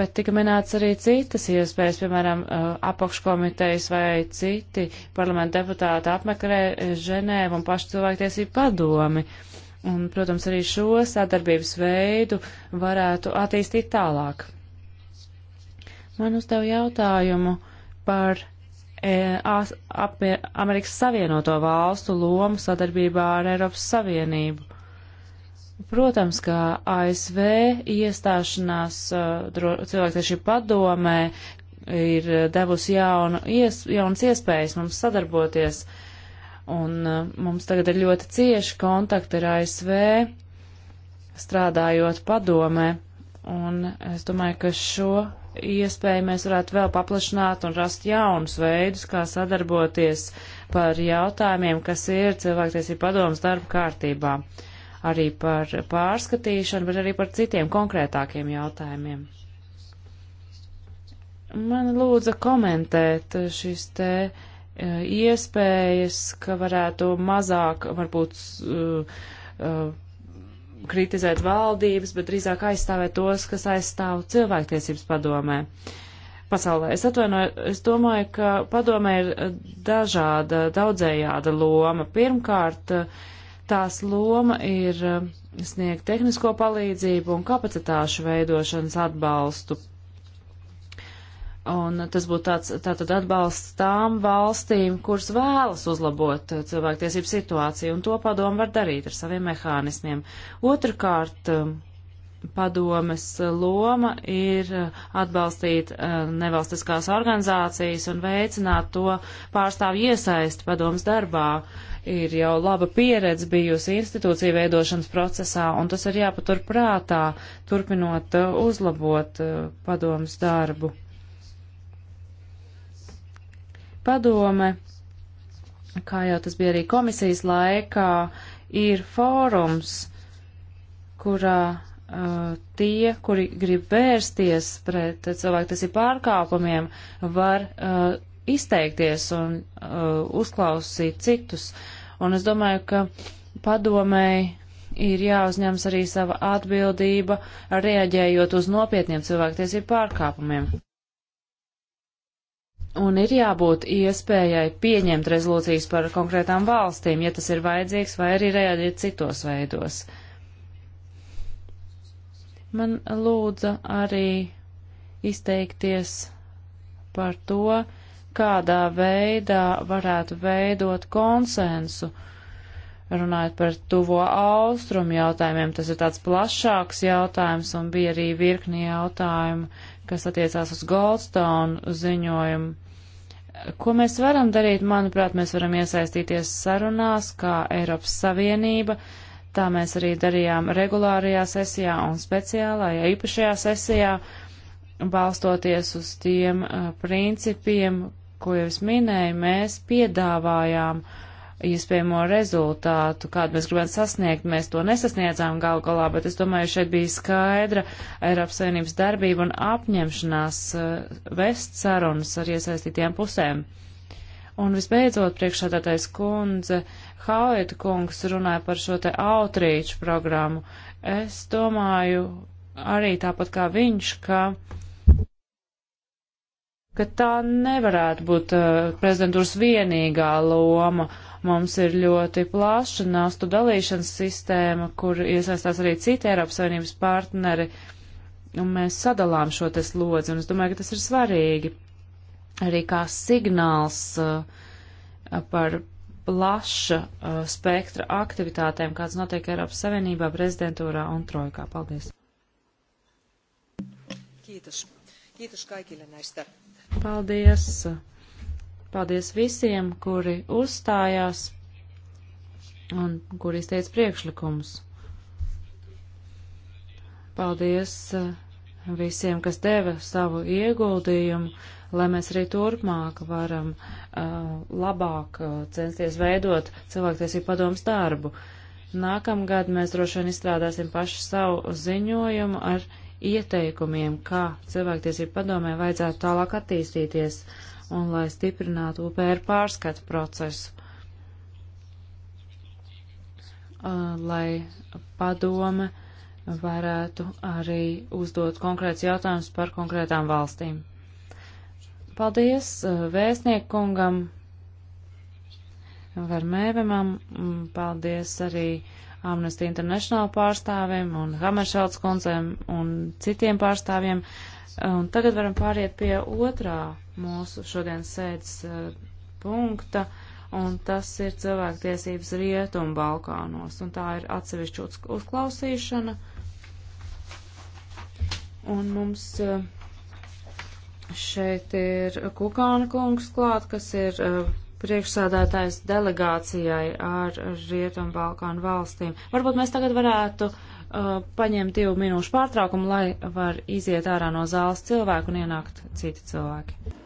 Bet tika minēts arī citas iespējas, piemēram, eh, apakškomitejas vai citi parlamenta deputāti apmeklē Ženēvu un pašu cilvēktiesību padomi. Uh, Un, protams, arī šo sadarbības veidu varētu attīstīt tālāk. Man uzdev jautājumu par e, apie, Amerikas Savienoto valstu lomu sadarbībā ar Eiropas Savienību. Protams, ka ASV iestāšanās uh, e, cilvēktieši padomē ir devusi jaunu, ies, jaunas iespējas mums sadarboties uh, Un uh, mums tagad ir ļoti cieši kontakti ar ASV, strādājot padomē. Un es domāju, ka šo iespēju mēs varētu vēl paplašināt un rast jaunus veidus, kā sadarboties par jautājumiem, kas ir cilvēktiesība padomas darba kārtībā. Arī par pārskatīšanu, bet arī par citiem konkrētākiem jautājumiem. Man lūdza komentēt šis te uh, iespējas, ka varētu mazāk varbūt uh, uh, kritizēt valdības, bet drīzāk aizstāvēt tos, kas aizstāv cilvēktiesības padomē. Pasaulē. Es atvainoju, es domāju, ka padomē ir dažāda, daudzējāda loma. Pirmkārt, tās loma ir sniegt tehnisko palīdzību un kapacitāšu veidošanas atbalstu Un tas būtu tāds, tātad atbalsts tām valstīm, kuras vēlas uzlabot eh, cilvēktiesību situāciju, un to padomu var darīt ar saviem mehānismiem. Otrakārt, um, padomes loma ir eh, atbalstīt eh, nevalstiskās organizācijas un veicināt to pārstāvju iesaisti padomes darbā. Ir jau laba pieredze bijusi institūcija veidošanas procesā, un tas ir jāpatur prātā, turpinot uzlabot padomes darbu. Padome, kā jau tas bija arī komisijas laikā, ir fórums, kurā uh, tie, kuri grib vērsties pret cilvēktiesību pārkāpumiem, var uh, izteikties un uh, uzklausīt citus. Un es domāju, ka padomēji ir jāuzņems arī sava atbildība, rēģējot uz nopietniem cilvēktiesību pārkāpumiem un ir jābūt iespējai pieņemt rezolūcijas par konkrētām valstīm, ja tas ir vajadzīgs, vai arī reaģēt citos veidos. Man lūdza arī izteikties par to, kādā veidā varētu veidot konsensu. Runājot par tuvo austrumu jautājumiem, tas ir tāds plašāks jautājums un bija arī virkni jautājumu, kas attiecās uz Goldstone ziņojumu. Ko mēs varam darīt? Manuprāt, mēs varam iesaistīties sarunās kā Eiropas Savienība. Tā mēs arī darījām regulārajā sesijā un speciālajā īpašajā sesijā, balstoties uz tiem uh, principiem, ko jau es minēju, mēs piedāvājām uh, iespējamo rezultātu, kādu mēs gribētu sasniegt. Mēs to nesasniedzām gal galā, bet es domāju, šeit bija skaidra Eiropas Savienības darbība un apņemšanās eh, vest sarunas ar iesaistītajām pusēm. Un visbeidzot, priekšādātais kundze, Haujeta kungs runāja par šo te outreach programmu. Es domāju arī tāpat kā viņš, ka ka tā nevarētu būt uh, prezidentūras vienīgā loma uh, Mums ir ļoti plaša nastu dalīšanas sistēma, kur iesaistās arī citi Eiropas Savienības partneri, un mēs sadalām šo te slodzi, un es domāju, ka tas ir svarīgi arī kā signāls uh, par plaša uh, spektra aktivitātēm, kāds notiek Eiropas Savienībā, prezidentūrā un trojkā. Paldies! Kiitos. Kiitos kaikille näistä. Paldies. Paldies visiem, kuri uzstājās un kuri izteica priekšlikumus. Paldies eh, visiem, kas deva savu ieguldījumu, lai mēs arī turpmāk varam uh, labāk uh, censties veidot cilvēktiesību padomus darbu. Nākamgad mēs droši vien izstrādāsim pašu savu ziņojumu ar ieteikumiem, kā cilvēktiesību padomē vajadzētu tālāk attīstīties. Uh, un lai stiprinātu UPR pārskatu procesu, lai padome varētu arī uzdot konkrēts jautājums par konkrētām valstīm. Paldies vēstniekungam Vermēvimam, paldies arī Amnesty International pārstāvim un Hameršalds kundzēm un citiem pārstāvjiem. Un tagad varam pāriet pie otrā mūsu šodienas sēdes uh, punkta, un tas ir cilvēktiesības rietumu Balkānos, un tā ir atsevišķa uz, uzklausīšana. Un mums uh, šeit ir Kukāna kungs klāt, kas ir uh, priekšsādātājs delegācijai ar Rietumu Balkānu valstīm. Varbūt mēs tagad varētu uh, uh, paņemt divu minūšu pārtraukumu, lai var iziet ārā no zāles cilvēku un ienākt citi cilvēki.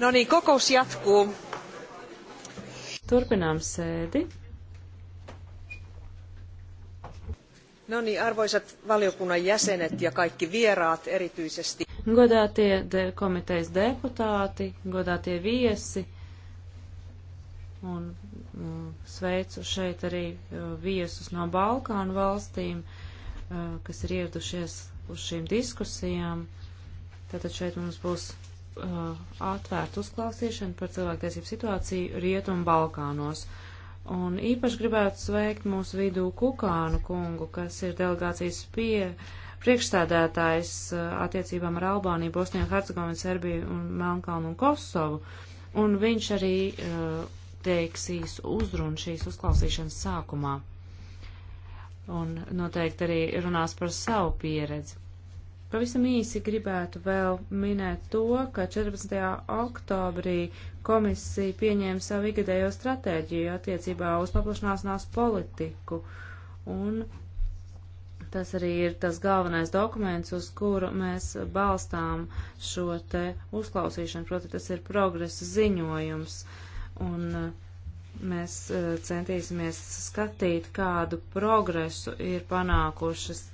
No niin, kokous jatkuu. Turpinām sēdi. No niin, arvoisat valiokunnan jäsenet ja kaikki vieraat erityisesti. Godātie de komitejas deputāti, godātie viesi un mm, sveicu šeit arī uh, viesus no Balkānu valstīm, uh, kas ir ieradušies uz šīm diskusijām. Tātad šeit mums būs uh, atvērtu uzklausīšanu par cilvēktiesību situāciju Rietumu Balkānos. Un īpaši gribētu sveikt mūsu vidū Kukānu kungu, kas ir delegācijas pie priekšstādētājs uh, attiecībām ar Albāniju, Bosniju, Hercegovinu, Serbiju un Melnkalnu un Kosovu. Un viņš arī uh, teiksīs uzrunu šīs uzklausīšanas sākumā. Un noteikti arī runās par savu pieredzi. Pavisam īsi gribētu vēl minēt to, ka 14. oktobrī komisija pieņēma savu ikgadējo stratēģiju attiecībā uz paplašanāsnās politiku. Un tas arī ir tas galvenais dokuments, uz kuru mēs balstām šo te uzklausīšanu, proti tas ir progresa ziņojums. Un, uh, mēs uh, centīsimies skatīt, kādu progresu ir panākušas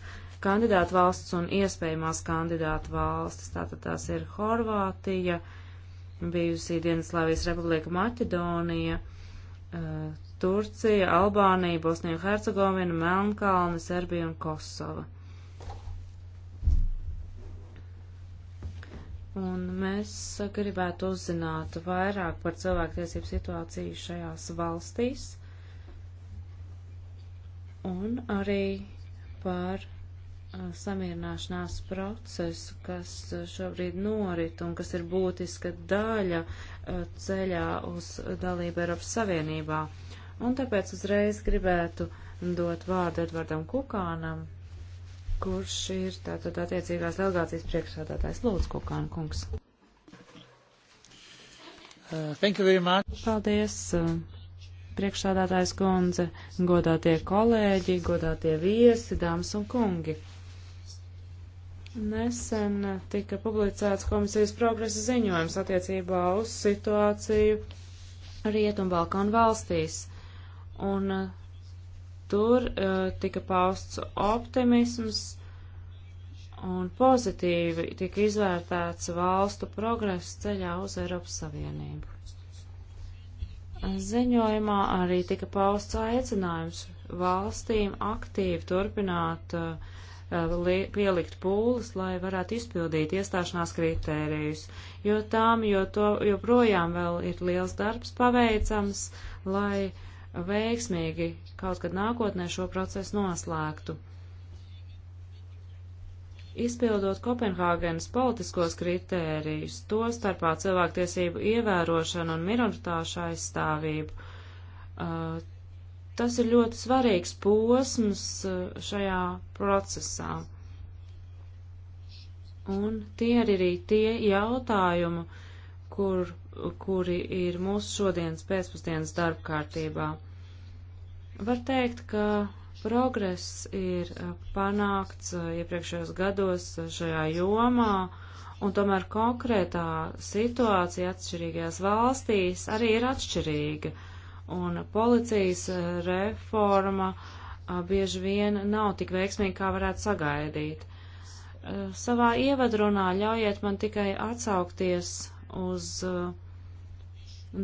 kandidātu valsts un iespējamās kandidātu valstis. Tātad tās ir Horvātija, bijusī Dienaslāvijas republika Maķedonija, eh, Turcija, Albānija, Bosnija un Hercegovina, Melnkalne, Serbija un Kosova. Un mēs gribētu uzzināt vairāk par cilvēktiesību situāciju šajās valstīs un arī par samierināšanās procesu, kas šobrīd norit un kas ir būtiska daļa eh, ceļā uz dalību Eiropas Savienībā. Un tāpēc uzreiz gribētu dot vārdu Edvardam Kukānam, kurš ir tātad attiecīgās delegācijas priekšsādātājs Lūdzu Kukāna kungs. Uh, thank you very much. Paldies, uh, priekšsādātājs kundze, godātie kolēģi, godātie viesi, dāmas un kungi. Nesen tika publicēts komisijas progresa ziņojums attiecībā uz situāciju Rietumbalkanu valstīs, un uh, tur uh, tika pausts optimisms un pozitīvi tika izvērtēts valstu progress ceļā uz Eiropas Savienību. Ziņojumā arī tika pausts aicinājums valstīm aktīvi turpināt uh, Uh, pielikt pūles, lai varētu izpildīt iestāšanās kritērijus, jo tām, jo to, joprojām vēl ir liels darbs paveicams, lai veiksmīgi kaut kad nākotnē šo procesu noslēgtu. Izpildot Kopenhāgenes politiskos kritērijus, to starpā cilvēktiesību ievērošanu un minoritāšu aizstāvību, uh, Tas ir ļoti svarīgs posms eh, šajā procesā. Un tie ir arī tie jautājumi, kur, kuri ir mūsu šodienas pēcpusdienas darba kārtībā. Var teikt, ka progress ir eh, panākts eh, iepriekšējos gados šajā jomā, un tomēr konkrētā situācija atšķirīgajās valstīs arī ir atšķirīga un policijas eh, reforma eh, bieži vien nav tik veiksmīga, kā varētu sagaidīt. Eh, savā ievadrunā ļaujiet man tikai atsaukties uz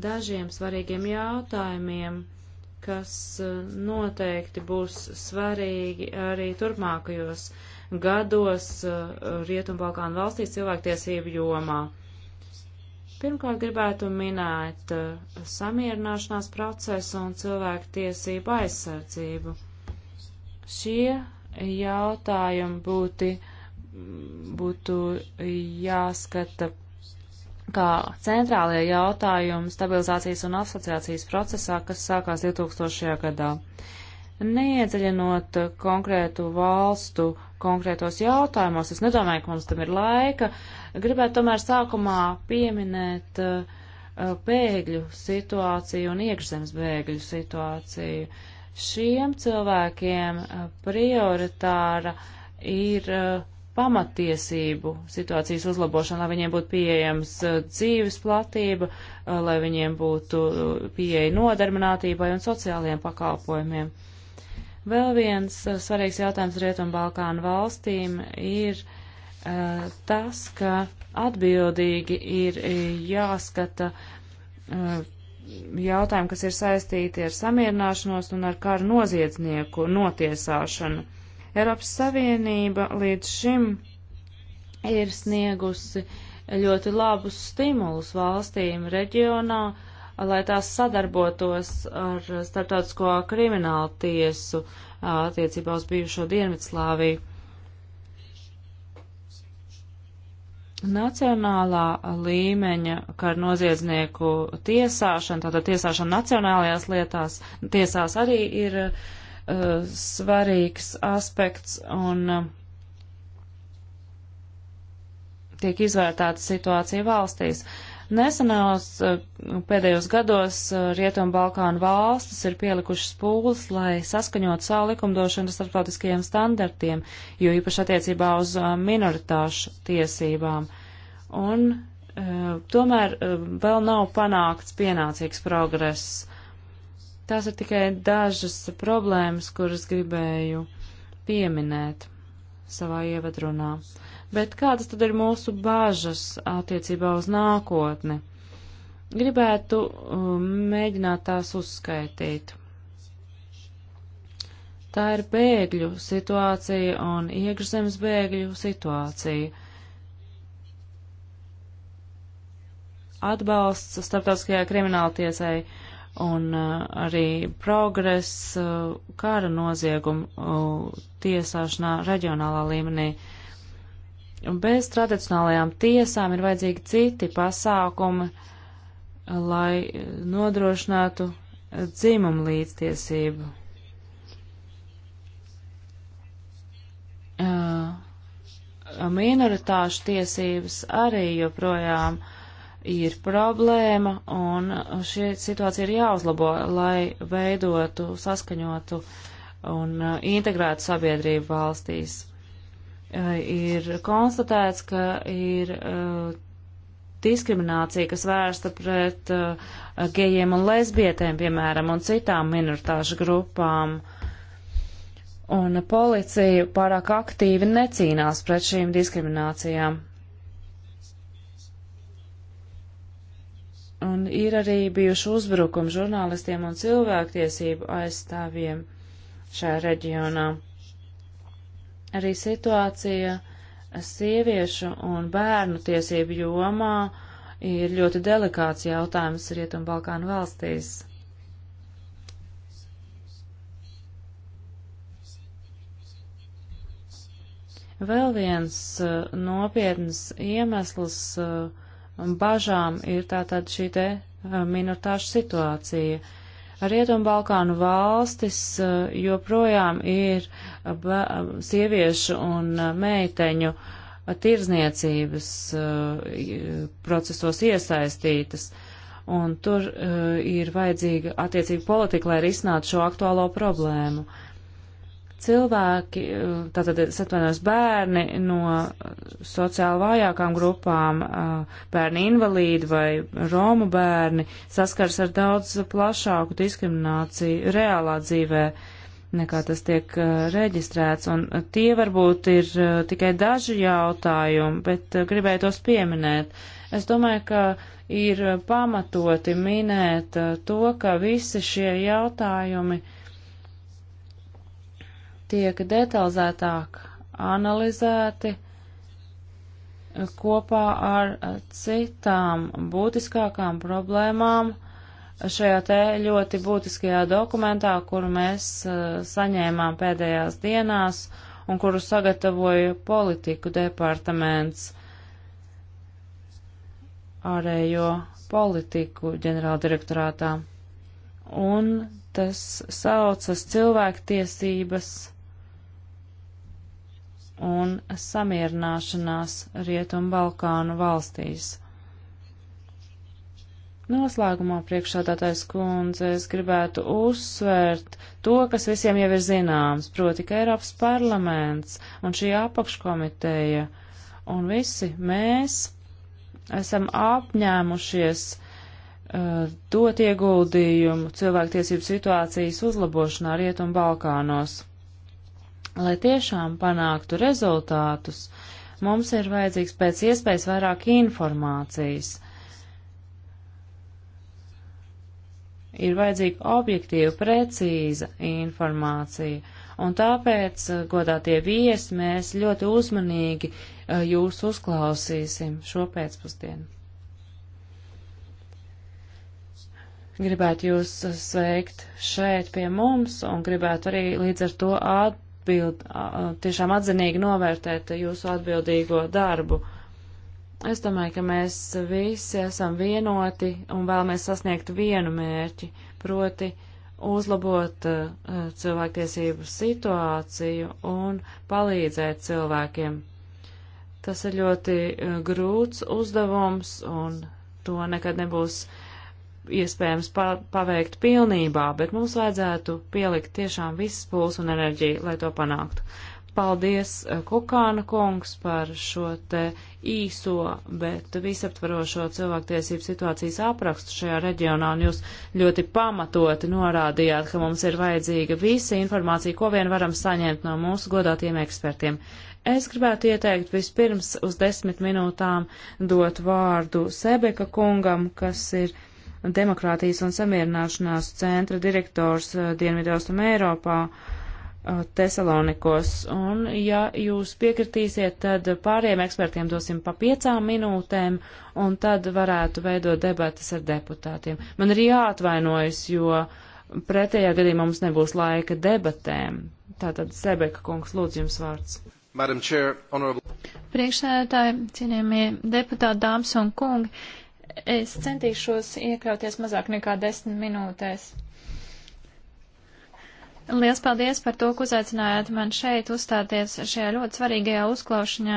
dažiem svarīgiem jautājumiem, kas noteikti būs svarīgi arī turpmākajos gados Rietumbalkānu valstīs cilvēktiesību jomā. Pirmkārt, gribētu minēt uh, samierināšanās procesu un cilvēku tiesību aizsardzību. Šie jautājumi būti, būtu jāskata kā centrālie jautājumi stabilizācijas un asociācijas procesā, kas sākās 2000. gadā. Neiedziļinot konkrētu valstu konkrētos jautājumos, es nedomāju, ka mums tam ir laika, uh, Gribētu tomēr sākumā pieminēt uh, bēgļu situāciju un iekšzemes bēgļu situāciju. Šiem cilvēkiem uh, prioritāra ir uh, pamatiesību situācijas uzlabošana, lai viņiem būtu pieejams uh, dzīves platība, lai viņiem būtu pieeja nodarbinātībai un sociālajiem pakalpojumiem. Vēl viens svarīgs jautājums Rietumbalkānu valstīm ir Eh, tas, ka atbildīgi ir eh, jāskata eh, jautājumi, kas ir saistīti ar samierināšanos un ar karu noziedznieku notiesāšanu. Eiropas Savienība līdz šim ir sniegusi ļoti labus stimulus valstīm reģionā, lai tās sadarbotos ar starptautisko kriminālu tiesu attiecībā uz bijušo Dienvidslāviju Nacionālā līmeņa kar noziedznieku tiesāšana, tātad tiesāšana nacionālajās lietās, tiesās arī ir uh, svarīgs aspekts un uh, tiek izvērtāta situācija valstīs. Uh, Nesenās eh, pēdējos gados eh, Rietumbalkānu valstis ir pielikušas pūles, lai saskaņot savu likumdošanu ar starptautiskajiem standartiem, jo īpaši attiecībā uz eh, minoritāšu tiesībām. Un e, tomēr e, vēl nav panākts pienācīgs progress. Tās ir tikai dažas problēmas, kuras gribēju pieminēt savā ievadrunā. Bet kādas tad ir mūsu bažas attiecībā uz nākotni? Gribētu um, mēģināt tās uzskaitīt. Tā ir bēgļu situācija un iekšzemes bēgļu situācija. Atbalsts starptautiskajā krimināla tiesai un uh, arī progress uh, kara noziegumu uh, tiesāšanā reģionālā līmenī. Uh, Bez tradicionālajām tiesām ir vajadzīgi citi pasākumi, lai nodrošinātu dzimumu līdztiesību. Minoritāšu tiesības arī joprojām ir problēma, un šī situācija ir jāuzlabo, lai veidotu, saskaņotu un integrētu sabiedrību valstīs ir konstatēts, ka ir diskriminācija, kas vērsta pret gejiem un lesbietēm, piemēram, un citām minoritāšu grupām. Un policija pārāk aktīvi necīnās pret šīm diskriminācijām. Un ir arī bijuši uzbrukumi žurnālistiem un cilvēktiesību aizstāvjiem šajā reģionā arī situācija sieviešu un bērnu tiesību jomā ir ļoti delikāts jautājums Rietumbalkānu valstīs. Vēl viens uh, nopietns iemesls uh, bažām ir tātad šī te uh, minoritāšu situācija. Uh, Rietumbalkānu valstis eh, joprojām ir eh, eh, sieviešu un meiteņu tirzniecības procesos iesaistītas, un tur ir vajadzīga attiecīga politika, lai risinātu šo aktuālo problēmu cilvēki, tātad es atvainojos bērni no sociāli vājākām grupām, bērni invalīdi vai romu bērni saskars ar daudz plašāku diskrimināciju reālā dzīvē nekā tas tiek reģistrēts. Un tie varbūt ir tikai daži jautājumi, bet gribēju tos pieminēt. Es domāju, ka ir pamatoti minēt to, ka visi šie jautājumi uh, tiek detalizētāk analizēti kopā ar citām būtiskākām problēmām šajā te ļoti būtiskajā dokumentā, kuru mēs eh, saņēmām pēdējās dienās un kuru sagatavoja politiku departaments ārējo politiku ģenerāldirektorātā. Un tas saucas cilvēktiesības un samierināšanās Rietumu Balkānu valstīs. Noslēgumā priekšādātais kundze es gribētu uzsvērt to, kas visiem jau ir zināms, proti, ka Eiropas parlaments un šī apakškomiteja un visi mēs esam apņēmušies uh, dot ieguldījumu cilvēktiesību situācijas uzlabošanā Rietumu Balkānos. Lai tiešām panāktu rezultātus, mums ir vajadzīgs pēc iespējas vairāk informācijas. Ir vajadzīga objektīva, precīza informācija, un tāpēc, godātie viesi, mēs ļoti uzmanīgi eh, jūs uzklausīsim šo pēcpusdienu. Gribētu jūs eh, sveikt šeit pie mums un gribētu arī līdz ar to atbildēt atbild, tiešām atzinīgi novērtēt jūsu atbildīgo darbu. Es domāju, ka mēs visi esam vienoti un vēlamies sasniegt vienu mērķi, proti uzlabot uh, cilvēktiesību situāciju un palīdzēt cilvēkiem. Tas ir ļoti uh, grūts uzdevums un to nekad nebūs uh, iespējams pa, paveikt pilnībā, bet mums vajadzētu pielikt tiešām visas pūles un enerģiju, lai to panāktu. Paldies eh, Kukāna kungs par šo te īso, bet visaptvarošo cilvēktiesību situācijas aprakstu šajā reģionā, un jūs ļoti pamatoti norādījāt, ka mums ir vajadzīga visa informācija, ko vien varam saņemt no mūsu godātiem ekspertiem. Es gribētu ieteikt vispirms uz desmit minūtām dot vārdu Sebeka kungam, kas ir demokrātijas un samierināšanās centra direktors eh, Dienvidaustum Eiropā eh, Tesalonikos. Un, ja jūs piekritīsiet, tad pārējiem ekspertiem dosim pa piecām minūtēm, un tad varētu veidot debatas ar deputātiem. Man ir jāatvainojas, jo pretējā gadījumā mums nebūs laika debatēm. Tātad Sebeka kungs, lūdzu jums vārds. Honorable... Priekšsēdētāji, cienījamie deputāti, dāmas un kungi, Es centīšos iekļauties mazāk nekā desmit minūtēs. Liels paldies par to, ka uzaicinājāt man šeit uzstāties šajā ļoti svarīgajā uzklaušanā.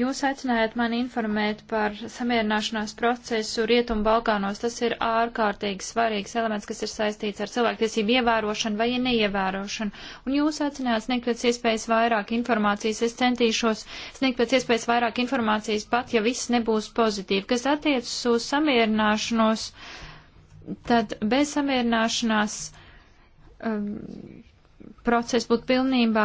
Jūs aicinājāt mani informēt par samierināšanās procesu Rietumu Balkānos. Tas ir ārkārtīgi svarīgs elements, kas ir saistīts ar cilvēktiesību ievērošanu vai neievērošanu. Un jūs aicinājāt sniegt pēc iespējas vairāk informācijas. Es centīšos sniegt pēc iespējas vairāk informācijas, pat ja viss nebūs pozitīvi. Kas attiecas uz samierināšanos, tad bez samierināšanās. Um, procesi būtu pilnībā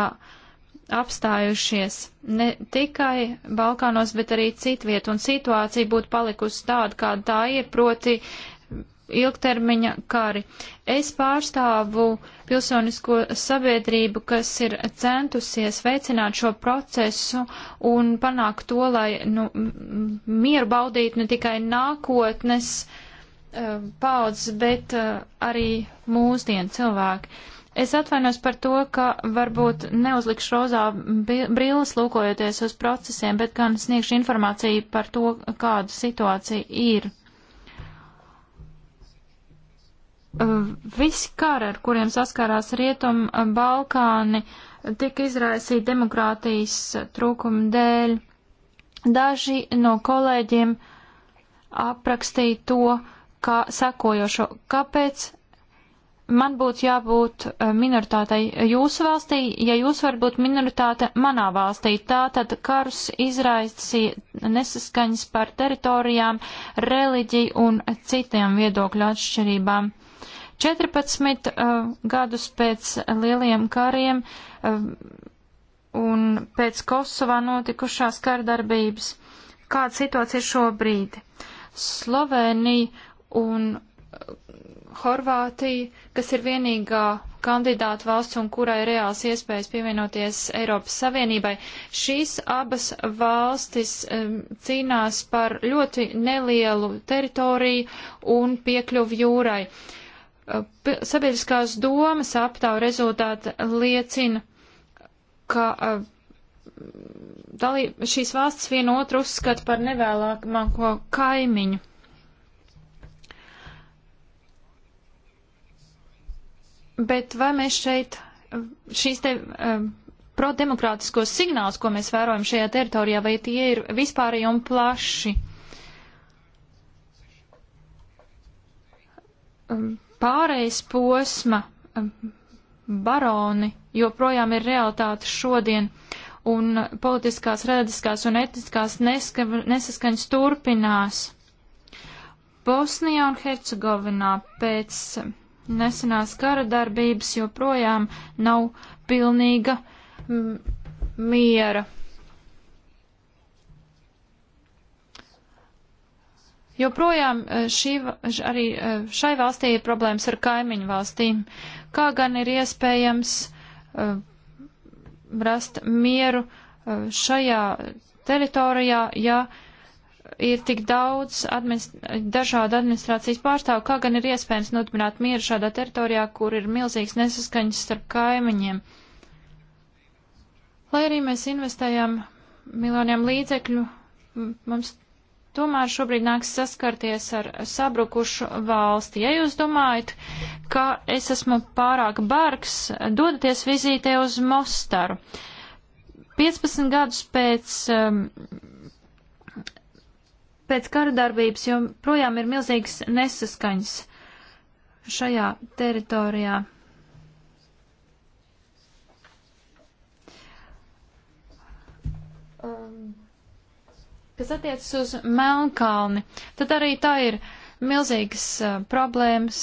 apstājušies ne tikai Balkānos, bet arī citviet, un situācija būtu palikusi tāda, kāda tā ir, proti ilgtermiņa kari. Es pārstāvu pilsonisko sabiedrību, kas ir centusies veicināt šo procesu un panākt to, lai nu, mieru baudītu ne tikai nākotnes uh, paudzes, bet uh, arī mūsdienu cilvēki. Uh, Es atvainos par to, ka varbūt neuzlikšu rozā brīles lūkojoties uz procesiem, bet gan sniegšu informāciju par to, kāda situācija ir. Uh, visi kari, ar kuriem saskārās Rietum uh, Balkāni, tika izraisīti demokrātijas uh, trūkuma dēļ. Daži no kolēģiem aprakstīja to, kā sekojošo, kāpēc man būtu jābūt eh, minoritātei jūsu valstī, ja jūs varat būt minoritāte manā valstī. Tā tad karus izraisīja nesaskaņas par teritorijām, reliģiju un citiem viedokļu atšķirībām. 14 uh, eh, gadus pēc lieliem kariem uh, un pēc Kosovā notikušās kardarbības. Kāda situācija šobrīd? Slovenija un Horvātija, kas ir vienīgā kandidāta valsts un kurai ir reāls iespējas pievienoties Eiropas Savienībai. Šīs abas valstis um, cīnās par ļoti nelielu teritoriju un piekļuvu jūrai. P sabiedriskās domas aptau rezultāti liecina, ka uh, dalī, šīs valsts vienu otru uzskata par nevēlāko kaimiņu. bet vai mēs šeit šīs te um, prodemokrātiskos signālus, ko mēs vērojam šajā teritorijā, vai tie ir vispārēji un plaši? Um, pārējais posma um, baroni joprojām ir realitāte šodien, un politiskās, reliģiskās un etniskās neska, nesaskaņas turpinās. Bosnijā un Hercegovinā pēc nesenās kara darbības joprojām nav pilnīga miera. Joprojām e, šī, arī e, šai valstī ir problēmas ar kaimiņu valstīm. Kā gan ir iespējams uh, rast mieru uh, šajā teritorijā, ja uh, ir tik daudz administ dažādu administrācijas pārstāvu, kā gan ir iespējams nodibināt mieru šādā teritorijā, kur ir milzīgs nesaskaņas starp kaimiņiem. Lai arī mēs investējam miljoniem līdzekļu, mums tomēr šobrīd nāks saskarties ar sabrukušu valsti. Ja jūs domājat, ka es esmu pārāk bargs, dodaties vizītē uz Mostaru. 15 gadus pēc um, pēc kara darbības joprojām ir milzīgs nesaskaņas šajā teritorijā. Um, kas attiecas uz Melnkalni, tad arī tā ir milzīgas uh, problēmas,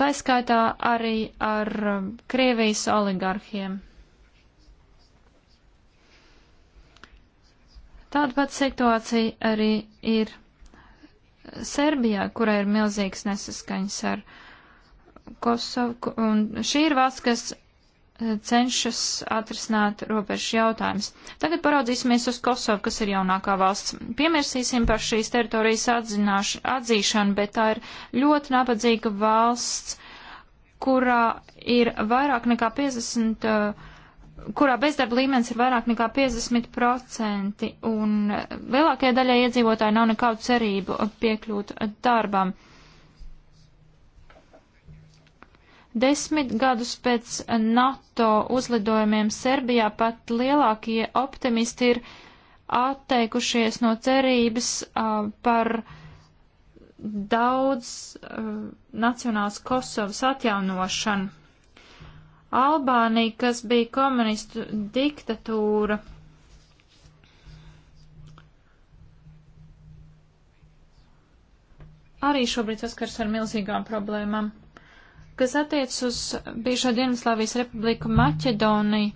taiskaitā arī ar uh, Krievijas oligarhiem. Tāda pat situācija arī ir Serbijā, kurai ir milzīgs nesaskaņas ar Kosovu, un šī ir valsts, kas eh, cenšas atrisināt robežu jautājumus. Tagad paraudzīsimies uz Kosovu, kas ir jaunākā valsts. Piemirsīsim par šīs teritorijas atzināšu, atzīšanu, bet tā ir ļoti nabadzīga valsts, kurā ir vairāk nekā 50 uh, eh, kurā bezdarba līmenis ir vairāk nekā 50%, un lielākajai daļai iedzīvotāji nav nekādu cerību piekļūt darbam. Desmit gadus pēc NATO uzlidojumiem Serbijā pat lielākie optimisti ir atteikušies no cerības uh, par daudz uh, nacionāls Kosovas atjaunošanu. Albānija, kas bija komunistu diktatūra. Arī šobrīd saskars ar milzīgām problēmām. Kas attiec uz bijušo Dienvidslāvijas republiku Maķedoniju,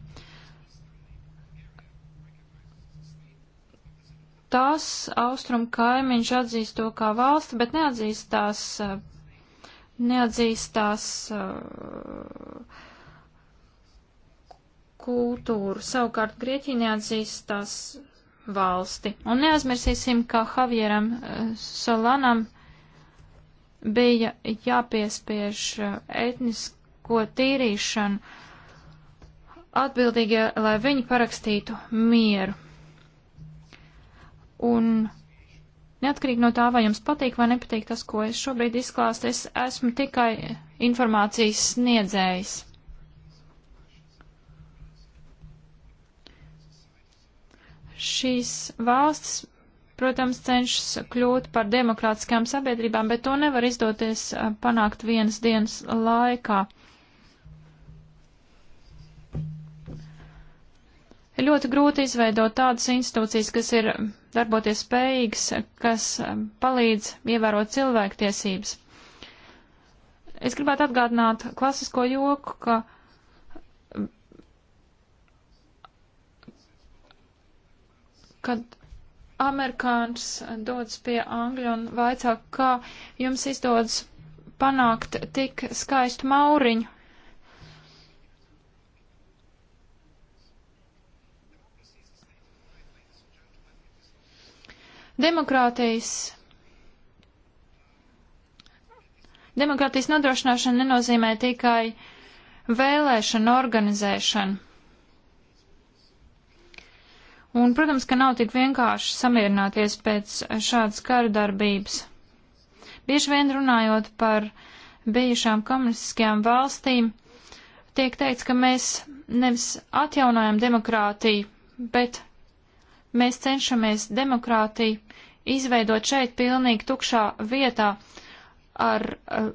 tās austrumu kaimiņš atzīst to kā valsti, bet neatzīstās, neatzīstās uh, kultūru. Savukārt Grieķija neatzīst tās valsti. Un neaizmirsīsim, ka Javieram eh, Solanam bija jāpiespiež eh, etnisko tīrīšanu atbildīgie, lai viņi parakstītu mieru. Un neatkarīgi no tā, vai jums patīk vai nepatīk tas, ko es šobrīd izklāstu, es esmu tikai informācijas sniedzējs. Šīs valstis, protams, cenšas kļūt par demokrātiskām sabiedrībām, bet to nevar izdoties eh, panākt vienas dienas laikā. Ir ļoti grūti izveidot tādas institūcijas, kas ir darboties spējīgas, kas eh, palīdz ievērot cilvēktiesības. Es gribētu atgādināt klasisko joku, ka kad amerikāns dodas pie Angļu un vaicā, kā jums izdodas panākt tik skaistu mauriņu. Demokrātijas. Demokrātijas nodrošināšana nenozīmē tikai vēlēšanu organizēšanu. Un, protams, ka nav tik vienkārši samierināties pēc šādas kara darbības. Bieži vien runājot par bijušām komunistiskajām valstīm, tiek teikts, ka mēs nevis atjaunojam demokrātiju, bet mēs cenšamies demokrātiju izveidot šeit pilnīgi tukšā vietā ar, uh,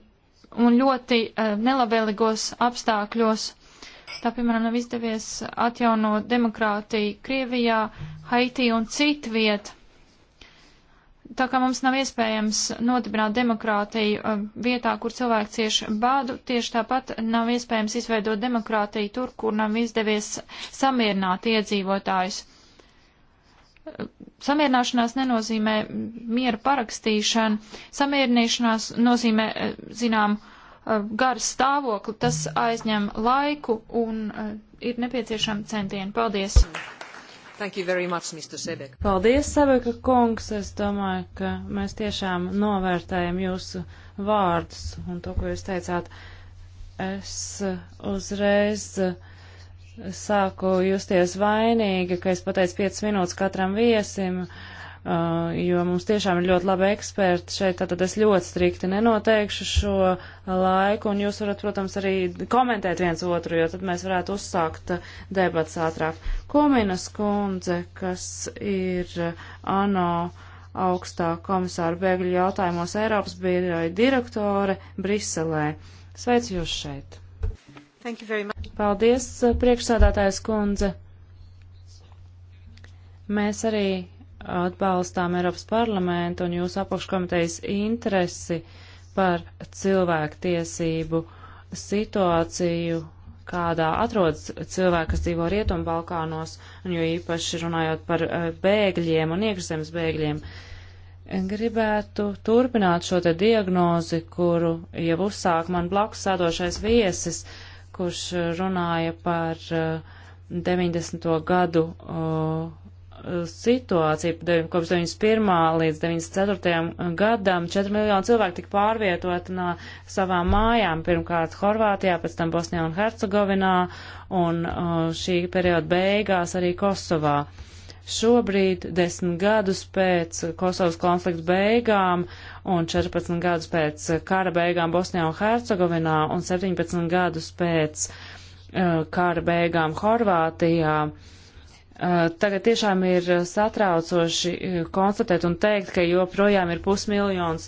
un ļoti uh, nelabvēlīgos apstākļos. Tā, piemēram, nav izdevies atjaunot demokrātiju Krievijā, Haitī un citu vietu. Tā kā mums nav iespējams nodibināt demokrātiju eh, vietā, kur cilvēki cieši bādu, tieši tāpat nav iespējams izveidot demokrātiju tur, kur nav izdevies samierināt iedzīvotājus samierināšanās nenozīmē miera parakstīšanu, samierināšanās nozīmē, eh, zinām, Eh, garu stāvokli, tas aizņem laiku un eh, ir nepieciešama centieni. Paldies! Much, Sebek. Paldies, Sebeka kungs. Es domāju, ka mēs tiešām novērtējam jūsu vārdus un to, ko jūs teicāt. Es eh, uzreiz sāku justies vainīgi, ka es pateicu 5 minūtes katram viesim. Uh, Uh, jo mums tiešām ir ļoti labi eksperti šeit, tātad es ļoti strikti nenoteikšu šo laiku, un jūs varat, protams, arī komentēt viens otru, jo tad mēs varētu uzsākt debats ātrāk. Kominas kundze, kas ir ANO augstā komisāra bēgļu jautājumos Eiropas biroja direktore Briselē. Sveicu jūs šeit! Paldies, priekšsādātājs kundze! Mēs arī atbalstām Eiropas parlamentu un jūsu apakškomitejas interesi par cilvēktiesību situāciju, kādā atrodas cilvēki, kas dzīvo Rietumbalkānos, un jo īpaši runājot par eh, bēgļiem un iekšzemes bēgļiem. Gribētu turpināt šo te diagnozi, kuru jau uzsāk man blakus sēdošais viesis, kurš eh, runāja par 90. Eh, gadu uh, situācija. Kopš 91. līdz 94. gadam 4 miljoni cilvēku tika pārvietoti no savām mājām, pirmkārt Horvātijā, pēc tam Bosnijā un Hercegovinā, un uh, šī perioda beigās arī Kosovā. Šobrīd, desmit gadus pēc Kosovas konflikta beigām un 14 gadus pēc kara beigām Bosnijā un Hercegovinā un 17 gadus pēc uh, kara beigām Horvātijā, uh, Uh, tagad tiešām ir uh, satraucoši uh, konstatēt un teikt, ka joprojām ir pusmiljons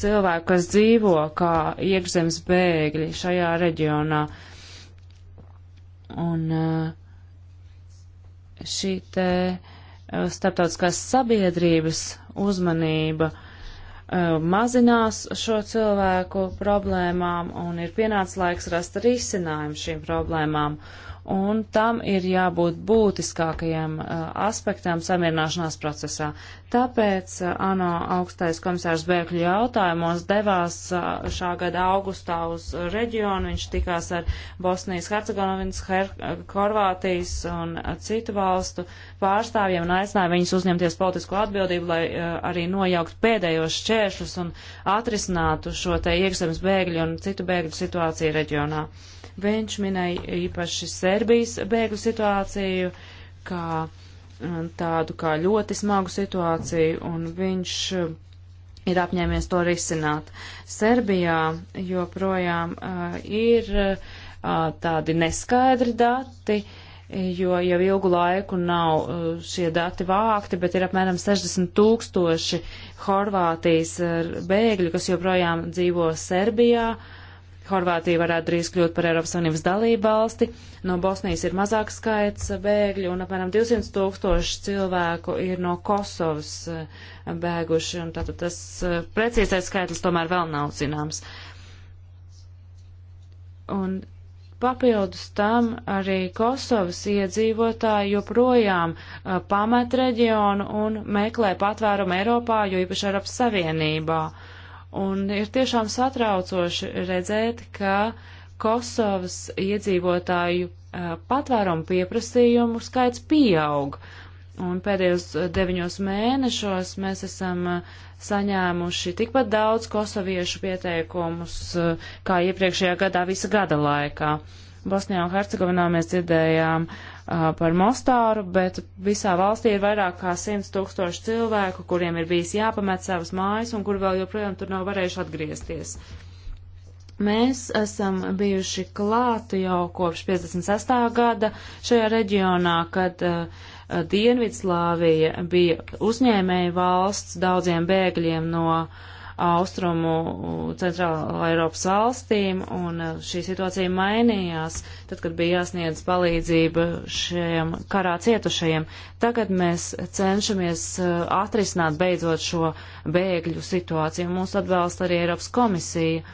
cilvēku, kas dzīvo kā iekšzemes bēgļi šajā reģionā. Un šī te starptautiskās sabiedrības uzmanība mazinās šo cilvēku problēmām un ir pienācis laiks rast risinājumu šīm problēmām. Uh, un tam ir jābūt būtiskākajam uh, aspektam samierināšanās procesā. Tāpēc uh, ANO augstais komisārs Bēkļu jautājumos devās uh, šā gada augustā uz reģionu. Viņš tikās ar Bosnijas, Hercegovinas, Her Horvātijas un citu valstu pārstāvjiem un aicināja viņus uzņemties politisko atbildību, lai arī nojaukt pēdējos šķēršļus un atrisinātu šo te iekšzemes bēgļu un citu bēgļu situāciju reģionā. Viņš minēja īpaši sēdi Serbijas bēgļu situāciju, kā um, tādu kā ļoti smagu situāciju, un viņš um, ir apņēmies to risināt. Serbijā joprojām uh, ir uh, tādi neskaidri dati, jo jau ilgu laiku nav uh, šie dati vākti, bet ir apmēram 60 tūkstoši Horvātijas uh, bēgļu, kas joprojām dzīvo Serbijā. Uh, Horvātija varētu drīz kļūt par Eiropas Savienības dalību valsti. No Bosnijas ir mazāks skaits bēgļu un apmēram 200 tūkstoši cilvēku ir no Kosovas eh, bēguši. Un tātad tas eh, precīzais skaitlis tomēr vēl nav zināms. Un papildus tam arī Kosovas iedzīvotāji joprojām uh, pamet reģionu un meklē patvērumu Eiropā, jo īpaši Eiropas Savienībā. Uh, Un ir tiešām satraucoši redzēt, ka Kosovas iedzīvotāju patvērumu pieprasījumu skaits pieaug. Un pēdējos deviņos mēnešos mēs esam saņēmuši tikpat daudz kosoviešu pieteikumus kā iepriekšējā gadā visa gada laikā. Bosnijā un Hercegovinā mēs dzirdējām uh, par Mostāru, bet visā valstī ir vairāk kā 100 tūkstoši cilvēku, kuriem ir bijis jāpamet savas mājas un kur vēl joprojām tur nav varējuši atgriezties. Mēs esam bijuši klāti jau kopš 56. gada šajā reģionā, kad uh, Dienvidslāvija bija uzņēmēja valsts daudziem bēgļiem no uh, austrumu centrāla Eiropas valstīm, un eh, šī situācija mainījās, tad, kad bija jāsniedz palīdzība šiem karā cietušajiem. Tagad mēs cenšamies eh, atrisināt beidzot šo bēgļu situāciju. Mūs atbalsta arī Eiropas komisija.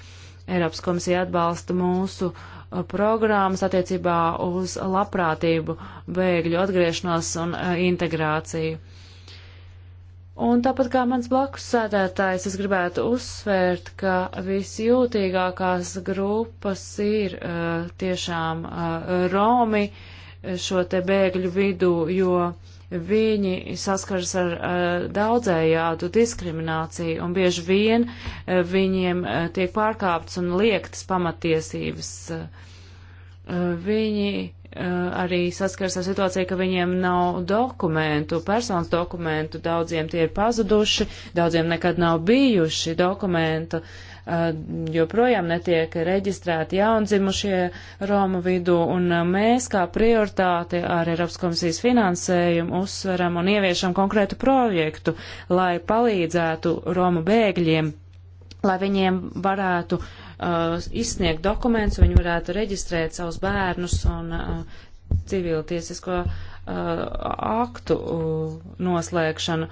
Eiropas komisija atbalsta mūsu eh, programmas attiecībā uz labprātību, bēgļu atgriešanos un integrāciju Un tāpat kā mans blakus sēdētājs, es gribētu uzsvērt, ka visjūtīgākās grupas ir uh, tiešām uh, Romi šo te bēgļu vidu, jo viņi saskaras ar uh, daudzējādu diskrimināciju un bieži vien uh, viņiem uh, tiek pārkāptas un liektas pamatiesības. Uh, uh viņi Eh, arī saskars ar situāciju, ka viņiem nav dokumentu, personas dokumentu, daudziem tie ir pazuduši, daudziem nekad nav bijuši dokumentu, eh, joprojām netiek reģistrēti jaundzimušie Roma vidū, un eh, mēs kā prioritāti ar Eiropas komisijas finansējumu uzsveram un ieviešam konkrētu projektu, lai palīdzētu Roma bēgļiem, lai viņiem varētu uh, uh, izsniegt dokumentus, viņi varētu reģistrēt savus bērnus un uh, civiltiesisko uh, aktu uh, noslēgšanu.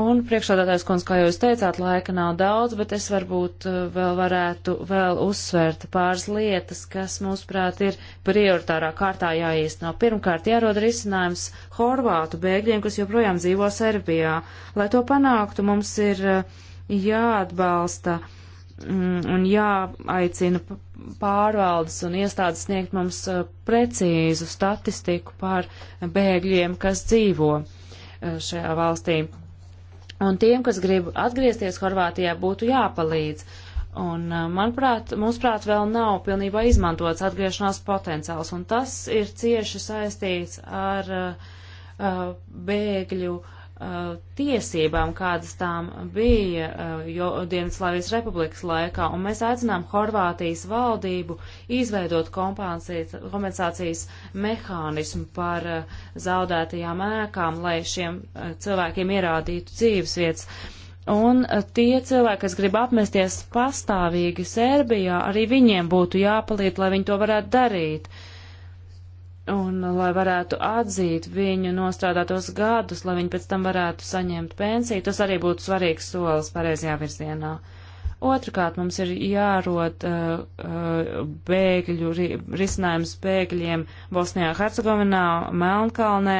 Un priekšādātājs kundze, kā jūs teicāt, laika nav daudz, bet es varbūt uh, vēl varētu vēl uzsvērt pāris lietas, kas, mūsuprāt, ir prioritārā kārtā jāīsteno. Pirmkārt, jārod risinājums horvātu bēgļiem, kas joprojām dzīvo Serbijā. Lai to panāktu, mums ir uh, jāatbalsta uh, Mm, un jāaicina pārvaldes un iestādes sniegt mums uh, precīzu statistiku par bēgļiem, kas dzīvo uh, šajā valstī. Un tiem, kas grib atgriezties Horvātijā, būtu jāpalīdz. Un, uh, manuprāt, mūsuprāt, vēl nav pilnībā izmantots atgriešanās potenciāls, un tas ir cieši saistīts ar uh, bēgļu uh, Uh, tiesībām, kādas tām bija uh, Dienvidslāvijas republikas laikā, un mēs aicinām Horvātijas valdību izveidot kompensācijas mehānismu par uh, zaudētajām ēkām, lai šiem uh, cilvēkiem ierādītu dzīves vietas. Un uh, tie cilvēki, kas grib apmesties pastāvīgi Serbijā, arī viņiem būtu jāpalīdz, lai viņi to varētu darīt. Uh, un lai varētu atzīt viņu nostrādātos gadus, lai viņi pēc tam varētu saņemt pensiju, tas arī būtu svarīgs solis pareizajā virzienā. Otrakārt, mums ir jārod uh, uh, bēgļu, ri, risinājums bēgļiem Bosnijā, Hercegovinā, Melnkalnē,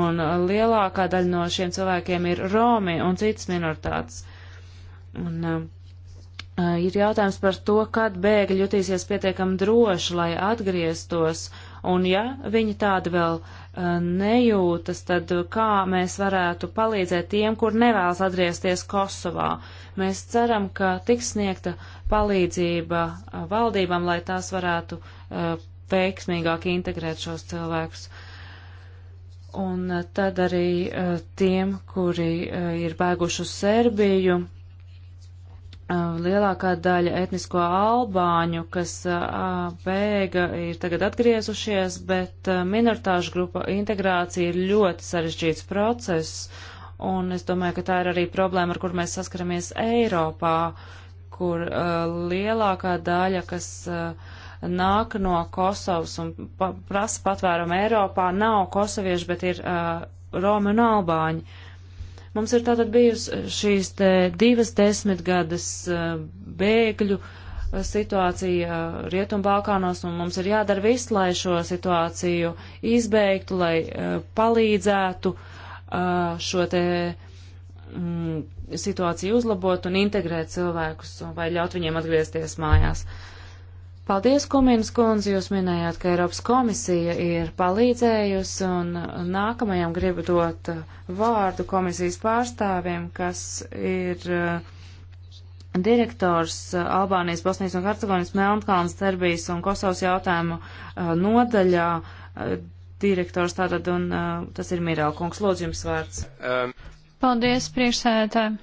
un lielākā daļa no šiem cilvēkiem ir Romi un citas minoritātes. Un, uh, uh Ir jautājums par to, kad bēgļi jutīsies pietiekami droši, lai atgrieztos uh, Un ja viņi tādu vēl uh, nejūtas, tad kā mēs varētu palīdzēt tiem, kur nevēlas atgriezties Kosovā? Mēs ceram, ka tiks sniegta palīdzība uh, valdībām, lai tās varētu uh, veiksmīgāk integrēt šos cilvēkus. Un tad arī tiem, kuri ir bēguši uz Serbiju, Uh, lielākā daļa etnisko albāņu, kas uh, bēga, ir tagad atgriezušies, bet uh, minoritāšu grupa integrācija ir ļoti sarežģīts process, un es domāju, ka tā ir arī problēma, ar kur mēs saskaramies Eiropā, kur uh, lielākā daļa, kas uh, nāk no Kosovas un pa prasa patvērumu Eiropā, nav kosovieši, bet ir uh, Romi un Albāņi. Mums ir tātad bijusi eh, šīs te divas desmitgades eh, bēgļu eh, situācija Rietumbalkānos, un mums ir jādara viss, lai šo situāciju izbeigtu, lai palīdzētu šo te mm, situāciju uzlabot un integrēt cilvēkus vai ļaut viņiem atgriezties mājās. Uh, Paldies, Kumīnas kundze, jūs minējāt, ka Eiropas komisija ir palīdzējusi un nākamajam gribu dot uh, vārdu komisijas pārstāvim, kas ir uh, direktors uh, Albānijas, Bosnijas un Hercegovinas, Melnkalnas, Serbijas un Kosovas jautājumu nodaļā. Direktors tātad, un tas ir Mirēl Kungs. Lūdzu, jums vārds. Um. Paldies, priekšsēdētāji.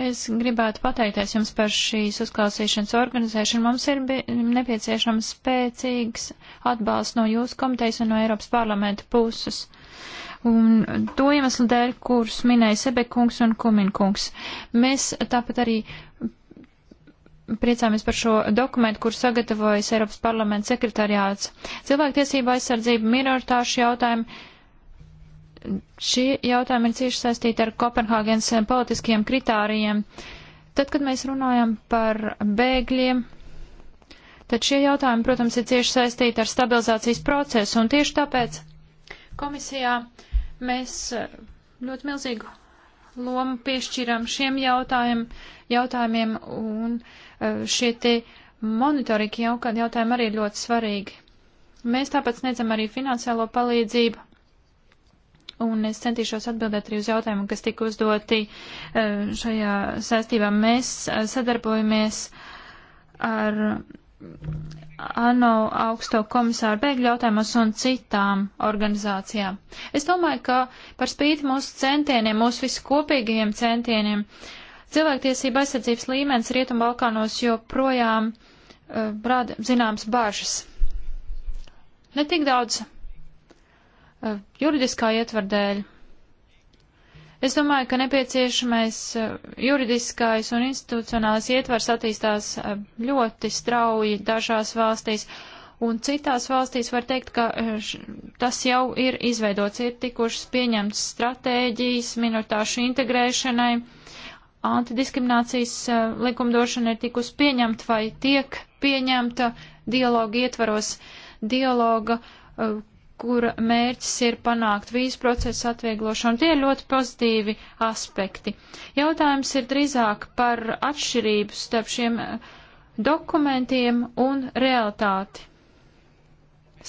Es gribētu pateikties jums par šīs uzklausīšanas organizēšanu. Mums ir nepieciešams spēcīgs atbalsts no jūsu komitejas un no Eiropas parlamenta puses. Un to iemeslu dēļ, kurus minēja Sebekungs un Kuminkungs. Mēs tāpat arī priecāmies par šo dokumentu, kur sagatavojas Eiropas parlamenta sekretariāts. Cilvēktiesība aizsardzība, minoritāšu jautājumi Šie jautājumi ir cieši saistīti ar Kopenhāgenes politiskiem kritārijiem. Tad, kad mēs runājam par bēgļiem, tad šie jautājumi, protams, ir cieši saistīti ar stabilizācijas procesu, un tieši tāpēc komisijā mēs eh, ļoti milzīgu lomu piešķiram šiem jautājum, jautājumiem, un eh, šie tie monitorīgi jautājumi arī ir ļoti svarīgi. Mēs tāpēc sniedzam arī finansiālo palīdzību un es centīšos atbildēt arī uz jautājumiem, kas tika uzdoti eh, šajā saistībā. Mēs eh, sadarbojamies ar ANO augsto komisāru bēgļu jautājumos un citām organizācijām. Es domāju, ka par spīti mūsu centieniem, mūsu viskopīgajiem centieniem, cilvēktiesība aizsardzības līmenis Rietumbalkānos joprojām uh, eh, rada zināmas bažas. Netik daudz Eh, juridiskā ietvar dēļ. Es domāju, ka nepieciešamais eh, juridiskais un institucionālais ietvars attīstās eh, ļoti strauji dažās valstīs, un citās valstīs var teikt, ka tas jau ir izveidots, ir tikušas pieņemtas stratēģijas minoritāšu integrēšanai, antidiskriminācijas likumdošana ir tikusi pieņemta vai tiek pieņemta dialoga ietvaros dialoga kura mērķis ir panākt vīzu procesu atvieglošanu. Tie ir ļoti pozitīvi aspekti. Jautājums ir drīzāk par atšķirību starp šiem eh, dokumentiem un realitāti.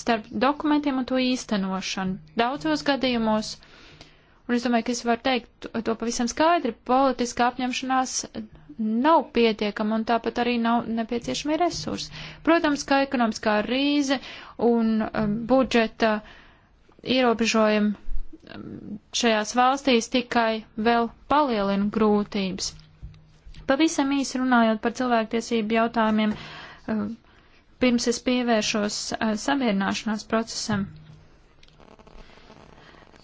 Starp dokumentiem un to īstenošanu. Daudzos gadījumos, un es domāju, ka es varu teikt to pavisam skaidri, politiska apņemšanās nav pietiekama un tāpat arī nav nepieciešami resursi. Protams, kā ekonomiskā rīze un um, budžeta ierobežojumi um, šajās valstīs tikai vēl palielina grūtības. Pavisam īsi runājot par cilvēktiesību jautājumiem, um, pirms es pievēršos uh, samierināšanās procesam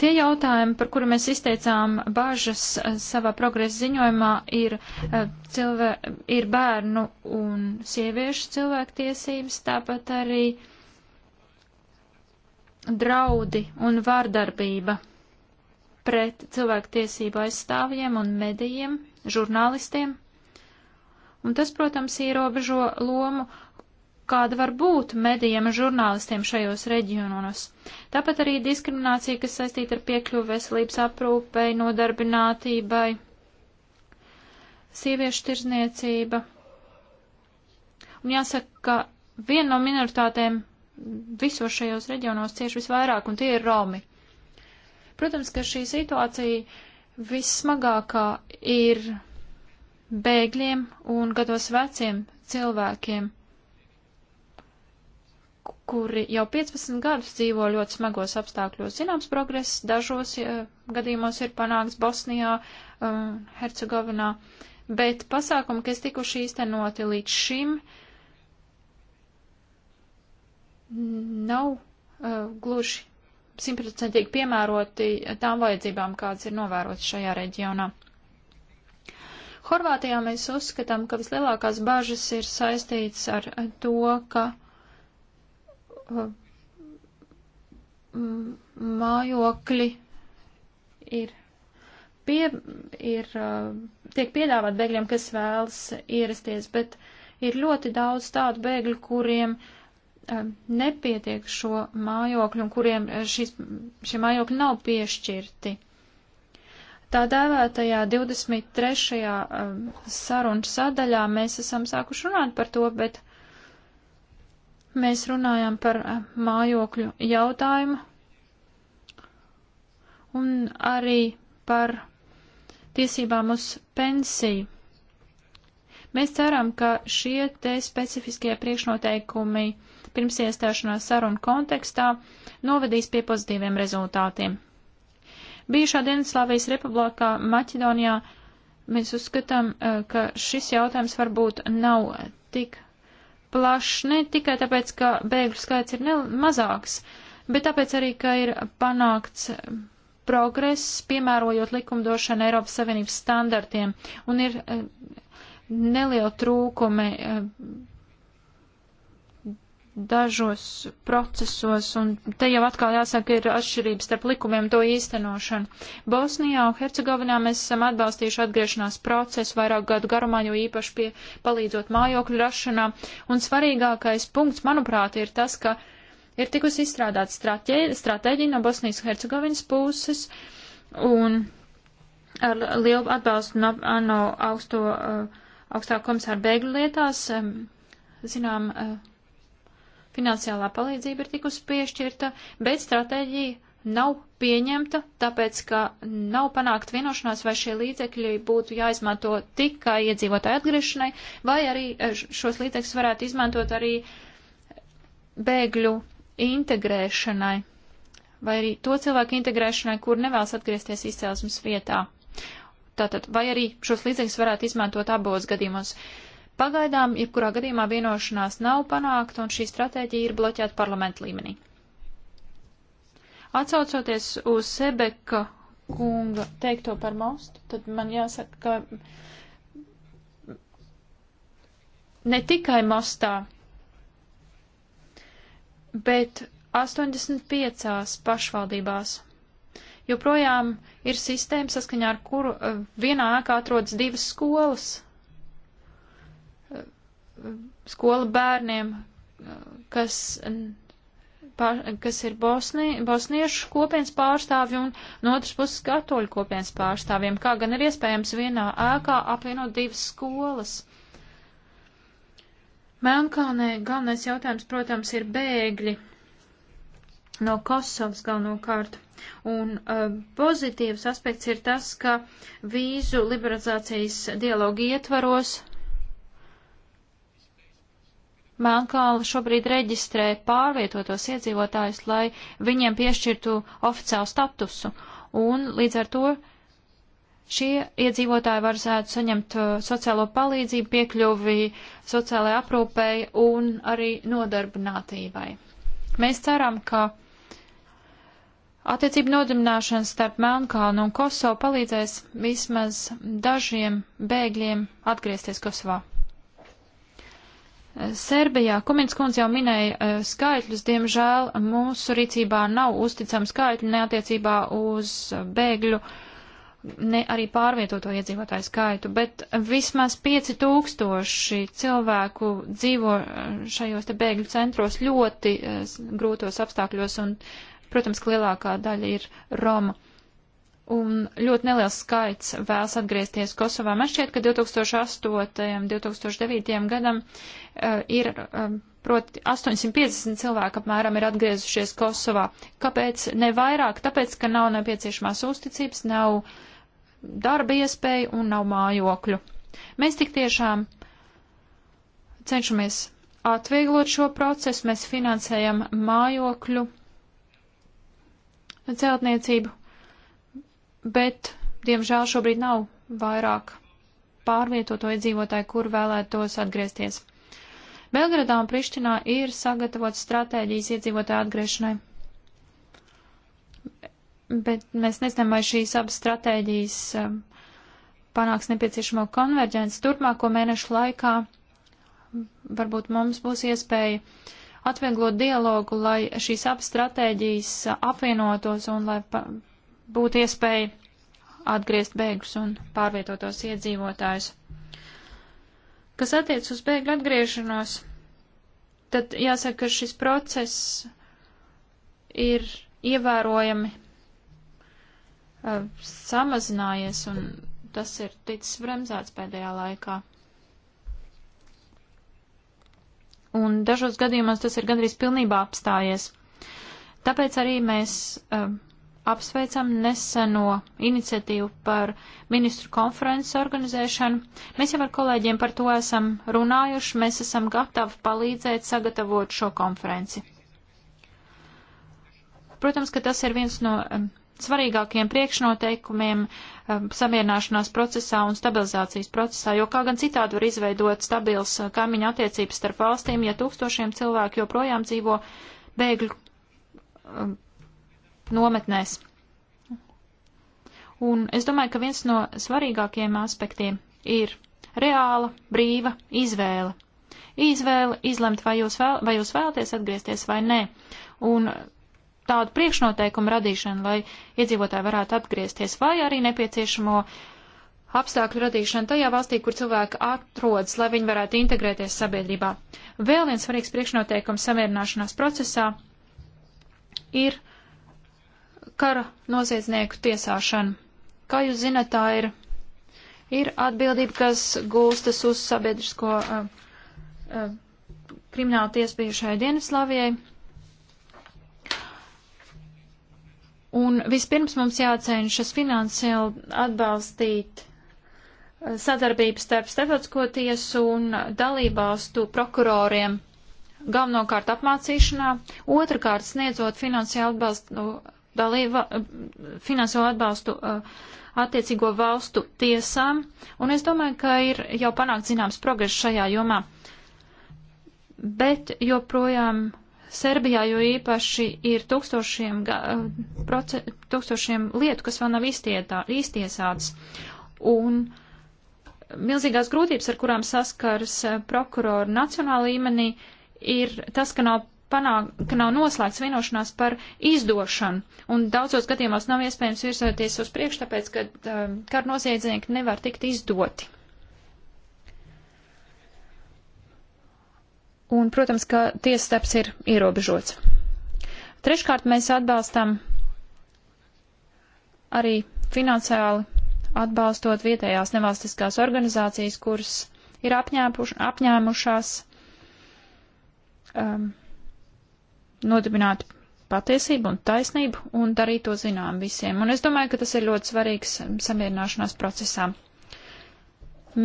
Tie jautājumi, par kuru mēs izteicām bažas eh, savā progresa ziņojumā, ir, eh, cilvē, ir bērnu un sieviešu cilvēktiesības, tāpat arī draudi un vārdarbība pret cilvēktiesību aizstāvjiem un medijiem, žurnālistiem. Un tas, protams, ierobežo lomu, kāda var būt medijiem un žurnālistiem šajos reģionos. Tāpat arī diskriminācija, kas saistīta ar piekļuvu veselības aprūpei, nodarbinātībai, sieviešu tirzniecība. Un jāsaka, ka viena no minoritātēm visos šajos reģionos cieši visvairāk, un tie ir Romi. Protams, ka šī situācija vissmagākā ir bēgļiem un gados veciem cilvēkiem kuri jau 15 gadus dzīvo ļoti smagos apstākļos. Zināms, progress dažos ja, eh, gadījumos ir panāks Bosnijā, um, Hercegovinā, bet pasākumi, kas tikuši īstenoti līdz šim, nav uh, gluži simtprocentīgi piemēroti tām vajadzībām, kādas ir novērotas šajā reģionā. Horvātijā mēs uzskatām, ka vislielākās bažas ir saistītas ar to, ka uh, mājokļi ir, pie, ir tiek piedāvāt bēgļiem, kas vēlas ierasties, bet ir ļoti daudz tādu bēgļu, kuriem nepietiek šo mājokļu un kuriem šis, šie mājokļi nav piešķirti. Tā dēvētajā 23. sarunu sadaļā mēs esam sākuši runāt par to, bet uh, mēs runājam par eh, mājokļu jautājumu un arī par tiesībām uz pensiju. Mēs ceram, ka šie te specifiskie priekšnoteikumi pirms iestāšanās sarunu kontekstā novedīs pie pozitīviem rezultātiem. Bijušā Dienvidslāvijas republikā Maķedonijā mēs uzskatām, eh, ka šis jautājums varbūt nav tik plašs ne tikai tāpēc, ka bēgļu skaits ir mazāks, bet tāpēc arī, ka ir panākts progress, piemērojot likumdošanu Eiropas Savienības standartiem, un ir eh, neliela trūkumi eh, dažos procesos, un te jau atkal jāsaka, ir atšķirības starp likumiem to īstenošanu. Bosnijā un Hercegovinā mēs esam atbalstījuši atgriešanās procesu vairāk gadu garumā, jo īpaši pie palīdzot mājokļu rašanā, un svarīgākais punkts, manuprāt, ir tas, ka ir tikusi izstrādāta stratēģija no Bosnijas un Hercegovinas puses, un ar lielu atbalstu no, no augsto, uh, augstā komisāra bēgļu lietās, um, zinām, uh, Finansiālā palīdzība ir tikusi piešķirta, bet stratēģija nav pieņemta, tāpēc, ka nav panākt vienošanās, vai šie līdzekļi būtu jāizmanto tikai iedzīvotāju atgriešanai, vai arī eh, šos līdzekļus varētu izmantot arī bēgļu integrēšanai, vai arī to cilvēku integrēšanai, kur nevēlas atgriezties izcelsmes vietā. Tātad, vai arī šos līdzekļus varētu izmantot abos gadījumos. Uh, Pagaidām, jebkurā gadījumā vienošanās nav panākta, un šī stratēģija ir bloķēta parlamentu līmenī. Atsaucoties uz Sebeka kunga teikto par mostu, tad man jāsaka, ka ne tikai mostā, bet 85 pašvaldībās joprojām ir sistēma, saskaņā ar kuru eh, vienā ēkā atrodas divas skolas skola bērniem, kas, pār, kas ir bosni, bosniešu kopienas pārstāvji un no otras puses katoļu kopienas pārstāvjiem, kā gan ir iespējams vienā ēkā apvienot divas skolas. Melnkalnē galvenais jautājums, protams, ir bēgļi no Kosovas galvenokārt. Un uh, pozitīvs aspekts ir tas, ka vīzu liberalizācijas dialogu ietvaros Melnkalna šobrīd reģistrē pārvietotos iedzīvotājus, lai viņiem piešķirtu oficiālu statusu. Un līdz ar to šie iedzīvotāji varētu saņemt uh, sociālo palīdzību, piekļuvi sociālajai aprūpēji un arī nodarbinātībai. Mēs ceram, ka attiecību nodarbināšana starp Melnkalnu un Kosovu palīdzēs vismaz dažiem bēgļiem atgriezties Kosovā. Serbijā Kuminskundze jau minēja e, skaitļus, diemžēl mūsu rīcībā nav uzticama skaitļa neatiecībā uz bēgļu, ne arī pārvietoto iedzīvotāju skaitu, bet vismaz 5000 cilvēku dzīvo e, šajos te bēgļu centros ļoti e, grūtos apstākļos un, protams, ka lielākā daļa ir Roma un ļoti neliels skaits vēlas atgriezties Kosovā. Man šķiet, ka 2008. un 2009. gadam Eh, ir, eh, proti, 850 cilvēki apmēram ir atgriezušies Kosovā. Kāpēc ne vairāk? Tāpēc, ka nav nepieciešamās uzticības, nav darba iespēju un nav mājokļu. Mēs tik tiešām cenšamies atvieglot šo procesu, mēs finansējam mājokļu celtniecību, bet, diemžēl, šobrīd nav vairāk pārvietoto iedzīvotāju, kur vēlētos atgriezties. Belgradā un Prištinā ir sagatavot stratēģijas iedzīvotāju atgriešanai. Bet mēs nezinām, vai šīs abas stratēģijas um, panāks nepieciešamo konverģenci turpmāko mēnešu laikā. Varbūt mums būs iespēja atvieglot dialogu, lai šīs abas stratēģijas apvienotos un lai būtu iespēja atgriezt bēgus un pārvietotos iedzīvotājus. Kas attiec uz bēgļu atgriešanos, tad jāsaka, ka šis process ir ievērojami uh, samazinājies un tas ir ticis bremzēts pēdējā laikā. Un dažos gadījumos tas ir gandrīz pilnībā apstājies. Tāpēc arī mēs uh, apsveicam neseno iniciatīvu par ministru konferences organizēšanu. Mēs jau ar kolēģiem par to esam runājuši, mēs esam gatavi palīdzēt sagatavot šo konferenci. Protams, ka tas ir viens no um, svarīgākajiem priekšnoteikumiem um, samierināšanās procesā un stabilizācijas procesā, jo kā gan citādi var izveidot stabils uh, kaimiņu attiecības starp valstīm, ja tūkstošiem cilvēku joprojām dzīvo bēgļu um, nometnēs. Un es domāju, ka viens no svarīgākajiem aspektiem ir reāla, brīva izvēle. Izvēle izlemt, vai jūs, vēl, vai jūs vēlaties atgriezties vai nē. Un tādu priekšnoteikumu radīšanu, lai iedzīvotāji varētu atgriezties, vai arī nepieciešamo apstākļu radīšanu tajā valstī, kur cilvēki atrodas, lai viņi varētu integrēties sabiedrībā. Vēl viens svarīgs priekšnoteikums samierināšanās procesā ir uh, kara noziedznieku tiesāšanu. Kā jūs zinat, tā ir, ir atbildība, kas gūstas uz sabiedrisko uh, uh, kriminālu tiesu bijušajai Dienaslavijai. Un vispirms mums jācenšas finansiāli atbalstīt uh, sadarbības starp starptautisko tiesu un dalībvalstu prokuroriem, galvenokārt apmācīšanā, otrkārt sniedzot finansiālu atbalstu dalību finansiālo atbalstu uh, attiecīgo valstu tiesām, un es domāju, ka ir jau panākt zināms progress šajā jomā. Bet joprojām Serbijā jo īpaši ir tūkstošiem, uh, proce, tūkstošiem lietu, kas vēl nav iztietā, iztiesāts. Un milzīgās grūtības, ar kurām saskars uh, prokurori nacionāla līmenī, ir tas, ka nav panāk, ka nav noslēgts vienošanās par izdošanu, un daudzos gadījumos nav iespējams virzoties uz priekšu, tāpēc, ka um, kar noziedznieki nevar tikt izdoti. Un, protams, ka tiesstaps ir ierobežots. Treškārt, mēs atbalstam arī finansiāli atbalstot vietējās nevalstiskās organizācijas, kuras ir apņēmušās um, nodibinātu patiesību un taisnību un darīt to zinām visiem. Un es domāju, ka tas ir ļoti svarīgs samierināšanās procesā.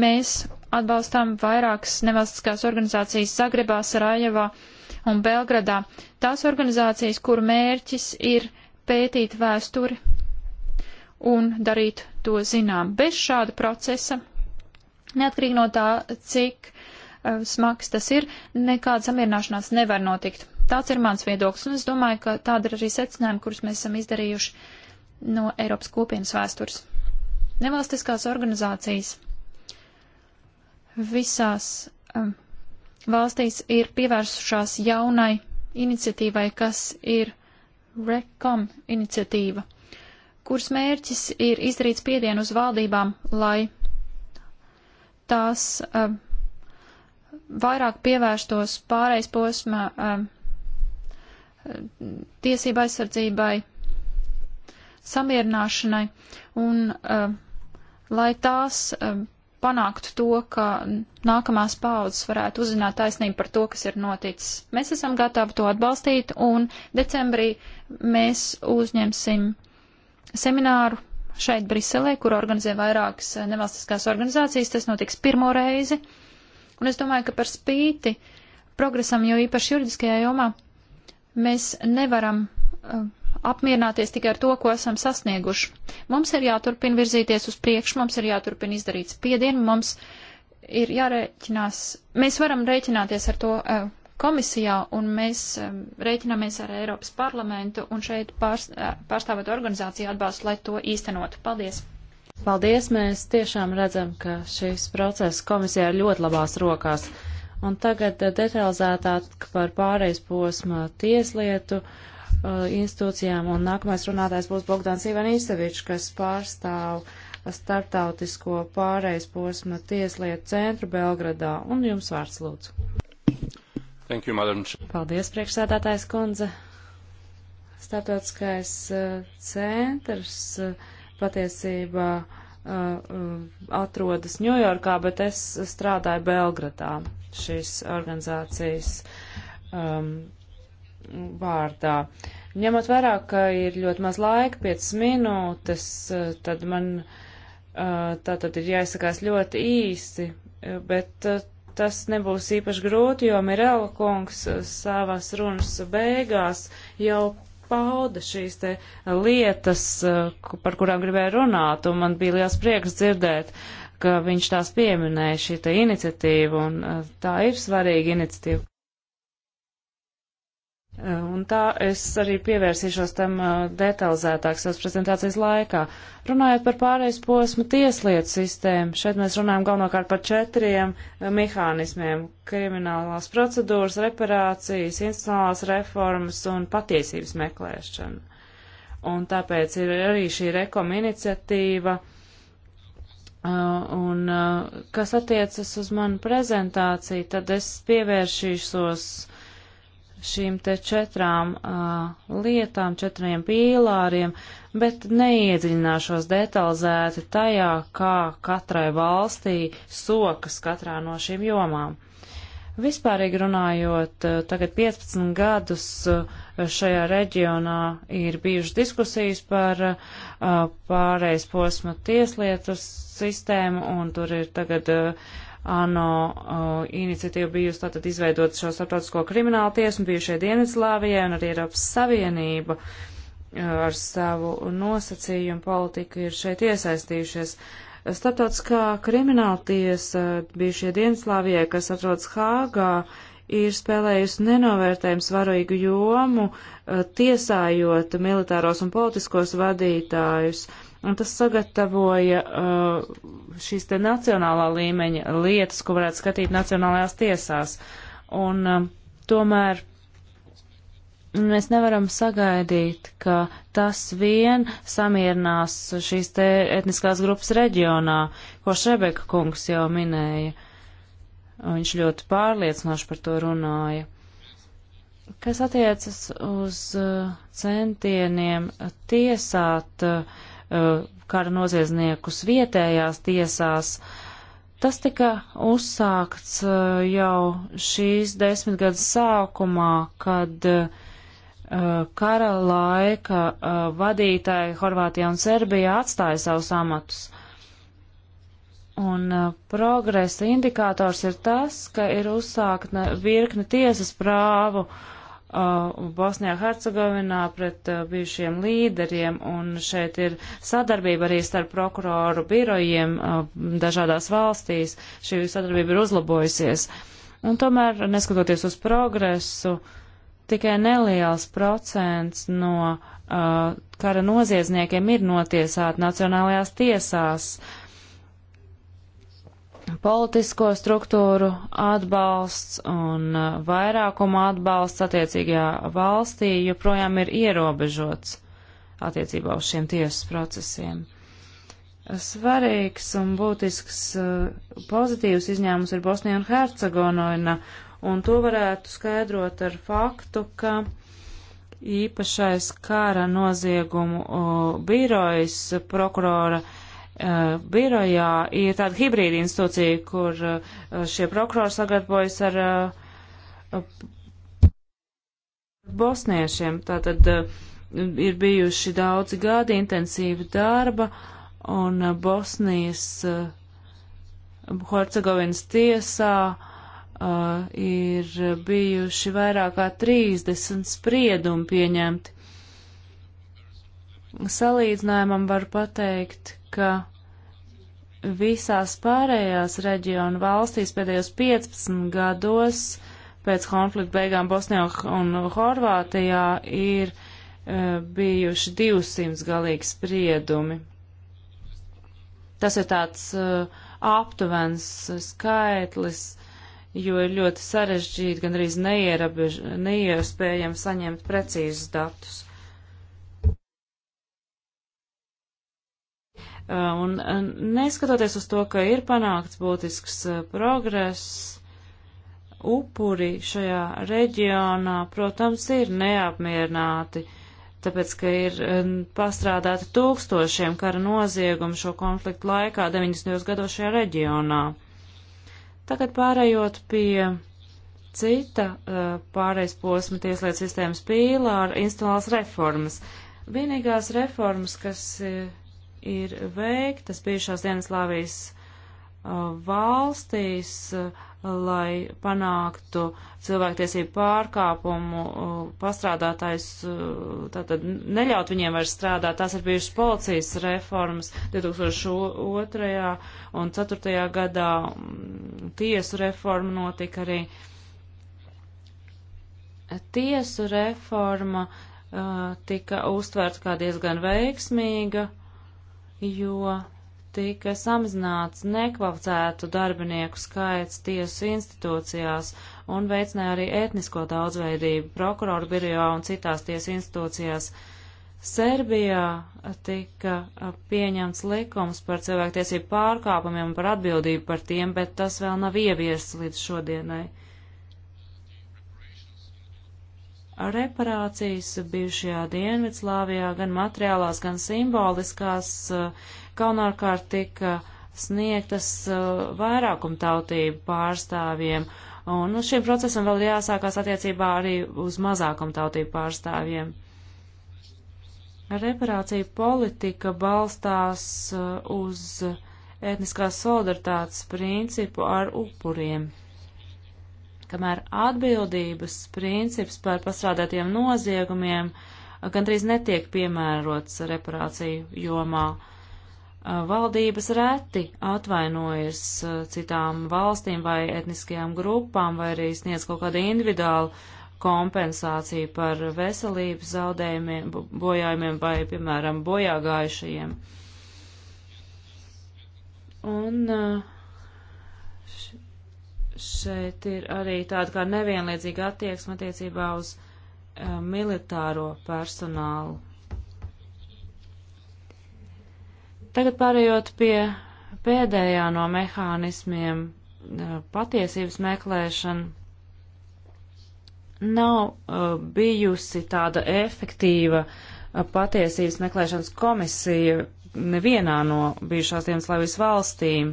Mēs atbalstām vairākas nevalstiskās organizācijas Zagrebā, Sarajevā un Belgradā. Tās organizācijas, kur mērķis ir pētīt vēsturi un darīt to zinām. Bez šāda procesa, neatkarīgi no tā, cik uh, smags tas ir, nekāda samierināšanās nevar notikt. Tāds ir mans viedoklis, un es domāju, ka tāda ir arī secinājuma, kurus mēs esam izdarījuši no Eiropas kopienas vēstures. Nevalstiskās organizācijas visās um, valstīs ir pievērsušās jaunai iniciatīvai, kas ir RECOM iniciatīva, kuras mērķis ir izdarīt spiedienu uz valdībām, lai tās um, vairāk pievērstos pārejas posma um, tiesība aizsardzībai, samierināšanai un uh, lai tās uh, panāktu to, ka nākamās paudzes varētu uzzināt taisnību par to, kas ir noticis. Mēs esam gatavi to atbalstīt un decembrī mēs uzņemsim semināru šeit Briselē, kur organizē vairākas eh, nevalstiskās organizācijas. Tas notiks pirmo reizi. Un es domāju, ka par spīti progresam, jo īpaši juridiskajā jomā, Mēs nevaram uh, apmierināties tikai ar to, ko esam sasnieguši. Mums ir jāturpina virzīties uz priekšu, mums ir jāturpina izdarīt spiedienu, mums ir jārēķinās, mēs varam rēķināties ar to uh, komisijā, un mēs um, rēķināmies ar Eiropas parlamentu, un šeit pārs, uh, pārstāvot organizāciju atbalstu, lai to īstenotu. Paldies! Paldies! Mēs tiešām redzam, ka šis process komisijā ir ļoti labās rokās. Un tagad eh, detalizētāk par pārejas posma tieslietu uh, institūcijām, un nākamais runātājs būs Bogdāns Ivanīsevičs, kas pārstāv starptautisko pārejas posma tieslietu centru Belgradā. Un jums vārds lūdzu. Thank you, madam. Paldies, priekšsēdētājs kundze. Starptautiskais uh, centrs uh, patiesībā atrodas Ņujorkā, bet es strādāju Belgradā šīs organizācijas um, vārdā. Ņemot vērā, ka ir ļoti maz laika, 5 minūtes, eh, tad man uh, tā tad ir jāizsakās ļoti īsi, eh, bet uh, tas nebūs īpaši grūti, jo Mirela kungs savas runas beigās jau pauda šīs te lietas, par kurām gribēju runāt, un man bija liels prieks dzirdēt uh, ka viņš tās pieminēja šī tā iniciatīva, un uh, tā ir svarīga iniciatīva. Uh, un tā es arī pievērsīšos tam uh, detalizētāk savas prezentācijas laikā. Runājot par pārējais posmu tieslietu sistēmu, šeit mēs runājam galvenokārt par četriem mehānismiem - kriminālās procedūras, reparācijas, institucionālās reformas un patiesības meklēšana. Un tāpēc ir arī šī rekoma iniciatīva uh, Uh, un uh, kas attiecas uz manu prezentāciju, tad es pievēršīšos šīm te četrām uh, lietām, četriem pīlāriem, bet neiedziļināšos detalizēti tajā, kā katrai valstī sokas katrā no šīm jomām. Vispārīgi runājot, eh, tagad 15 gadus eh, šajā reģionā ir bijušas diskusijas par eh, pārējais posma tieslietu sistēmu, un tur ir tagad ANO iniciatīva bijusi tātad izveidot šo starptautisko kriminālu tiesu un bijušie Dienvidslāvijai un arī Eiropas Savienība ar savu nosacījumu politiku ir šeit iesaistījušies. Uh, Startautiskā krimināla tiesa bijušie Dienslāvijai, kas atrodas Hāgā, ir spēlējusi nenovērtējums svarīgu jomu, eh, tiesājot militāros un politiskos vadītājus. Un tas sagatavoja eh, šīs te nacionālā līmeņa lietas, ko varētu skatīt nacionālajās tiesās. Un eh, tomēr mēs nevaram sagaidīt, ka tas vien samierinās šīs te etniskās grupas reģionā, ko Šrebeka kungs jau minēja. Viņš ļoti pārliecinoši par to runāja. Kas attiecas uz uh, centieniem tiesāt uh, uh, kara noziedzniekus vietējās tiesās, tas tika uzsākts jau šīs desmitgades sākumā, kad uh, Uh, kara laika uh, vadītāji Horvātijā un Serbijā atstāja savus amatus. Un uh, progresa indikators ir tas, ka ir uzsākta virkne tiesas prāvu Bosnijā Hercegovinā pret bijušiem līderiem, un šeit ir sadarbība arī starp prokuroru birojiem dažādās valstīs. Šī sadarbība ir uzlabojusies. Un tomēr, neskatoties uz progresu, uh, tikai neliels procents no uh, kara noziedzniekiem ir notiesāti nacionālajās tiesās. Politisko struktūru atbalsts un uh, vairākuma atbalsts attiecīgajā valstī joprojām ir ierobežots attiecībā uz šiem tiesas procesiem. Svarīgs un būtisks uh, pozitīvs izņēmums ir Bosnija un Hercegovina un to varētu skaidrot ar faktu, ka īpašais kara noziegumu birojs prokurora e, birojā ir tāda hibrīda institūcija, kur e, šie prokurori sagatavojas ar e, bosniešiem. Tātad ir bijuši daudzi gadi intensīva darba, un Bosnijas Hercegovinas tiesā uh, uh, ir bijuši vairāk kā 30 spriedumi pieņemti. Salīdzinājumam var pateikt, ka visās pārējās reģionu valstīs pēdējos 15 gados pēc konflikta beigām Bosnijā un Horvātijā ir uh, bijuši 200 galīgi spriedumi. Tas ir tāds uh, aptuvens skaitlis, jo ir ļoti sarežģīti, gandrīz neiespējami saņemt precīzus datus. Uh, un uh, neskatoties uz to, ka ir panākts būtisks uh, progress, upuri šajā reģionā, protams, ir neapmierināti, tāpēc, ka ir pastrādāti tūkstošiem kara noziegumu šo konfliktu laikā 90. gados šajā reģionā. Tagad pārējot pie cita uh, pārējais posma tieslietu sistēmas pīlāra - institucionālās reformas. Vienīgās reformas, kas uh, ir veiktas bijušās Dienaslāvijas uh, valstīs, lai panāktu cilvēktiesību pārkāpumu uh, pastrādātājs, uh, tātad neļaut viņiem vairs strādāt. Tās ir bijušas policijas reformas 2002. un 2004. gadā, mm, tiesu reforma notika arī. Tiesu reforma uh, tika uztverta kā diezgan veiksmīga, jo tika samazināts nekvalificētu darbinieku skaits tiesu institūcijās un veicināja arī etnisko daudzveidību prokuroru birojā un citās tiesu institūcijās. Serbijā tika pieņemts likums par cilvēktiesību pārkāpumiem un par atbildību par tiem, bet tas vēl nav ieviests līdz šodienai. Reparācijas bijušajā Dienvidslāvijā gan materiālās, gan simboliskās uh, galvenokārt tika sniegtas uh, vairākumtautību pārstāvjiem, un nu, šim procesam vēl ir jāsākās attiecībā arī uz mazākumtautību pārstāvjiem. Reparācija politika balstās uh, uz etniskās solidaritātes principu ar upuriem, kamēr atbildības princips par pastrādātiem noziegumiem gandrīz netiek piemērots reparāciju jomā. Uh, Valdības reti atvainojas citām valstīm vai etniskajām grupām vai arī sniedz kaut kādu individuālu kompensāciju par veselības zaudējumiem, bojājumiem vai, piemēram, bojāgājušajiem. Un šeit ir arī tāda kā nevienlīdzīga attieksme attiecībā uz militāro personālu Tagad pārējot pie pēdējā no mehānismiem eh, patiesības meklēšana nav uh, bijusi tāda efektīva uh, patiesības meklēšanas komisija nevienā no bijušās Dienaslavijas valstīm.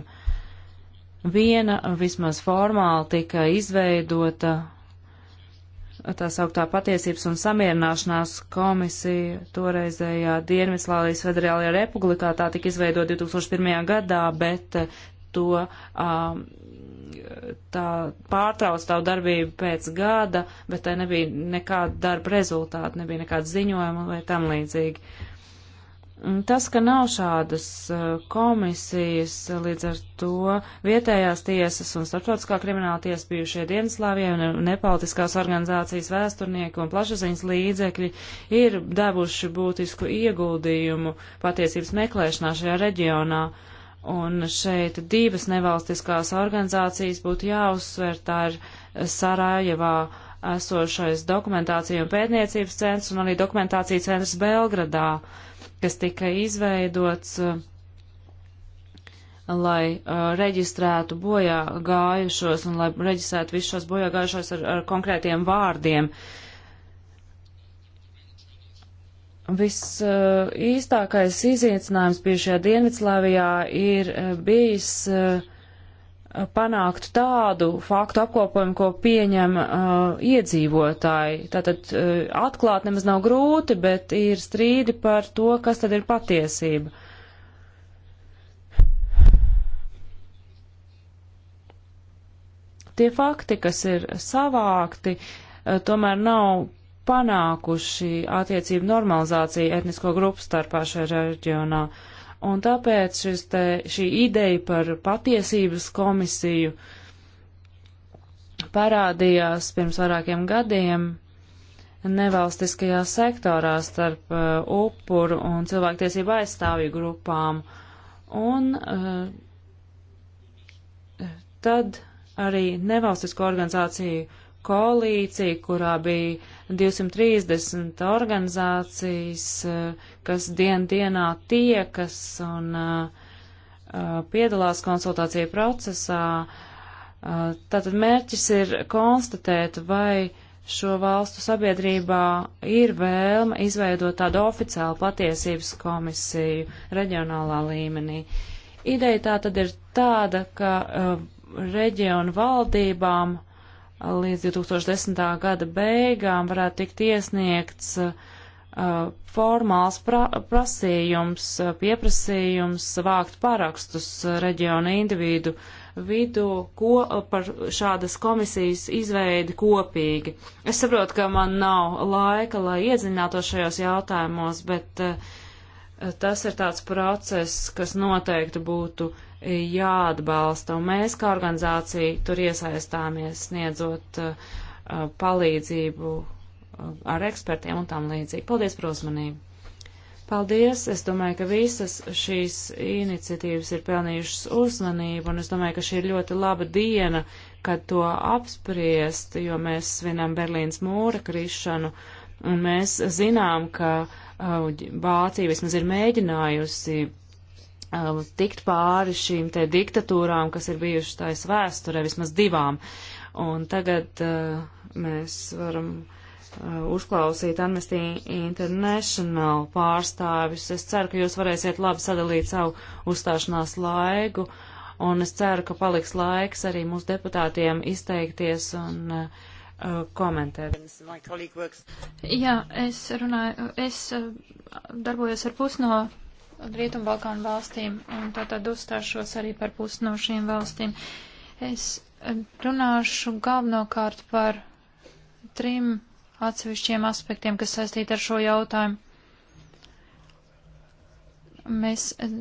Viena vismaz formāli tika izveidota tā sauktā patiesības un samierināšanās komisija toreizējā Dienvidslāvijas federālajā republikā, tā tika izveidota 2001. gadā, bet eh, to um, tā pārtrauc tavu darbību pēc gada, bet tai nebija nekāda darba rezultāta, nebija nekāda ziņojuma vai tam līdzīgi. Tas, ka nav šādas uh, komisijas, līdz ar to vietējās tiesas un starptautiskā krimināla tiesa bijušie Dienaslāvie un nepolitiskās organizācijas vēsturnieki un plašaziņas līdzekļi ir devuši būtisku ieguldījumu patiesības meklēšanā šajā reģionā. Un šeit divas nevalstiskās organizācijas būtu jāuzsver, tā ir Sarajevā esošais dokumentācija un pētniecības centrs un arī dokumentācija centrs Belgradā. Uh, kas tika izveidots, eh, lai eh, reģistrētu bojā gājušos un lai reģistrētu visus šos bojā gājušos ar, ar konkrētiem vārdiem. Viss eh, īstākais izaicinājums pie šajā Dienvidslāvijā ir bijis uh, panākt tādu faktu apkopojumu, ko pieņem uh, iedzīvotāji. Tātad uh, atklāt nemaz nav grūti, bet ir strīdi par to, kas tad ir patiesība. Tie fakti, kas ir savākti, uh, tomēr nav panākuši attiecību normalizāciju etnisko grupu starpā šajā reģionā. Uh, Un tāpēc te, šī ideja par patiesības komisiju parādījās pirms vairākiem gadiem nevalstiskajā sektorā starp uh, upuru un cilvēktiesību aizstāvju grupām. Un uh, tad arī nevalstisko organizāciju koalīcija, kurā bija 230 organizācijas, eh, kas dien dienā tiekas un eh, eh, piedalās konsultāciju procesā. Tātad mērķis ir konstatēt, vai šo valstu sabiedrībā ir vēlme izveidot tādu oficiālu patiesības komisiju reģionālā līmenī. Ideja tā tad ir tāda, ka uh, reģionu valdībām līdz 2010. gada beigām varētu tikt iesniegts uh, formāls pra prasījums, uh, pieprasījums vākt parakstus uh, reģiona individu vidu ko, uh, par šādas komisijas izveidi kopīgi. Es saprotu, ka man nav laika, lai iedziļinātos šajos jautājumos, bet uh, tas ir tāds process, kas noteikti būtu jāatbalsta, un mēs kā organizācija tur iesaistāmies, sniedzot uh, uh palīdzību uh, ar ekspertiem un tam līdzīgi. Paldies par uzmanību! Paldies! Es domāju, ka visas šīs iniciatīvas ir pelnījušas uzmanību, un es domāju, ka šī ir ļoti laba diena, kad to apspriest, jo mēs svinam Berlīnas mūra krišanu, un mēs zinām, ka uh, Vācija vismaz ir mēģinājusi Um, tikt pāri šīm te diktatūrām, kas ir bijušas tais vēsturē, vismaz divām. Un tagad uh, mēs varam uh, uzklausīt Amnesty International pārstāvis. Es ceru, ka jūs varēsiet labi sadalīt savu uzstāšanās laiku, un es ceru, ka paliks laiks arī mūsu deputātiem izteikties un uh, komentēt. Jā, es runāju, es uh, darbojos ar pus no Rietumbalkānu valstīm, un tātad uzstāšos arī par pusi no šīm valstīm. Es eh, runāšu galvenokārt par trim atsevišķiem aspektiem, kas saistīti ar šo jautājumu. Mēs eh,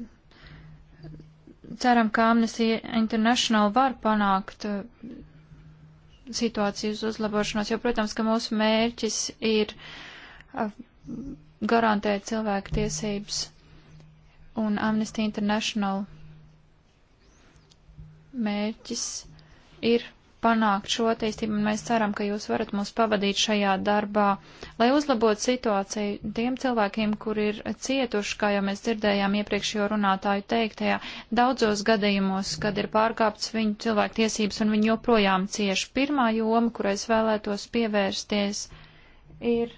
ceram, ka Amnesty International var panākt eh, situācijas uzlabošanos, jo, protams, ka mūsu mērķis ir garantēt cilvēku tiesības un Amnesty International mērķis ir panākt šo attīstību, un mēs ceram, ka jūs varat mūs pavadīt šajā darbā, lai uzlabotu situāciju tiem cilvēkiem, kur ir cietuši, kā jau mēs dzirdējām iepriekšējo runātāju teiktajā, daudzos gadījumos, kad ir pārkāptas viņu cilvēku tiesības un viņi joprojām cieši. Pirmā joma, kurais vēlētos pievērsties, ir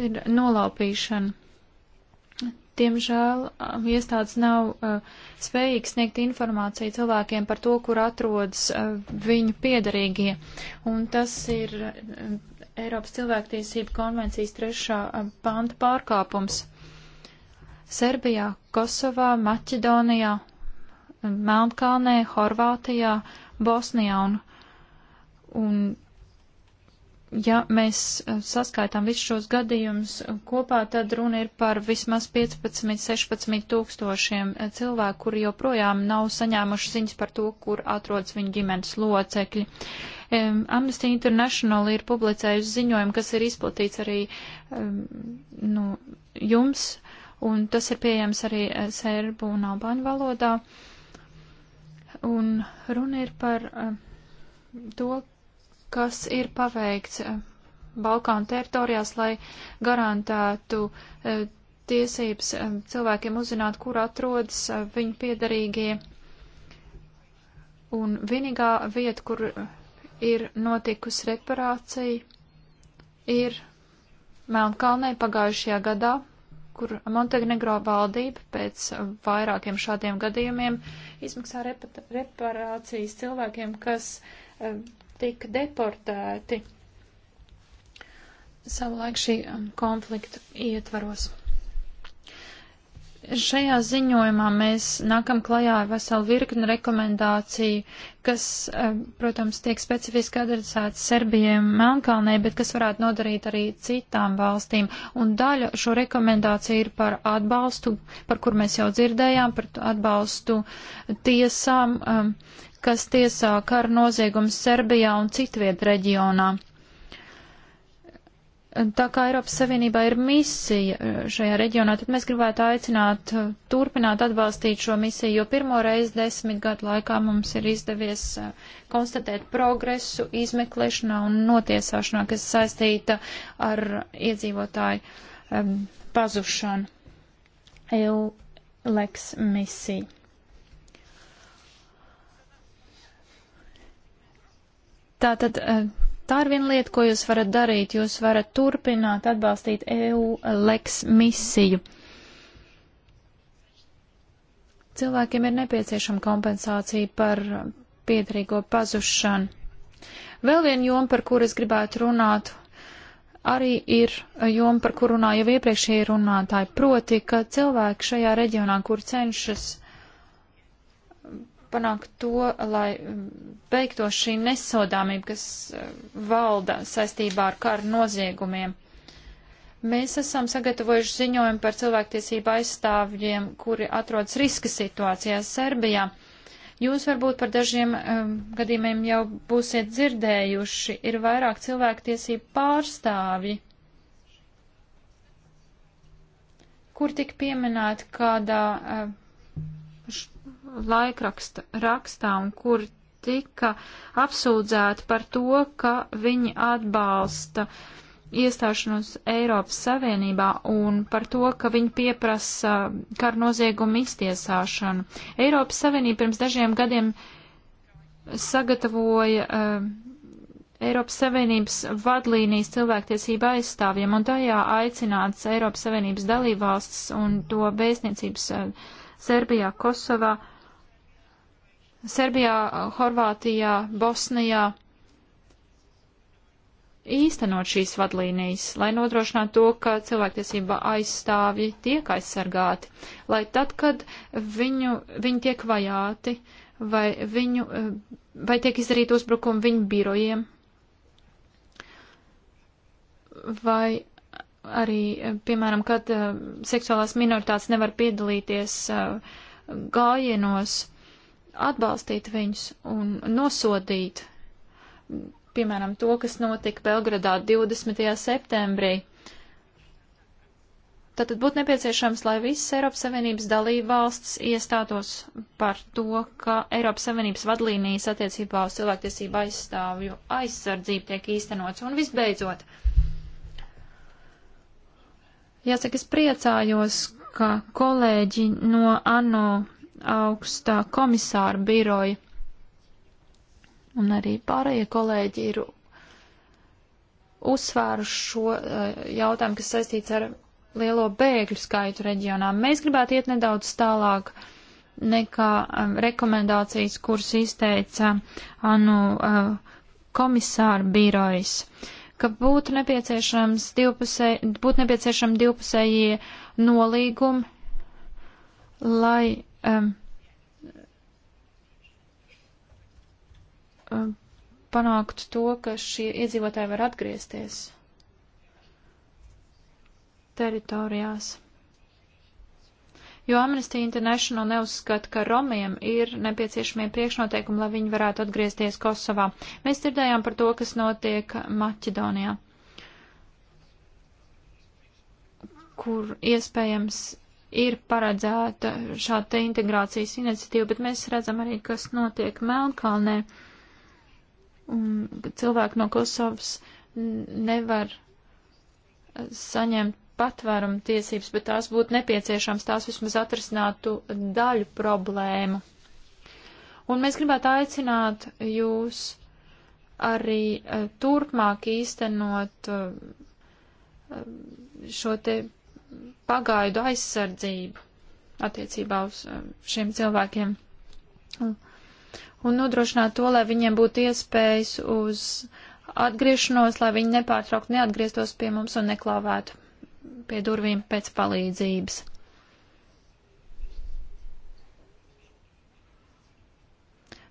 ir nolaupīšana. Diemžēl um, iestādes nav uh, spējīgas sniegt informāciju cilvēkiem par to, kur atrodas uh, viņu piedarīgie. Un tas ir uh, Eiropas cilvēktiesību konvencijas trešā um, panta pārkāpums. Serbijā, Kosovā, Maķedonijā, Melnkalnē, Horvātijā, Bosnijā un, un ja mēs eh, saskaitām visus šos gadījumus kopā, tad runa ir par vismaz 15-16 tūkstošiem eh, cilvēku, kuri joprojām nav saņēmuši ziņas par to, kur atrodas viņu ģimenes locekļi. Um, Amnesty International ir publicējusi ziņojumu, kas ir izplatīts arī um, nu, jums, un tas ir pieejams arī eh, serbu un albāņu valodā. Un runa ir par um, to, kas ir paveikts eh, Balkānu teritorijās, lai garantētu eh, tiesības eh, cilvēkiem uzzināt, kur atrodas viņu piedarīgie. Un vienīgā vieta, kur ir notikusi reparācija, ir Melnkalnē pagājušajā gadā, kur Montenegro valdība pēc vairākiem šādiem gadījumiem izmaksā reparācijas cilvēkiem, kas tika deportēti savulaik šī um, konflikta ietvaros. Šajā ziņojumā mēs nākam klajā ar veselu virkni rekomendāciju, kas, eh, protams, tiek specifiski adresēts Serbijai un Melnkalnei, bet kas varētu nodarīt arī citām valstīm. Un daļa šo rekomendāciju ir par atbalstu, par kur mēs jau dzirdējām, par atbalstu tiesām, eh, kas tiesā kara noziegums Serbijā un citviet reģionā tā kā Eiropas Savienībā ir misija uh, šajā reģionā, tad mēs gribētu aicināt uh, turpināt atbalstīt šo misiju, jo pirmo reizi desmit gadu laikā mums ir izdevies uh, konstatēt progresu izmeklēšanā un notiesāšanā, kas saistīta ar iedzīvotāju um, pazušanu. EULEX misija. Tātad. Uh, tā ir viena lieta, ko jūs varat darīt. Jūs varat turpināt atbalstīt EU leks misiju. Cilvēkiem ir nepieciešama kompensācija par piedarīgo pazušanu. Vēl viena joma, par kuru es gribētu runāt, arī ir joma, par kuru runāja jau iepriekšēji runātāji, proti, ka cilvēki šajā reģionā, kur cenšas panākt to, lai mm, beigto šī nesodāmība, kas mm, valda saistībā ar karu noziegumiem. Mēs esam sagatavojuši ziņojumu par cilvēktiesību aizstāvjiem, kuri atrodas riska situācijā Serbijā. Jūs varbūt par dažiem um, gadījumiem jau būsiet dzirdējuši, ir vairāk cilvēktiesību pārstāvji, kur tik pieminēti kādā uh, laikraksta rakstā un kur tika apsūdzēti par to, ka viņi atbalsta iestāšanos Eiropas Savienībā un par to, ka viņi pieprasa kar noziegumu iztiesāšanu. Eiropas Savienība pirms dažiem gadiem sagatavoja uh, Eiropas Savienības vadlīnijas cilvēktiesība aizstāvjiem, un tajā aicināts Eiropas Savienības dalībvalsts un to vēstniecības uh, Serbijā, Kosovā uh, Serbijā, Horvātijā, Bosnijā īstenot šīs vadlīnijas, lai nodrošinātu to, ka cilvēktiesība aizstāvji tiek aizsargāti, lai tad, kad viņu, viņi tiek vajāti vai, viņu, eh, vai tiek izdarīt uzbrukumi viņu birojiem, vai arī, eh, piemēram, kad eh, seksuālās minoritātes nevar piedalīties gājienos, atbalstīt viņus un nosodīt, piemēram, to, kas notika Belgradā 20. septembrī. Tātad būtu nepieciešams, lai visas Eiropas Savienības dalība valsts iestātos par to, ka Eiropas Savienības vadlīnijas attiecībā uz cilvēktiesību aizstāvju aizsardzību tiek īstenots. Un visbeidzot, jāsaka, es priecājos, ka kolēģi no ANO augstā komisāra biroja un arī pārējie kolēģi ir uzsvēruši šo eh, jautājumu, kas saistīts ar lielo bēgļu skaitu reģionā. Mēs gribētu iet nedaudz tālāk nekā eh, rekomendācijas, kuras izteica eh, ANO komisāra birojas ka būtu nepieciešams divpusē, būtu nepieciešami divpusējie nolīgumi, lai um, um, panākt to, ka šie iedzīvotāji var atgriezties teritorijās. Jo Amnesty International neuzskata, ka Romiem ir nepieciešamie priekšnoteikumi, lai viņi varētu atgriezties Kosovā. Mēs dzirdējām par to, kas notiek Maķedonijā, kur iespējams ir paredzēta šāda integrācijas iniciatīva, bet mēs redzam arī, kas notiek Melnkalnē. Un cilvēki no Kosovas nevar saņemt patvērumu tiesības, bet tās būtu nepieciešams, tās vismaz atrisinātu daļu problēmu. Un mēs gribētu aicināt jūs arī eh, turpmāk īstenot eh, šo te pagaidu aizsardzību attiecībā uz eh, šiem cilvēkiem un nodrošināt to, lai viņiem būtu iespējas uz atgriešanos, lai viņi nepārtraukt neatgrieztos pie mums un neklāvētu pie durvīm pēc palīdzības.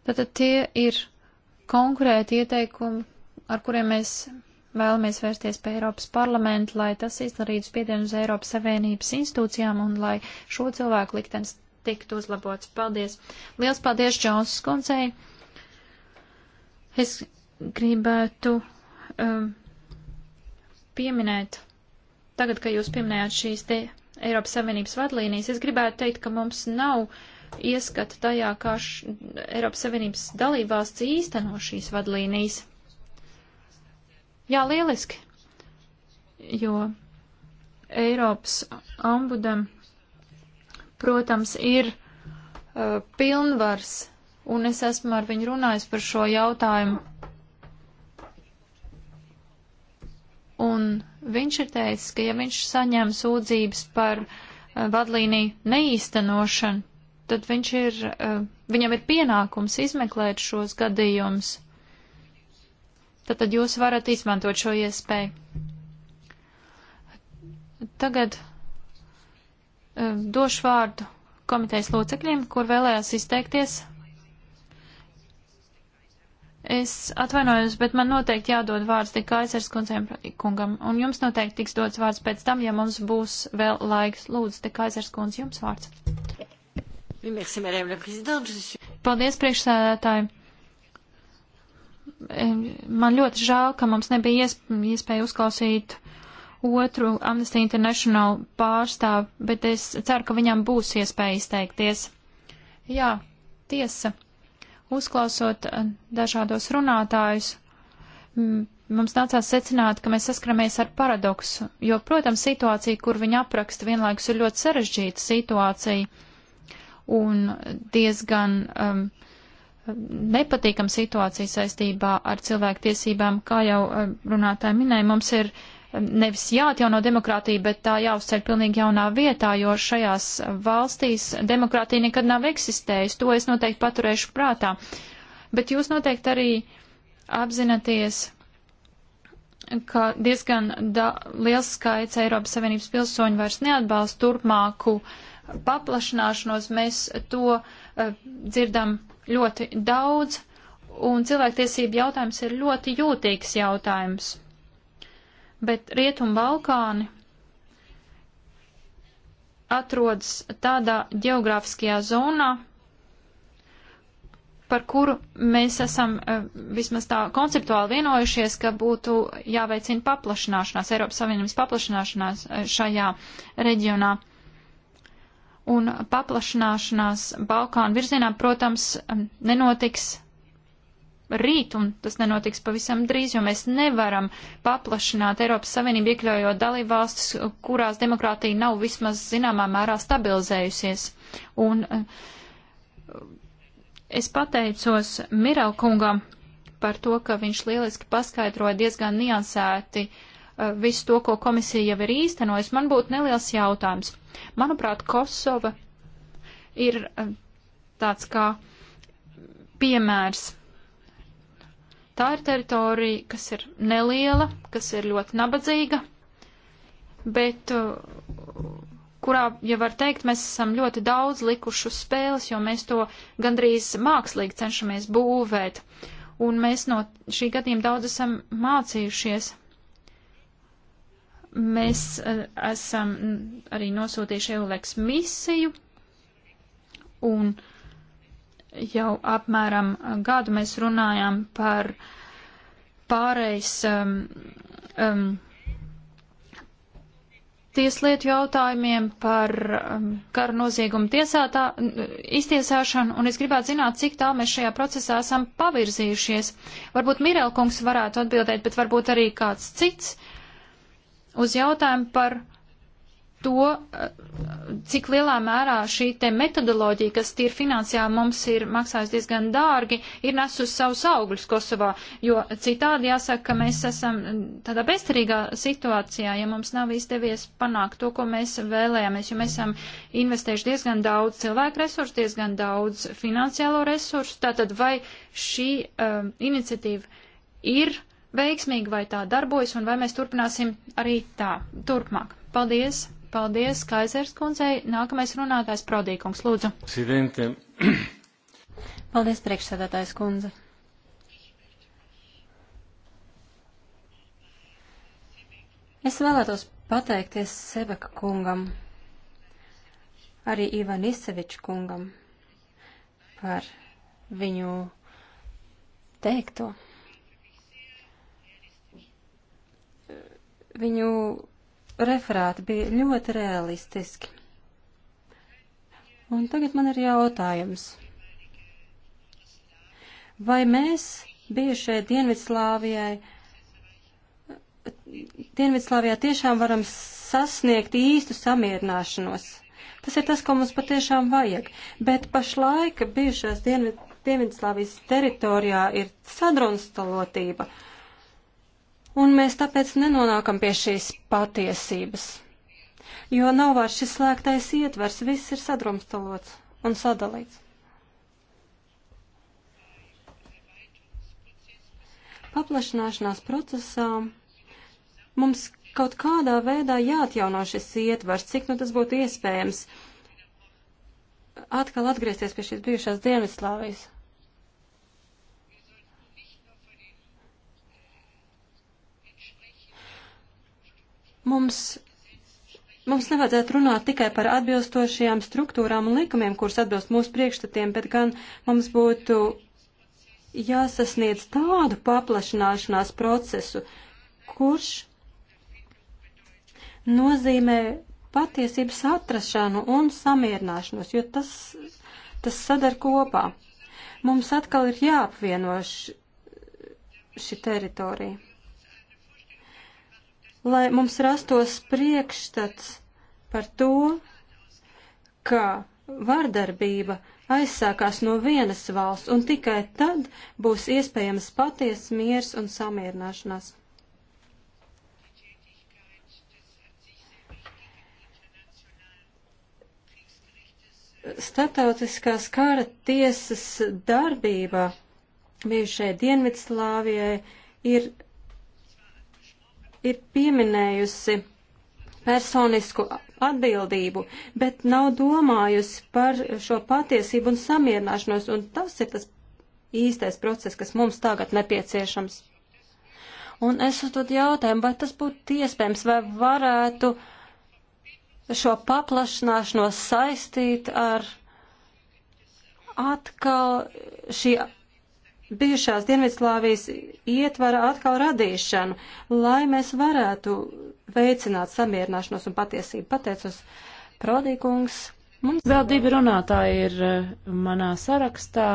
Tātad tie ir konkrēti ieteikumi, ar kuriem mēs Vēlamies vērsties pie Eiropas parlamenta, lai tas izdarītu spiedienu uz Eiropas Savienības institūcijām un lai šo cilvēku liktenis tiktu uzlabots. Paldies! Liels paldies Džonsas kundzei! Es gribētu um, pieminēt, tagad, kad jūs pieminējāt šīs te Eiropas Savienības vadlīnijas, es gribētu teikt, ka mums nav ieskata tajā, kā š, Eiropas Savienības dalībvalsts īsteno šīs vadlīnijas. Jā, lieliski, jo Eiropas ombudam, protams, ir uh, pilnvars, un es esmu ar viņu runājis par šo jautājumu. Un viņš ir teicis, ka ja viņš saņem sūdzības par uh, vadlīniju neīstenošanu, tad viņš ir, uh, viņam ir pienākums izmeklēt šos gadījumus. Tātad jūs varat izmantot šo iespēju. Tagad eh, došu vārdu komitejas locekļiem, kur vēlējās izteikties. Es atvainojos, bet man noteikti jādod vārds tik aizsars kungam, un jums noteikti tiks dots vārds pēc tam, ja mums būs vēl laiks. Lūdzu, tik aizsars kundz, jums vārds. Paldies, priekšsēdētāji man ļoti žēl, ka mums nebija iespēja uzklausīt otru Amnesty International pārstāvu, bet es ceru, ka viņam būs iespēja izteikties. Jā, tiesa. Uzklausot eh, dažādos runātājus, mums nācās secināt, ka mēs saskaramies ar paradoksu, jo, protams, situācija, kur viņa apraksta, vienlaikus ir ļoti sarežģīta situācija un diezgan um, uh, nepatīkam situāciju saistībā ar cilvēku tiesībām, kā jau eh, runātāji minēja, mums ir eh, nevis jāatjauno demokrātija, bet tā jāuzceļ pilnīgi jaunā vietā, jo šajās valstīs demokrātija nekad nav eksistējusi. To es noteikti paturēšu prātā. Bet jūs noteikti arī apzināties, ka diezgan da, liels skaits Eiropas Savienības pilsoņu vairs neatbalsta turpmāku paplašināšanos. Mēs to uh, dzirdam ļoti daudz, un cilvēktiesība jautājums ir ļoti jūtīgs jautājums. Bet Rietumu Balkāni atrodas tādā geogrāfiskajā zonā, par kuru mēs esam eh, vismaz tā konceptuāli vienojušies, ka būtu jāveicina paplašināšanās, Eiropas Savienības paplašināšanās eh, šajā reģionā un paplašināšanās Balkānu virzienā, protams, mm, nenotiks rīt, un tas nenotiks pavisam drīz, jo mēs nevaram paplašināt Eiropas Savienību, iekļaujot dalībvalstis, kurās demokrātija nav vismaz zināmā mērā stabilizējusies. Un eh, es pateicos Mirelkungam par to, ka viņš lieliski paskaidroja diezgan niansēti uh, Eh, visu to, ko komisija jau ir īstenojusi, man būtu neliels jautājums. Manuprāt, Kosova ir eh, tāds kā piemērs. Tā ir teritorija, kas ir neliela, kas ir ļoti nabadzīga, bet eh, kurā, ja var teikt, mēs esam ļoti daudz likuši uz spēles, jo mēs to gandrīz mākslīgi cenšamies būvēt. Un mēs no šī gadījuma daudz esam mācījušies. Mēs eh, esam arī nosūtījuši EULEX misiju un jau apmēram gadu mēs runājām par pārejas um, um, tieslietu jautājumiem, par um, ehm, karu noziegumu tiesātā, iztiesāšanu, un es gribētu zināt, cik tālu mēs šajā procesā esam pavirzījušies. Varbūt Mirelkungs varētu atbildēt, bet varbūt arī kāds cits uz jautājumu par to, cik lielā mērā šī te metodoloģija, kas tīri finansiāli mums ir maksājusi diezgan dārgi, ir nesus savus augļus Kosovā, jo citādi jāsaka, ka mēs esam tādā bezcerīgā situācijā, ja mums nav izdevies panākt to, ko mēs vēlējāmies, jo mēs esam investējuši diezgan daudz cilvēku resursu, diezgan daudz finansiālo resursu, tātad vai šī um, iniciatīva ir veiksmīgi, vai tā darbojas un vai mēs turpināsim arī tā turpmāk. Paldies! Paldies, Kaisers kundzei. Nākamais runātājs Prodīkungs, lūdzu. Presidente. Paldies, priekšsēdētājs kundze. Es vēlētos pateikties Sebeka kungam, arī Ivan Iseviču kungam par viņu teikto. Viņu referāti bija ļoti realistiski. Un tagad man ir jautājums. Vai mēs bijušai Dienvidslāvijai, Dienvidslāvijā tiešām varam sasniegt īstu samierināšanos? Tas ir tas, ko mums patiešām vajag. Bet pašlaik bijušās Dienvidslāvijas teritorijā ir sadrunstalotība. Uh, un mēs tāpēc nenonākam pie šīs patiesības. Jo nav vairs šis slēgtais ietvers, viss ir sadrumstalots un sadalīts. Paplašināšanās procesā mums kaut kādā veidā jāatjauno šis ietvars, cik nu tas būtu iespējams atkal atgriezties pie šīs bijušās Dienvidslāvijas Mums, mums nevajadzētu runāt tikai par atbilstošajām struktūrām un likumiem, kuras atbilst mūsu priekšstatiem, bet gan mums būtu jāsasniedz tādu paplašināšanās procesu, kurš nozīmē patiesības atrašanu un samierināšanos, jo tas, tas sadar kopā. Mums atkal ir jāapvieno š, šī teritorija lai mums rastos priekšstats par to, ka vardarbība aizsākās no vienas valsts, un tikai tad būs iespējams paties miers un samierināšanās. Startautiskās kara tiesas darbība bijušajai Dienvidslāvijai ir ir pieminējusi personisku atbildību, bet nav domājusi par šo patiesību un samierināšanos, un tas ir tas īstais process, kas mums tagad nepieciešams. Un es uzdod jautājumu, vai tas būtu iespējams, vai varētu šo paplašināšanos saistīt ar atkal šī bijušās Dienvidslāvijas ietvara atkal radīšanu, lai mēs varētu veicināt samierināšanos un patiesību. Pateicos, Prodīkungs. Mums vēl divi runātāji ir eh, manā sarakstā.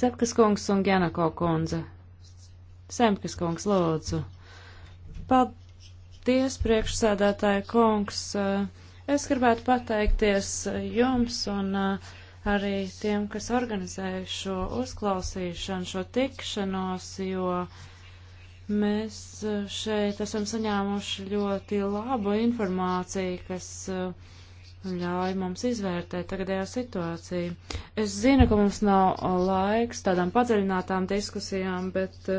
Sepkas kungs un Genako kundze. Semkas kungs, lūdzu. Paldies, priekšsēdētāja kungs. Eh, es gribētu pateikties jums un uh, arī tiem, kas organizēja šo uzklausīšanu, šo tikšanos, jo mēs eh, šeit esam saņēmuši ļoti labu informāciju, kas eh, ļauj mums izvērtēt tagadējā situāciju. Es zinu, ka mums nav eh, laiks tādām padziļinātām diskusijām, bet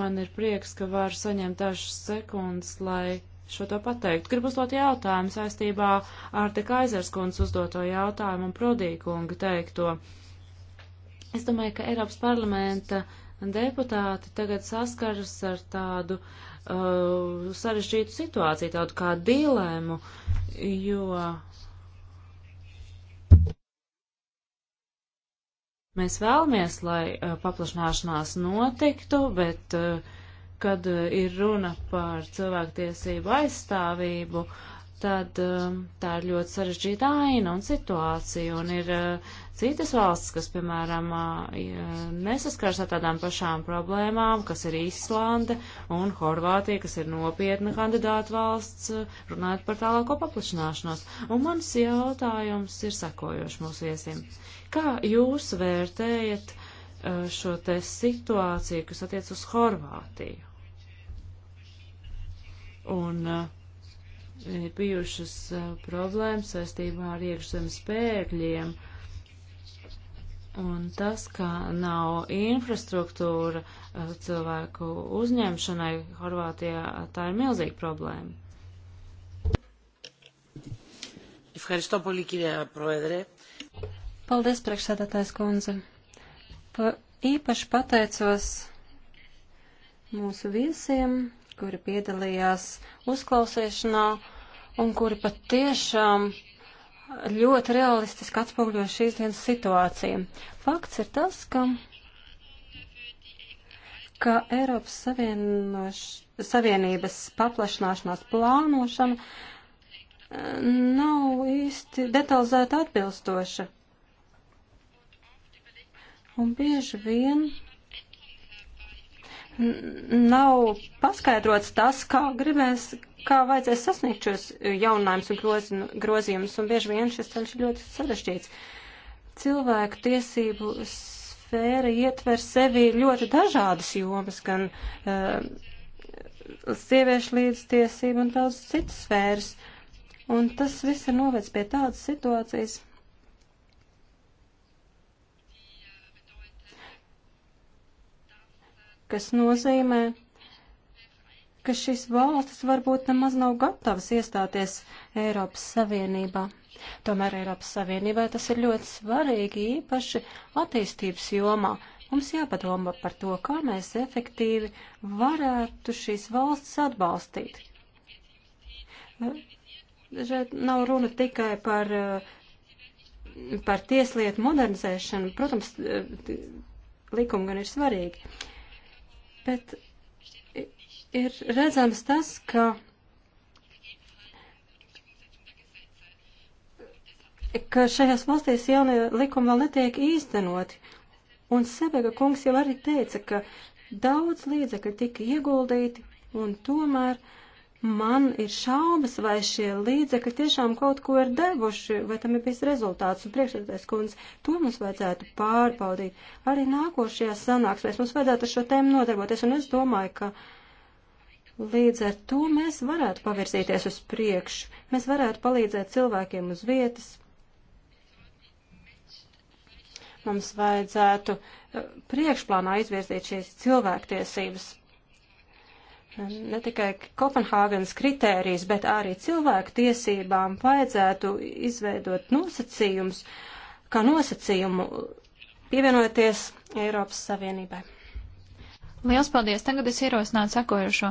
man ir prieks, ka var saņemt dažas sekundes, lai šo to pateikt. Gribu uzdot jautājumu saistībā ar te Kaizerskundas uzdoto jautājumu un prodīkunga teikto. Es domāju, ka Eiropas parlamenta deputāti tagad saskaras ar tādu uh, sarežģītu situāciju, tādu kā dilēmu, jo mēs vēlamies, lai uh, paplašināšanās notiktu, bet uh, kad eh, ir runa par cilvēktiesību aizstāvību, tad eh, tā ir ļoti sarežģīta aina un situācija, un ir eh, citas valsts, kas, piemēram, nesaskars ar tādām pašām problēmām, kas ir Īslande un Horvātija, kas ir nopietna kandidāta valsts, runājot par tālāko paplašināšanos. Un mans jautājums ir sekojošs mūsu viesim. Kā jūs vērtējat šo te situāciju, kas attiec uz Horvātiju? Un uh, ir bijušas uh, problēmas saistībā ar iekšzemes spēkļiem. Un tas, ka nav infrastruktūra uh, cilvēku uzņemšanai Horvātijā, tā ir milzīga problēma. Paldies, priekšsēdētājs kundze. Pa, īpaši pateicos mūsu viesiem kuri piedalījās uzklausīšanā un kuri patiešām ļoti realistiski atspoguļo šīs dienas situāciju. Fakts ir tas, ka, ka Eiropas Savienoš, Savienības paplašanāšanās plānošana eh, nav īsti detalizēta atbilstoša. Un bieži vien nav paskaidrots tas, kā gribēs, kā vajadzēs sasniegt šos jauninājumus un grozi, grozījumus, un bieži vien šis ceļš ir ļoti sarežģīts. Cilvēku tiesību sfēra ietver sevi ļoti dažādas jomas, gan uh, sieviešu līdztiesību un daudz citas sfēras, un tas viss ir novēc pie tādas situācijas. kas nozīmē, ka šīs valstis varbūt nemaz nav gatavas iestāties Eiropas Savienībā. Tomēr Eiropas Savienībai tas ir ļoti svarīgi, īpaši attīstības jomā. Mums jāpadomā par to, kā mēs efektīvi varētu šīs valstis atbalstīt. Šeit nav runa tikai par, par tieslietu modernizēšanu. Protams, likumi gan ir svarīgi bet ir redzams tas, ka, ka šajās valstīs jaunie likumi vēl netiek īstenoti. Un Sebega kungs jau arī teica, ka daudz līdzekļu tika ieguldīti un tomēr uh, man ir šaubas, vai šie līdzekļi tiešām kaut ko ir devuši, vai tam ir bijis rezultāts. Un priekšsēdētājs kundze, to mums vajadzētu pārbaudīt. Arī nākošajā sanāksmēs mums vajadzētu ar šo tēmu nodarboties, un es domāju, ka līdz ar to mēs varētu pavirzīties uz priekšu. Mēs varētu palīdzēt cilvēkiem uz vietas. Mums vajadzētu eh, priekšplānā izvirzīt šīs cilvēktiesības ne tikai Kopenhāgenes kritērijas, bet arī cilvēku tiesībām vajadzētu izveidot nosacījums, kā nosacījumu pievienoties Eiropas Savienībai. Liels paldies! Tagad es ierosinātu sakojušo.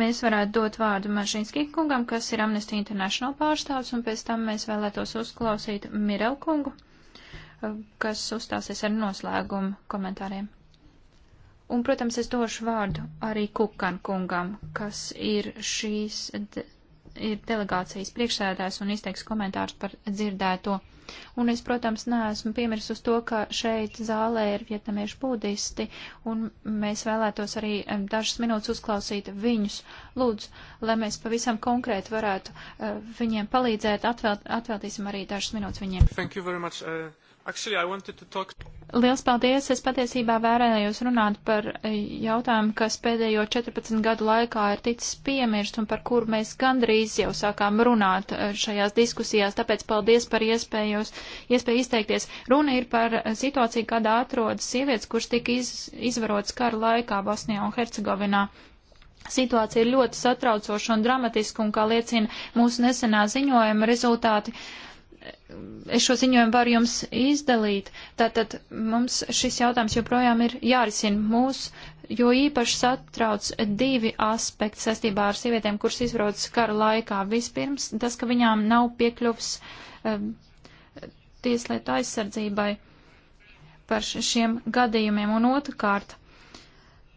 Mēs varētu dot vārdu Mažinskī kungam, kas ir Amnesty International pārstāvs, un pēc tam mēs vēlētos uzklausīt Mirel kungu, kas uzstāsies ar noslēgumu komentāriem. Un, protams, es došu vārdu arī Kukan kungam, kas ir šīs de, ir delegācijas priekšsēdājs un izteiks komentārus par dzirdēto. Un es, protams, neesmu piemirsus to, ka šeit zālē ir vietnamiešu budisti, un mēs vēlētos arī dažas minūtes uzklausīt viņus. Lūdzu, lai mēs pavisam konkrēti varētu uh, viņiem palīdzēt, atvēl, atvēltīsim arī dažas minūtes viņiem. Thank you very much. Uh... Actually, talk... Liels paldies! Es patiesībā vērējos runāt par eh, jautājumu, kas pēdējo 14 gadu laikā ir ticis piemirst un par kuru mēs gandrīz jau sākām runāt eh, šajās diskusijās, tāpēc paldies par iespējos, iespēju izteikties. Runa ir par eh, situāciju, kādā atrodas sievietes, kuras tika iz, izvarotas kara laikā Bosnijā un Hercegovinā. Situācija ir ļoti satraucoša un dramatiska, un kā liecina mūsu nesenā ziņojuma rezultāti. Uh, es šo ziņojumu varu jums izdalīt. Tātad mums šis jautājums joprojām ir jārisina mūs, jo īpaši satrauc divi aspekti saistībā ar sievietēm, kuras izbrauc kara laikā. Vispirms tas, ka viņām nav piekļuvs um, tieslietu aizsardzībai par šiem gadījumiem, un otrkārt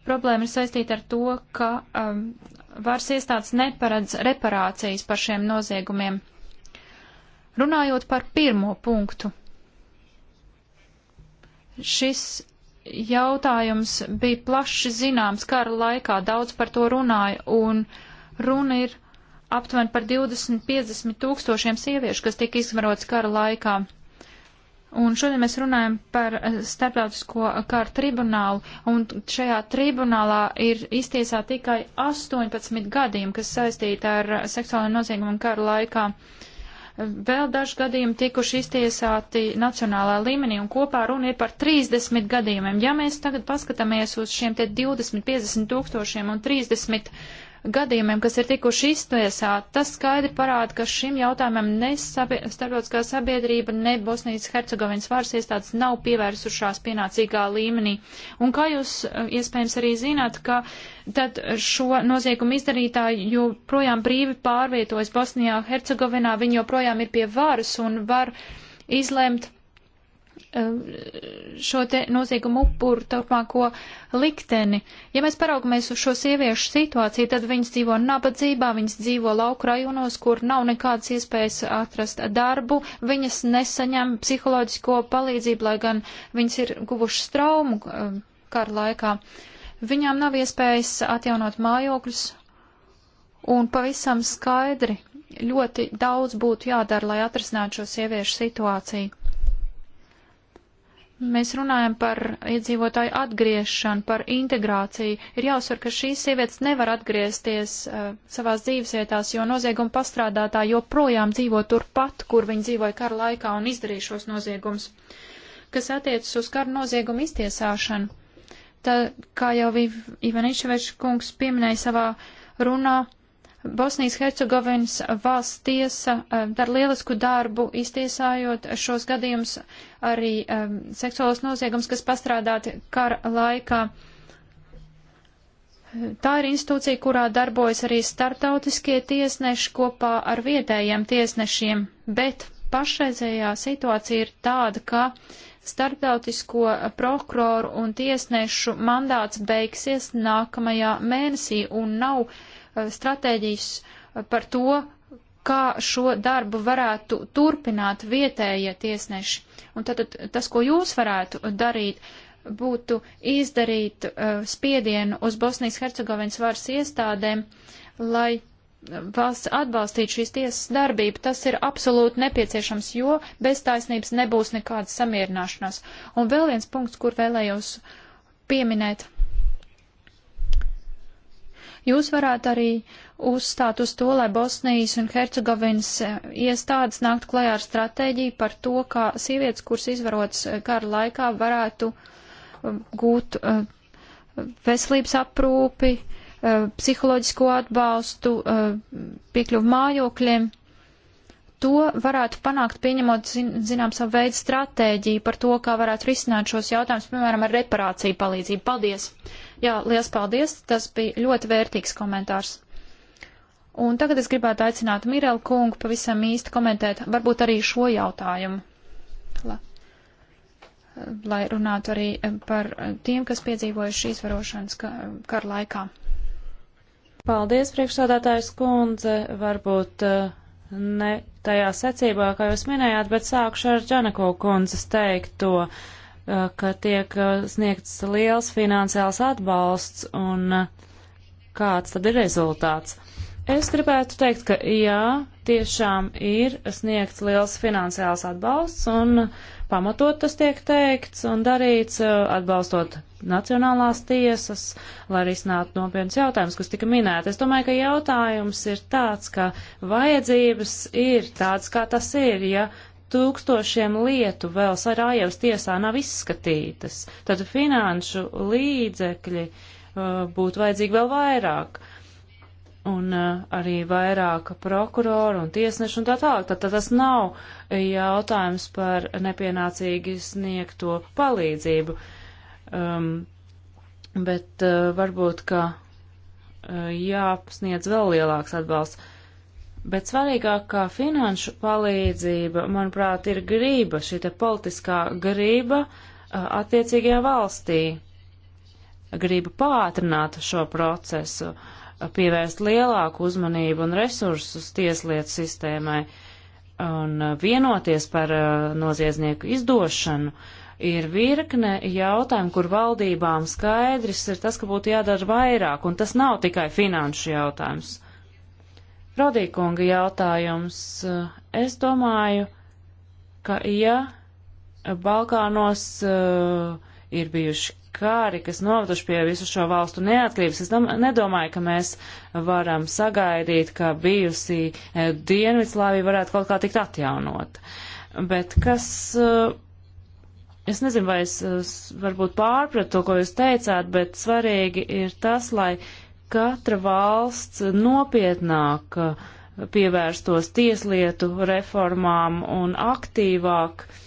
problēma ir saistīta ar to, ka um, vairs iestādes neparedz reparācijas par šiem noziegumiem. Runājot par pirmo punktu, šis jautājums bija plaši zināms kara laikā, daudz par to runāja, un runa ir aptuveni par 20-50 tūkstošiem sieviešu, kas tika izvarots kara laikā. Un šodien mēs runājam par eh, starptautisko kāru tribunālu, un šajā tribunālā ir iztiesā tikai 18 gadījumi, kas saistīti ar eh, seksuālajiem noziegumiem kara laikā. Uh, Vēl daži gadījumi tikuši iztiesāti nacionālā līmenī, un kopā runa ir par 30 gadījumiem. Ja mēs tagad paskatāmies uz šiem te 20, 50 tūkstošiem un 30 gadījumiem, kas ir tikuši iztiesāti, tas skaidri parāda, ka šim jautājumam ne sabie, starptautiskā sabiedrība, ne Bosnijas Hercegovinas varas iestādes nav pievērsušās pienācīgā līmenī. Un kā jūs eh, iespējams arī zināt, ka tad šo noziegumu izdarītāji joprojām brīvi pārvietojas Bosnijā, Hercegovinā, viņi joprojām ir pie varas un var izlemt Eh, šo te noziegumu upuru turpmāko likteni. Ja mēs paraugamies uz šo sieviešu situāciju, tad viņas dzīvo nabadzībā, viņas dzīvo lauku rajonos, kur nav nekādas iespējas atrast darbu, viņas nesaņem psiholoģisko palīdzību, lai gan viņas ir guvušas traumu eh, kara laikā. Viņām nav iespējas atjaunot mājokļus, un pavisam skaidri ļoti daudz būtu jādara, lai atrisinātu šo sieviešu situāciju. Mēs runājam par iedzīvotāju atgriešanu, par integrāciju. Ir jāuzsver, ka šīs sievietes nevar atgriezties uh, savās dzīvesvietās, jo nozieguma pastrādātā joprojām dzīvo turpat, kur viņi dzīvoja kara laikā un izdarīja šos noziegumus. Kas attiecas uz kara noziegumu iztiesāšanu, tad, kā jau Ivaniševičs kungs pieminēja savā runā, uh, Bosnijas Hercegovinas valsts tiesa eh, dar lielisku darbu, iztiesājot šos gadījumus arī um, seksuālos noziegums, kas pastrādāti kara laikā. Tā ir institūcija, kurā darbojas arī startautiskie tiesneši kopā ar vietējiem tiesnešiem, bet pašreizējā situācija ir tāda, ka starptautisko prokuroru un tiesnešu mandāts beigsies nākamajā mēnesī un nav uh, Eh, stratēģijas eh, par to, kā šo darbu varētu turpināt vietējie tiesneši. Un tad tas, ko jūs varētu darīt, būtu izdarīt eh, spiedienu uz Bosnijas Hercegovinas varas iestādēm, lai valsts atbalstītu šīs tiesas darbību. Tas ir absolūti nepieciešams, jo bez taisnības nebūs nekādas samierināšanās. Un vēl viens punkts, kur vēlējos pieminēt Jūs varētu arī uzstāt uz to, lai Bosnijas un Hercegovinas e, iestādes nāktu klajā ar stratēģiju par to, kā sievietes, kuras izvarotas e, kara laikā, varētu e, gūt veselības aprūpi, psiholoģisko atbalstu, piekļuvu mājokļiem to varētu panākt, pieņemot, zin, zinām, savu veidu stratēģiju par to, kā varētu risināt šos jautājumus, piemēram, ar reparāciju palīdzību. Paldies! Jā, liels paldies! Tas bija ļoti vērtīgs komentārs. Un tagad es gribētu aicināt Mirelu kungu pavisam īsti komentēt, varbūt arī šo jautājumu, La, lai runātu arī par tiem, kas piedzīvoja šīs varošanas kara laikā. Paldies, priekšsādātājs kundze. Varbūt uh, ne tajā secībā, kā jūs minējāt, bet sākšu ar Džanako kundzes teikto, uh, ka tiek uh, sniegts liels finansiāls atbalsts un uh, kāds tad ir rezultāts. Es gribētu teikt, ka jā, tiešām ir sniegts liels finansiāls atbalsts un pamatot tas tiek teikts un darīts eh, atbalstot nacionālās tiesas, lai risinātu nopietnas jautājumus, kas tika minēti. Es domāju, ka jautājums ir tāds, ka vajadzības ir tāds, kā tas ir, ja tūkstošiem lietu vēl Sarajevas tiesā nav izskatītas, tad finanšu līdzekļi uh, būtu vajadzīgi vēl vairāk. Uh, un uh, arī vairāka prokurora un tiesneša un tā tālāk. Tad, tad tas nav jautājums par nepienācīgi sniegto palīdzību. Um, bet uh, varbūt, ka uh, jāsniedz vēl lielāks atbalsts. Bet svarīgākā finanšu palīdzība, manuprāt, ir grība, šī te politiskā grība uh, attiecīgajā valstī. Grība pātrināt šo procesu. Uh, pievērst lielāku uzmanību un resursus tieslietu sistēmai un vienoties par uh, noziedznieku izdošanu, ir virkne jautājumu, kur valdībām skaidrs ir tas, ka būtu jādara vairāk, un tas nav tikai finanšu jautājums. Rodīkunga jautājums. Uh, es domāju, ka ja Balkānos uh, ir bijuši kāri, kas noveduši pie visu šo valstu neatkarības. Es dom, nedomāju, ka mēs varam sagaidīt, ka bijusī e, Dienvidslāvija varētu kaut kā tikt atjaunot. Bet kas, e, es nezinu, vai es varbūt pārpratu to, ko jūs teicāt, bet svarīgi ir tas, lai katra valsts nopietnāk e, pievērstos tieslietu reformām un aktīvāk uh,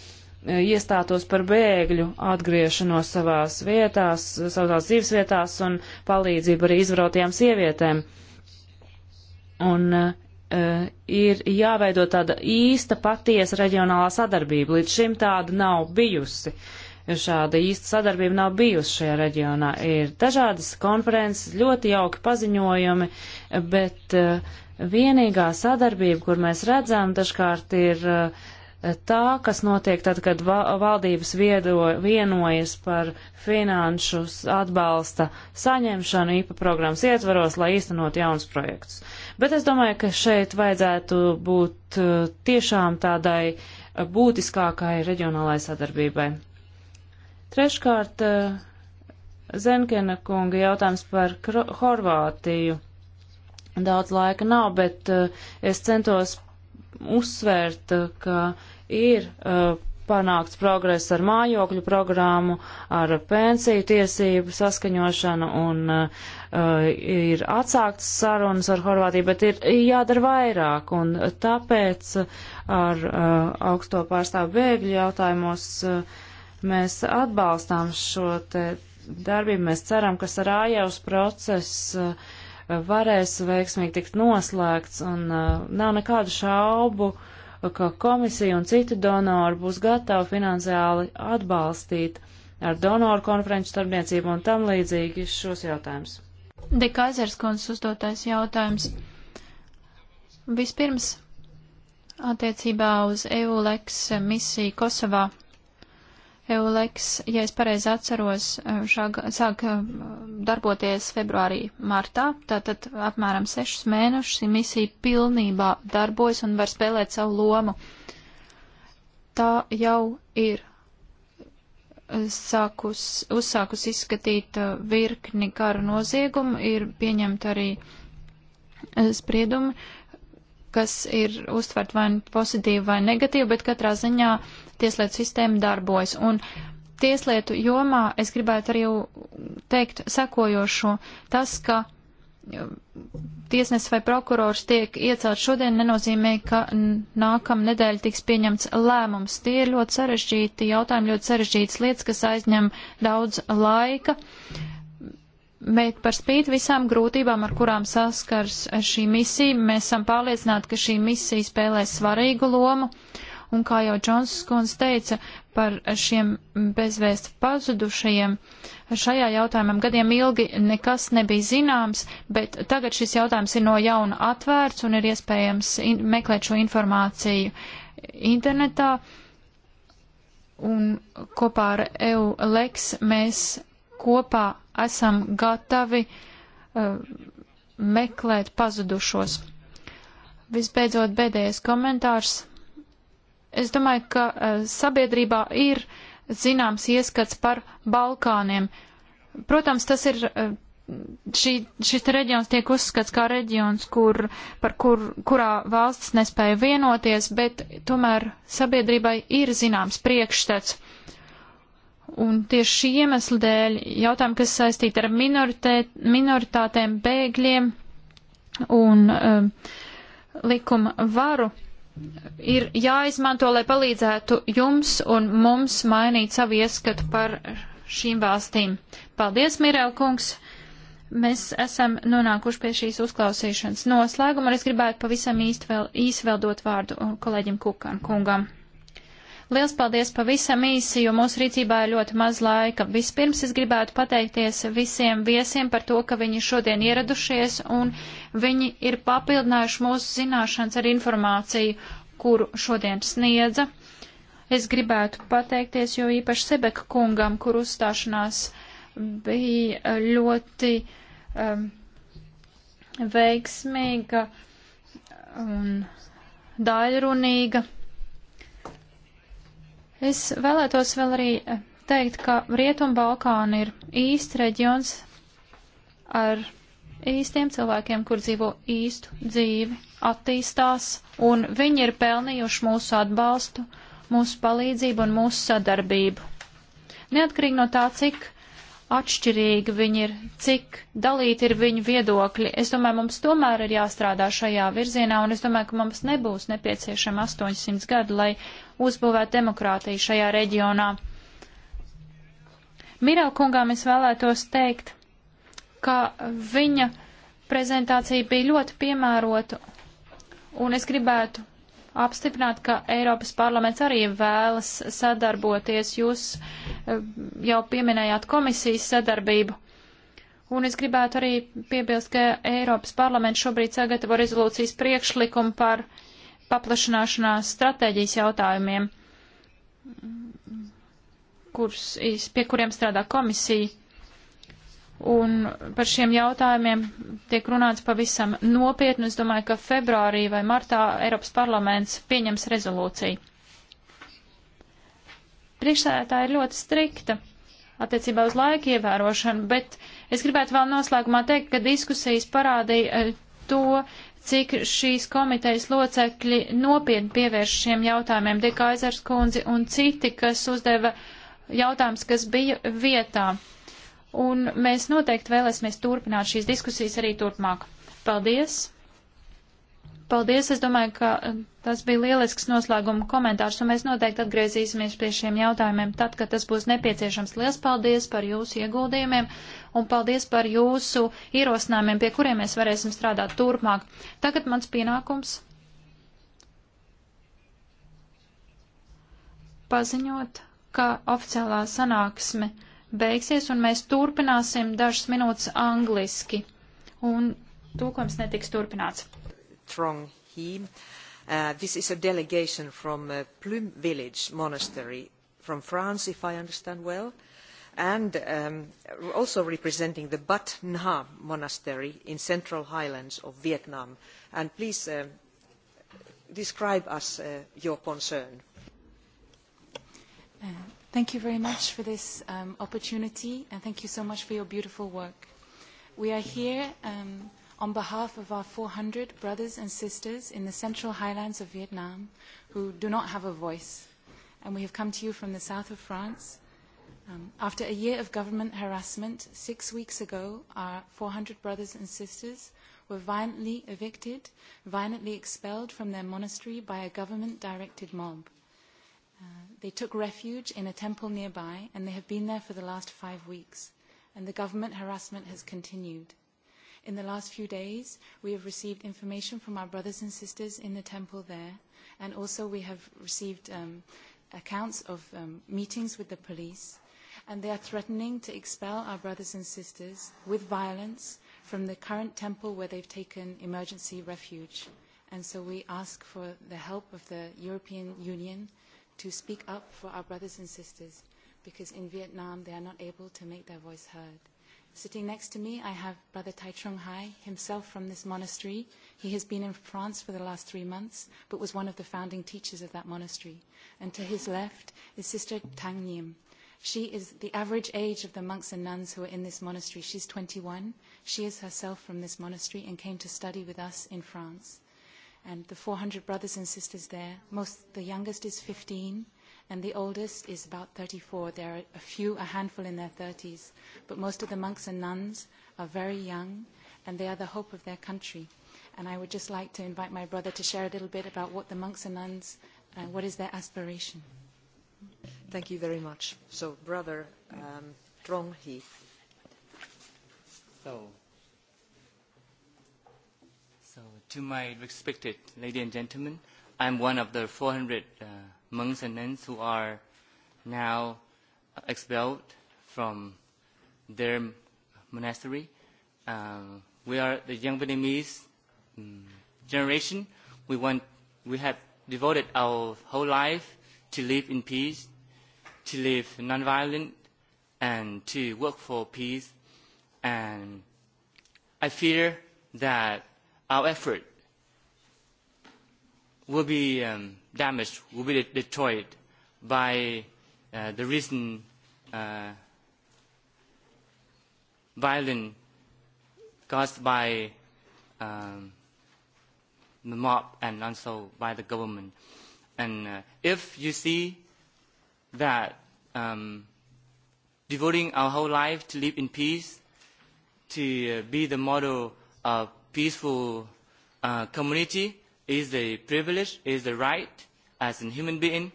iestātos par bēgļu atgriešanos savās vietās, savās dzīves vietās un palīdzību arī izvarotajām sievietēm. Un uh, ir jāveido tāda īsta patiesa reģionālā sadarbība. Līdz šim tāda nav bijusi. Šāda īsta sadarbība nav bijusi šajā reģionā. Ir dažādas konferences, ļoti jauki paziņojumi, bet uh, vienīgā sadarbība, kur mēs redzam, dažkārt ir uh, tā, kas notiek tad, kad valdības viedo, vienojas par finanšu atbalsta saņemšanu IPA programmas ietvaros, lai īstenot jaunus projektus. Bet es domāju, ka šeit vajadzētu būt uh, tiešām tādai uh, būtiskākai reģionālai sadarbībai. Treškārt, uh, Zenkena kunga jautājums par Horvātiju. Daudz laika nav, bet es centos uzsvērt, ka ir uh, panākts progress ar mājokļu programmu, ar pensiju tiesību saskaņošanu un uh, uh ir atsākts sarunas ar Horvātiju, bet ir jādara vairāk un tāpēc ar uh, augsto pārstāvu bēgļu jautājumos uh, mēs atbalstām šo te darbību. Mēs ceram, ka sarājevs process uh, varēs veiksmīgi tikt noslēgts, un uh, nav nekādu šaubu, ka komisija un citi donori būs gatavi finansiāli atbalstīt ar donoru konferenču starpniecību un tam līdzīgi šos jautājumus. Dekaizers kundze uzdotais jautājums. Vispirms attiecībā uz EULEX misiju Kosovā Euleks, ja es pareizi atceros, eh, šā, sāk eh, darboties februārī, martā, tātad apmēram sešus mēnešus misija pilnībā darbojas un var spēlēt savu lomu. Tā jau ir eh, sākus, uzsākus izskatīt virkni kara noziegumu, ir pieņemta arī spriedumi, kas ir uztvert vai nu pozitīvi vai negatīvi, bet katrā ziņā tieslietu sistēma darbojas. Un tieslietu jomā es gribētu arī teikt sekojošo. Tas, ka tiesnesis vai prokurors tiek iecelts šodien, nenozīmē, ka nākam nedēļa tiks pieņemts lēmums. Tie ir ļoti sarežģīti jautājumi, ļoti sarežģītas lietas, kas aizņem daudz laika. Uh, Bet par spīti visām grūtībām, ar kurām saskars šī misija, mēs esam pārliecināti, ka šī misija spēlē svarīgu lomu. Un kā jau Džonsons kundze teica par šiem bezvēst pazudušajiem, šajā jautājumam gadiem ilgi nekas nebija zināms, bet tagad šis jautājums ir no jauna atvērts un ir iespējams in meklēt šo informāciju internetā. Un kopā ar EULEX mēs kopā esam gatavi uh, meklēt pazudušos. Visbeidzot, bēdējais komentārs. Es domāju, ka uh, sabiedrībā ir zināms ieskats par Balkāniem. Protams, tas ir. Uh, šī, šis reģions tiek uzskats kā reģions, kur, par kur, kurā valsts nespēja vienoties, bet tomēr sabiedrībai ir zināms priekšstats. Un tieši šī iemesla dēļ jautājumi, kas saistīti ar minoritātēm, bēgļiem un um, likuma varu, ir jāizmanto, lai palīdzētu jums un mums mainīt savu ieskatu par šīm valstīm. Paldies, Mirēl kungs! Mēs esam nonākuši pie šīs uzklausīšanas noslēguma, un es gribētu pavisam īsti vēl, īsi vēl dot vārdu kolēģim Kukan kungam. Liels paldies pavisam īsi, jo mūsu rīcībā ir ļoti maz laika. Vispirms es gribētu pateikties visiem viesiem par to, ka viņi šodien ieradušies un viņi ir papildinājuši mūsu zināšanas ar informāciju, kuru šodien sniedza. Es gribētu pateikties jo īpaši Sebeka kungam, kur uzstāšanās bija ļoti um, veiksmīga un daļrunīga. Es vēlētos vēl arī eh, teikt, ka Rietumbalkāna ir īsts reģions ar īstiem cilvēkiem, kur dzīvo īstu dzīvi, attīstās, un viņi ir pelnījuši mūsu atbalstu, mūsu palīdzību un mūsu sadarbību. Neatkarīgi no tā, cik atšķirīgi viņi ir, cik dalīti ir viņu viedokļi, es domāju, mums tomēr ir jāstrādā šajā virzienā, un es domāju, ka mums nebūs nepieciešama 800 gadu, lai uzbūvēt demokrātiju šajā reģionā. Mirel kungām es vēlētos teikt, ka viņa prezentācija bija ļoti piemērota, un es gribētu apstiprināt, ka Eiropas parlaments arī vēlas sadarboties. Jūs eh, jau pieminējāt komisijas sadarbību. Un es gribētu arī piebilst, ka Eiropas parlaments šobrīd sagatavo rezolūcijas priekšlikumu par uh, paplašanāšanās stratēģijas jautājumiem, kurs, pie kuriem strādā komisija. Un par šiem jautājumiem tiek runāts pavisam nopietni. Es domāju, ka februārī vai martā Eiropas parlaments pieņems rezolūciju. Priekšsēdētāja ir ļoti strikta attiecībā uz laika ievērošanu, bet es gribētu vēl noslēgumā teikt, ka diskusijas parādīja eh, to, cik šīs komitejas locekļi nopietni pievērš šiem jautājumiem, Dika Aizars kundzi un citi, kas uzdeva jautājums, kas bija vietā. Un mēs noteikti vēlēsimies turpināt šīs diskusijas arī turpmāk. Paldies! Paldies, es domāju, ka um, tas bija lielisks noslēguma komentārs, un mēs noteikti atgriezīsimies pie šiem jautājumiem tad, kad tas būs nepieciešams. Lielas paldies par jūsu ieguldījumiem, un paldies par jūsu ierosinājumiem, pie kuriem mēs varēsim strādāt turpmāk. Tagad mans pienākums paziņot, ka oficiālā sanāksme beigsies un mēs turpināsim dažas minūtes angliski. Un tūkojums netiks turpināts. Trong Him. Uh, this is a delegation from uh, Plume Village Monastery from France, if I understand well. Uh, and um, also representing the Bat Nha Monastery in Central Highlands of Vietnam. And please um, describe us uh, your concern. Uh, thank you very much for this um, opportunity, and thank you so much for your beautiful work. We are here um, on behalf of our 400 brothers and sisters in the Central Highlands of Vietnam who do not have a voice. And we have come to you from the south of France Um, after a year of government harassment, six weeks ago, our 400 brothers and sisters were violently evicted, violently expelled from their monastery by a government-directed mob. Uh, they took refuge in a temple nearby, and they have been there for the last five weeks, and the government harassment has continued. In the last few days, we have received information from our brothers and sisters in the temple there, and also we have received um, accounts of um, meetings with the police and they are threatening to expel our brothers and sisters with violence from the current temple where they've taken emergency refuge. And so we ask for the help of the European Union to speak up for our brothers and sisters because in Vietnam they are not able to make their voice heard. Sitting next to me, I have Brother Tai Trung Hai, himself from this monastery. He has been in France for the last three months, but was one of the founding teachers of that monastery. And to his left is Sister Tang Nim. She is the average age of the monks and nuns who are in this monastery. She's 21. She is herself from this monastery and came to study with us in France. And the 400 brothers and sisters there, most, the youngest is 15 and the oldest is about 34. There are a few, a handful in their 30s, but most of the monks and nuns are very young and they are the hope of their country. And I would just like to invite my brother to share a little bit about what the monks and nuns, uh, what is their aspiration. Mm-hmm. Thank you very much. So, Brother um, Trong He. So, so, to my respected ladies and gentlemen, I'm one of the 400 uh, monks and nuns who are now uh, expelled from their monastery. Um, we are the young Vietnamese um, generation. We, want, we have devoted our whole life to live in peace to live nonviolent and to work for peace. And I fear that our effort will be um, damaged, will be destroyed by uh, the recent uh, violence caused by um, the mob and also by the government. And uh, if you see that um, devoting our whole life to live in peace, to uh, be the model of peaceful uh, community is a privilege, is a right as a human being.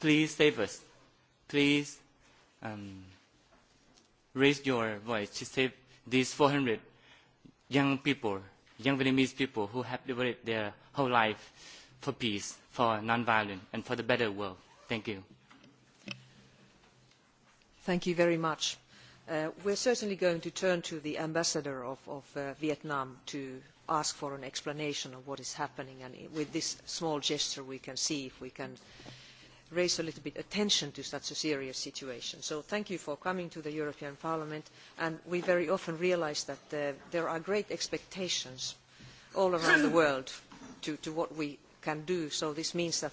Please save us. Please um, raise your voice to save these 400 young people, young Vietnamese people who have devoted their whole life for peace, for nonviolence, and for the better world. Thank you. Thank you very much. Uh, we're certainly going to turn to the ambassador of, of uh, Vietnam to ask for an explanation of what is happening. And with this small gesture, we can see if we can raise a little bit attention to such a serious situation. So thank you for coming to the European Parliament. And we very often realize that uh, there are great expectations all around the world to, to what we can do. So this means that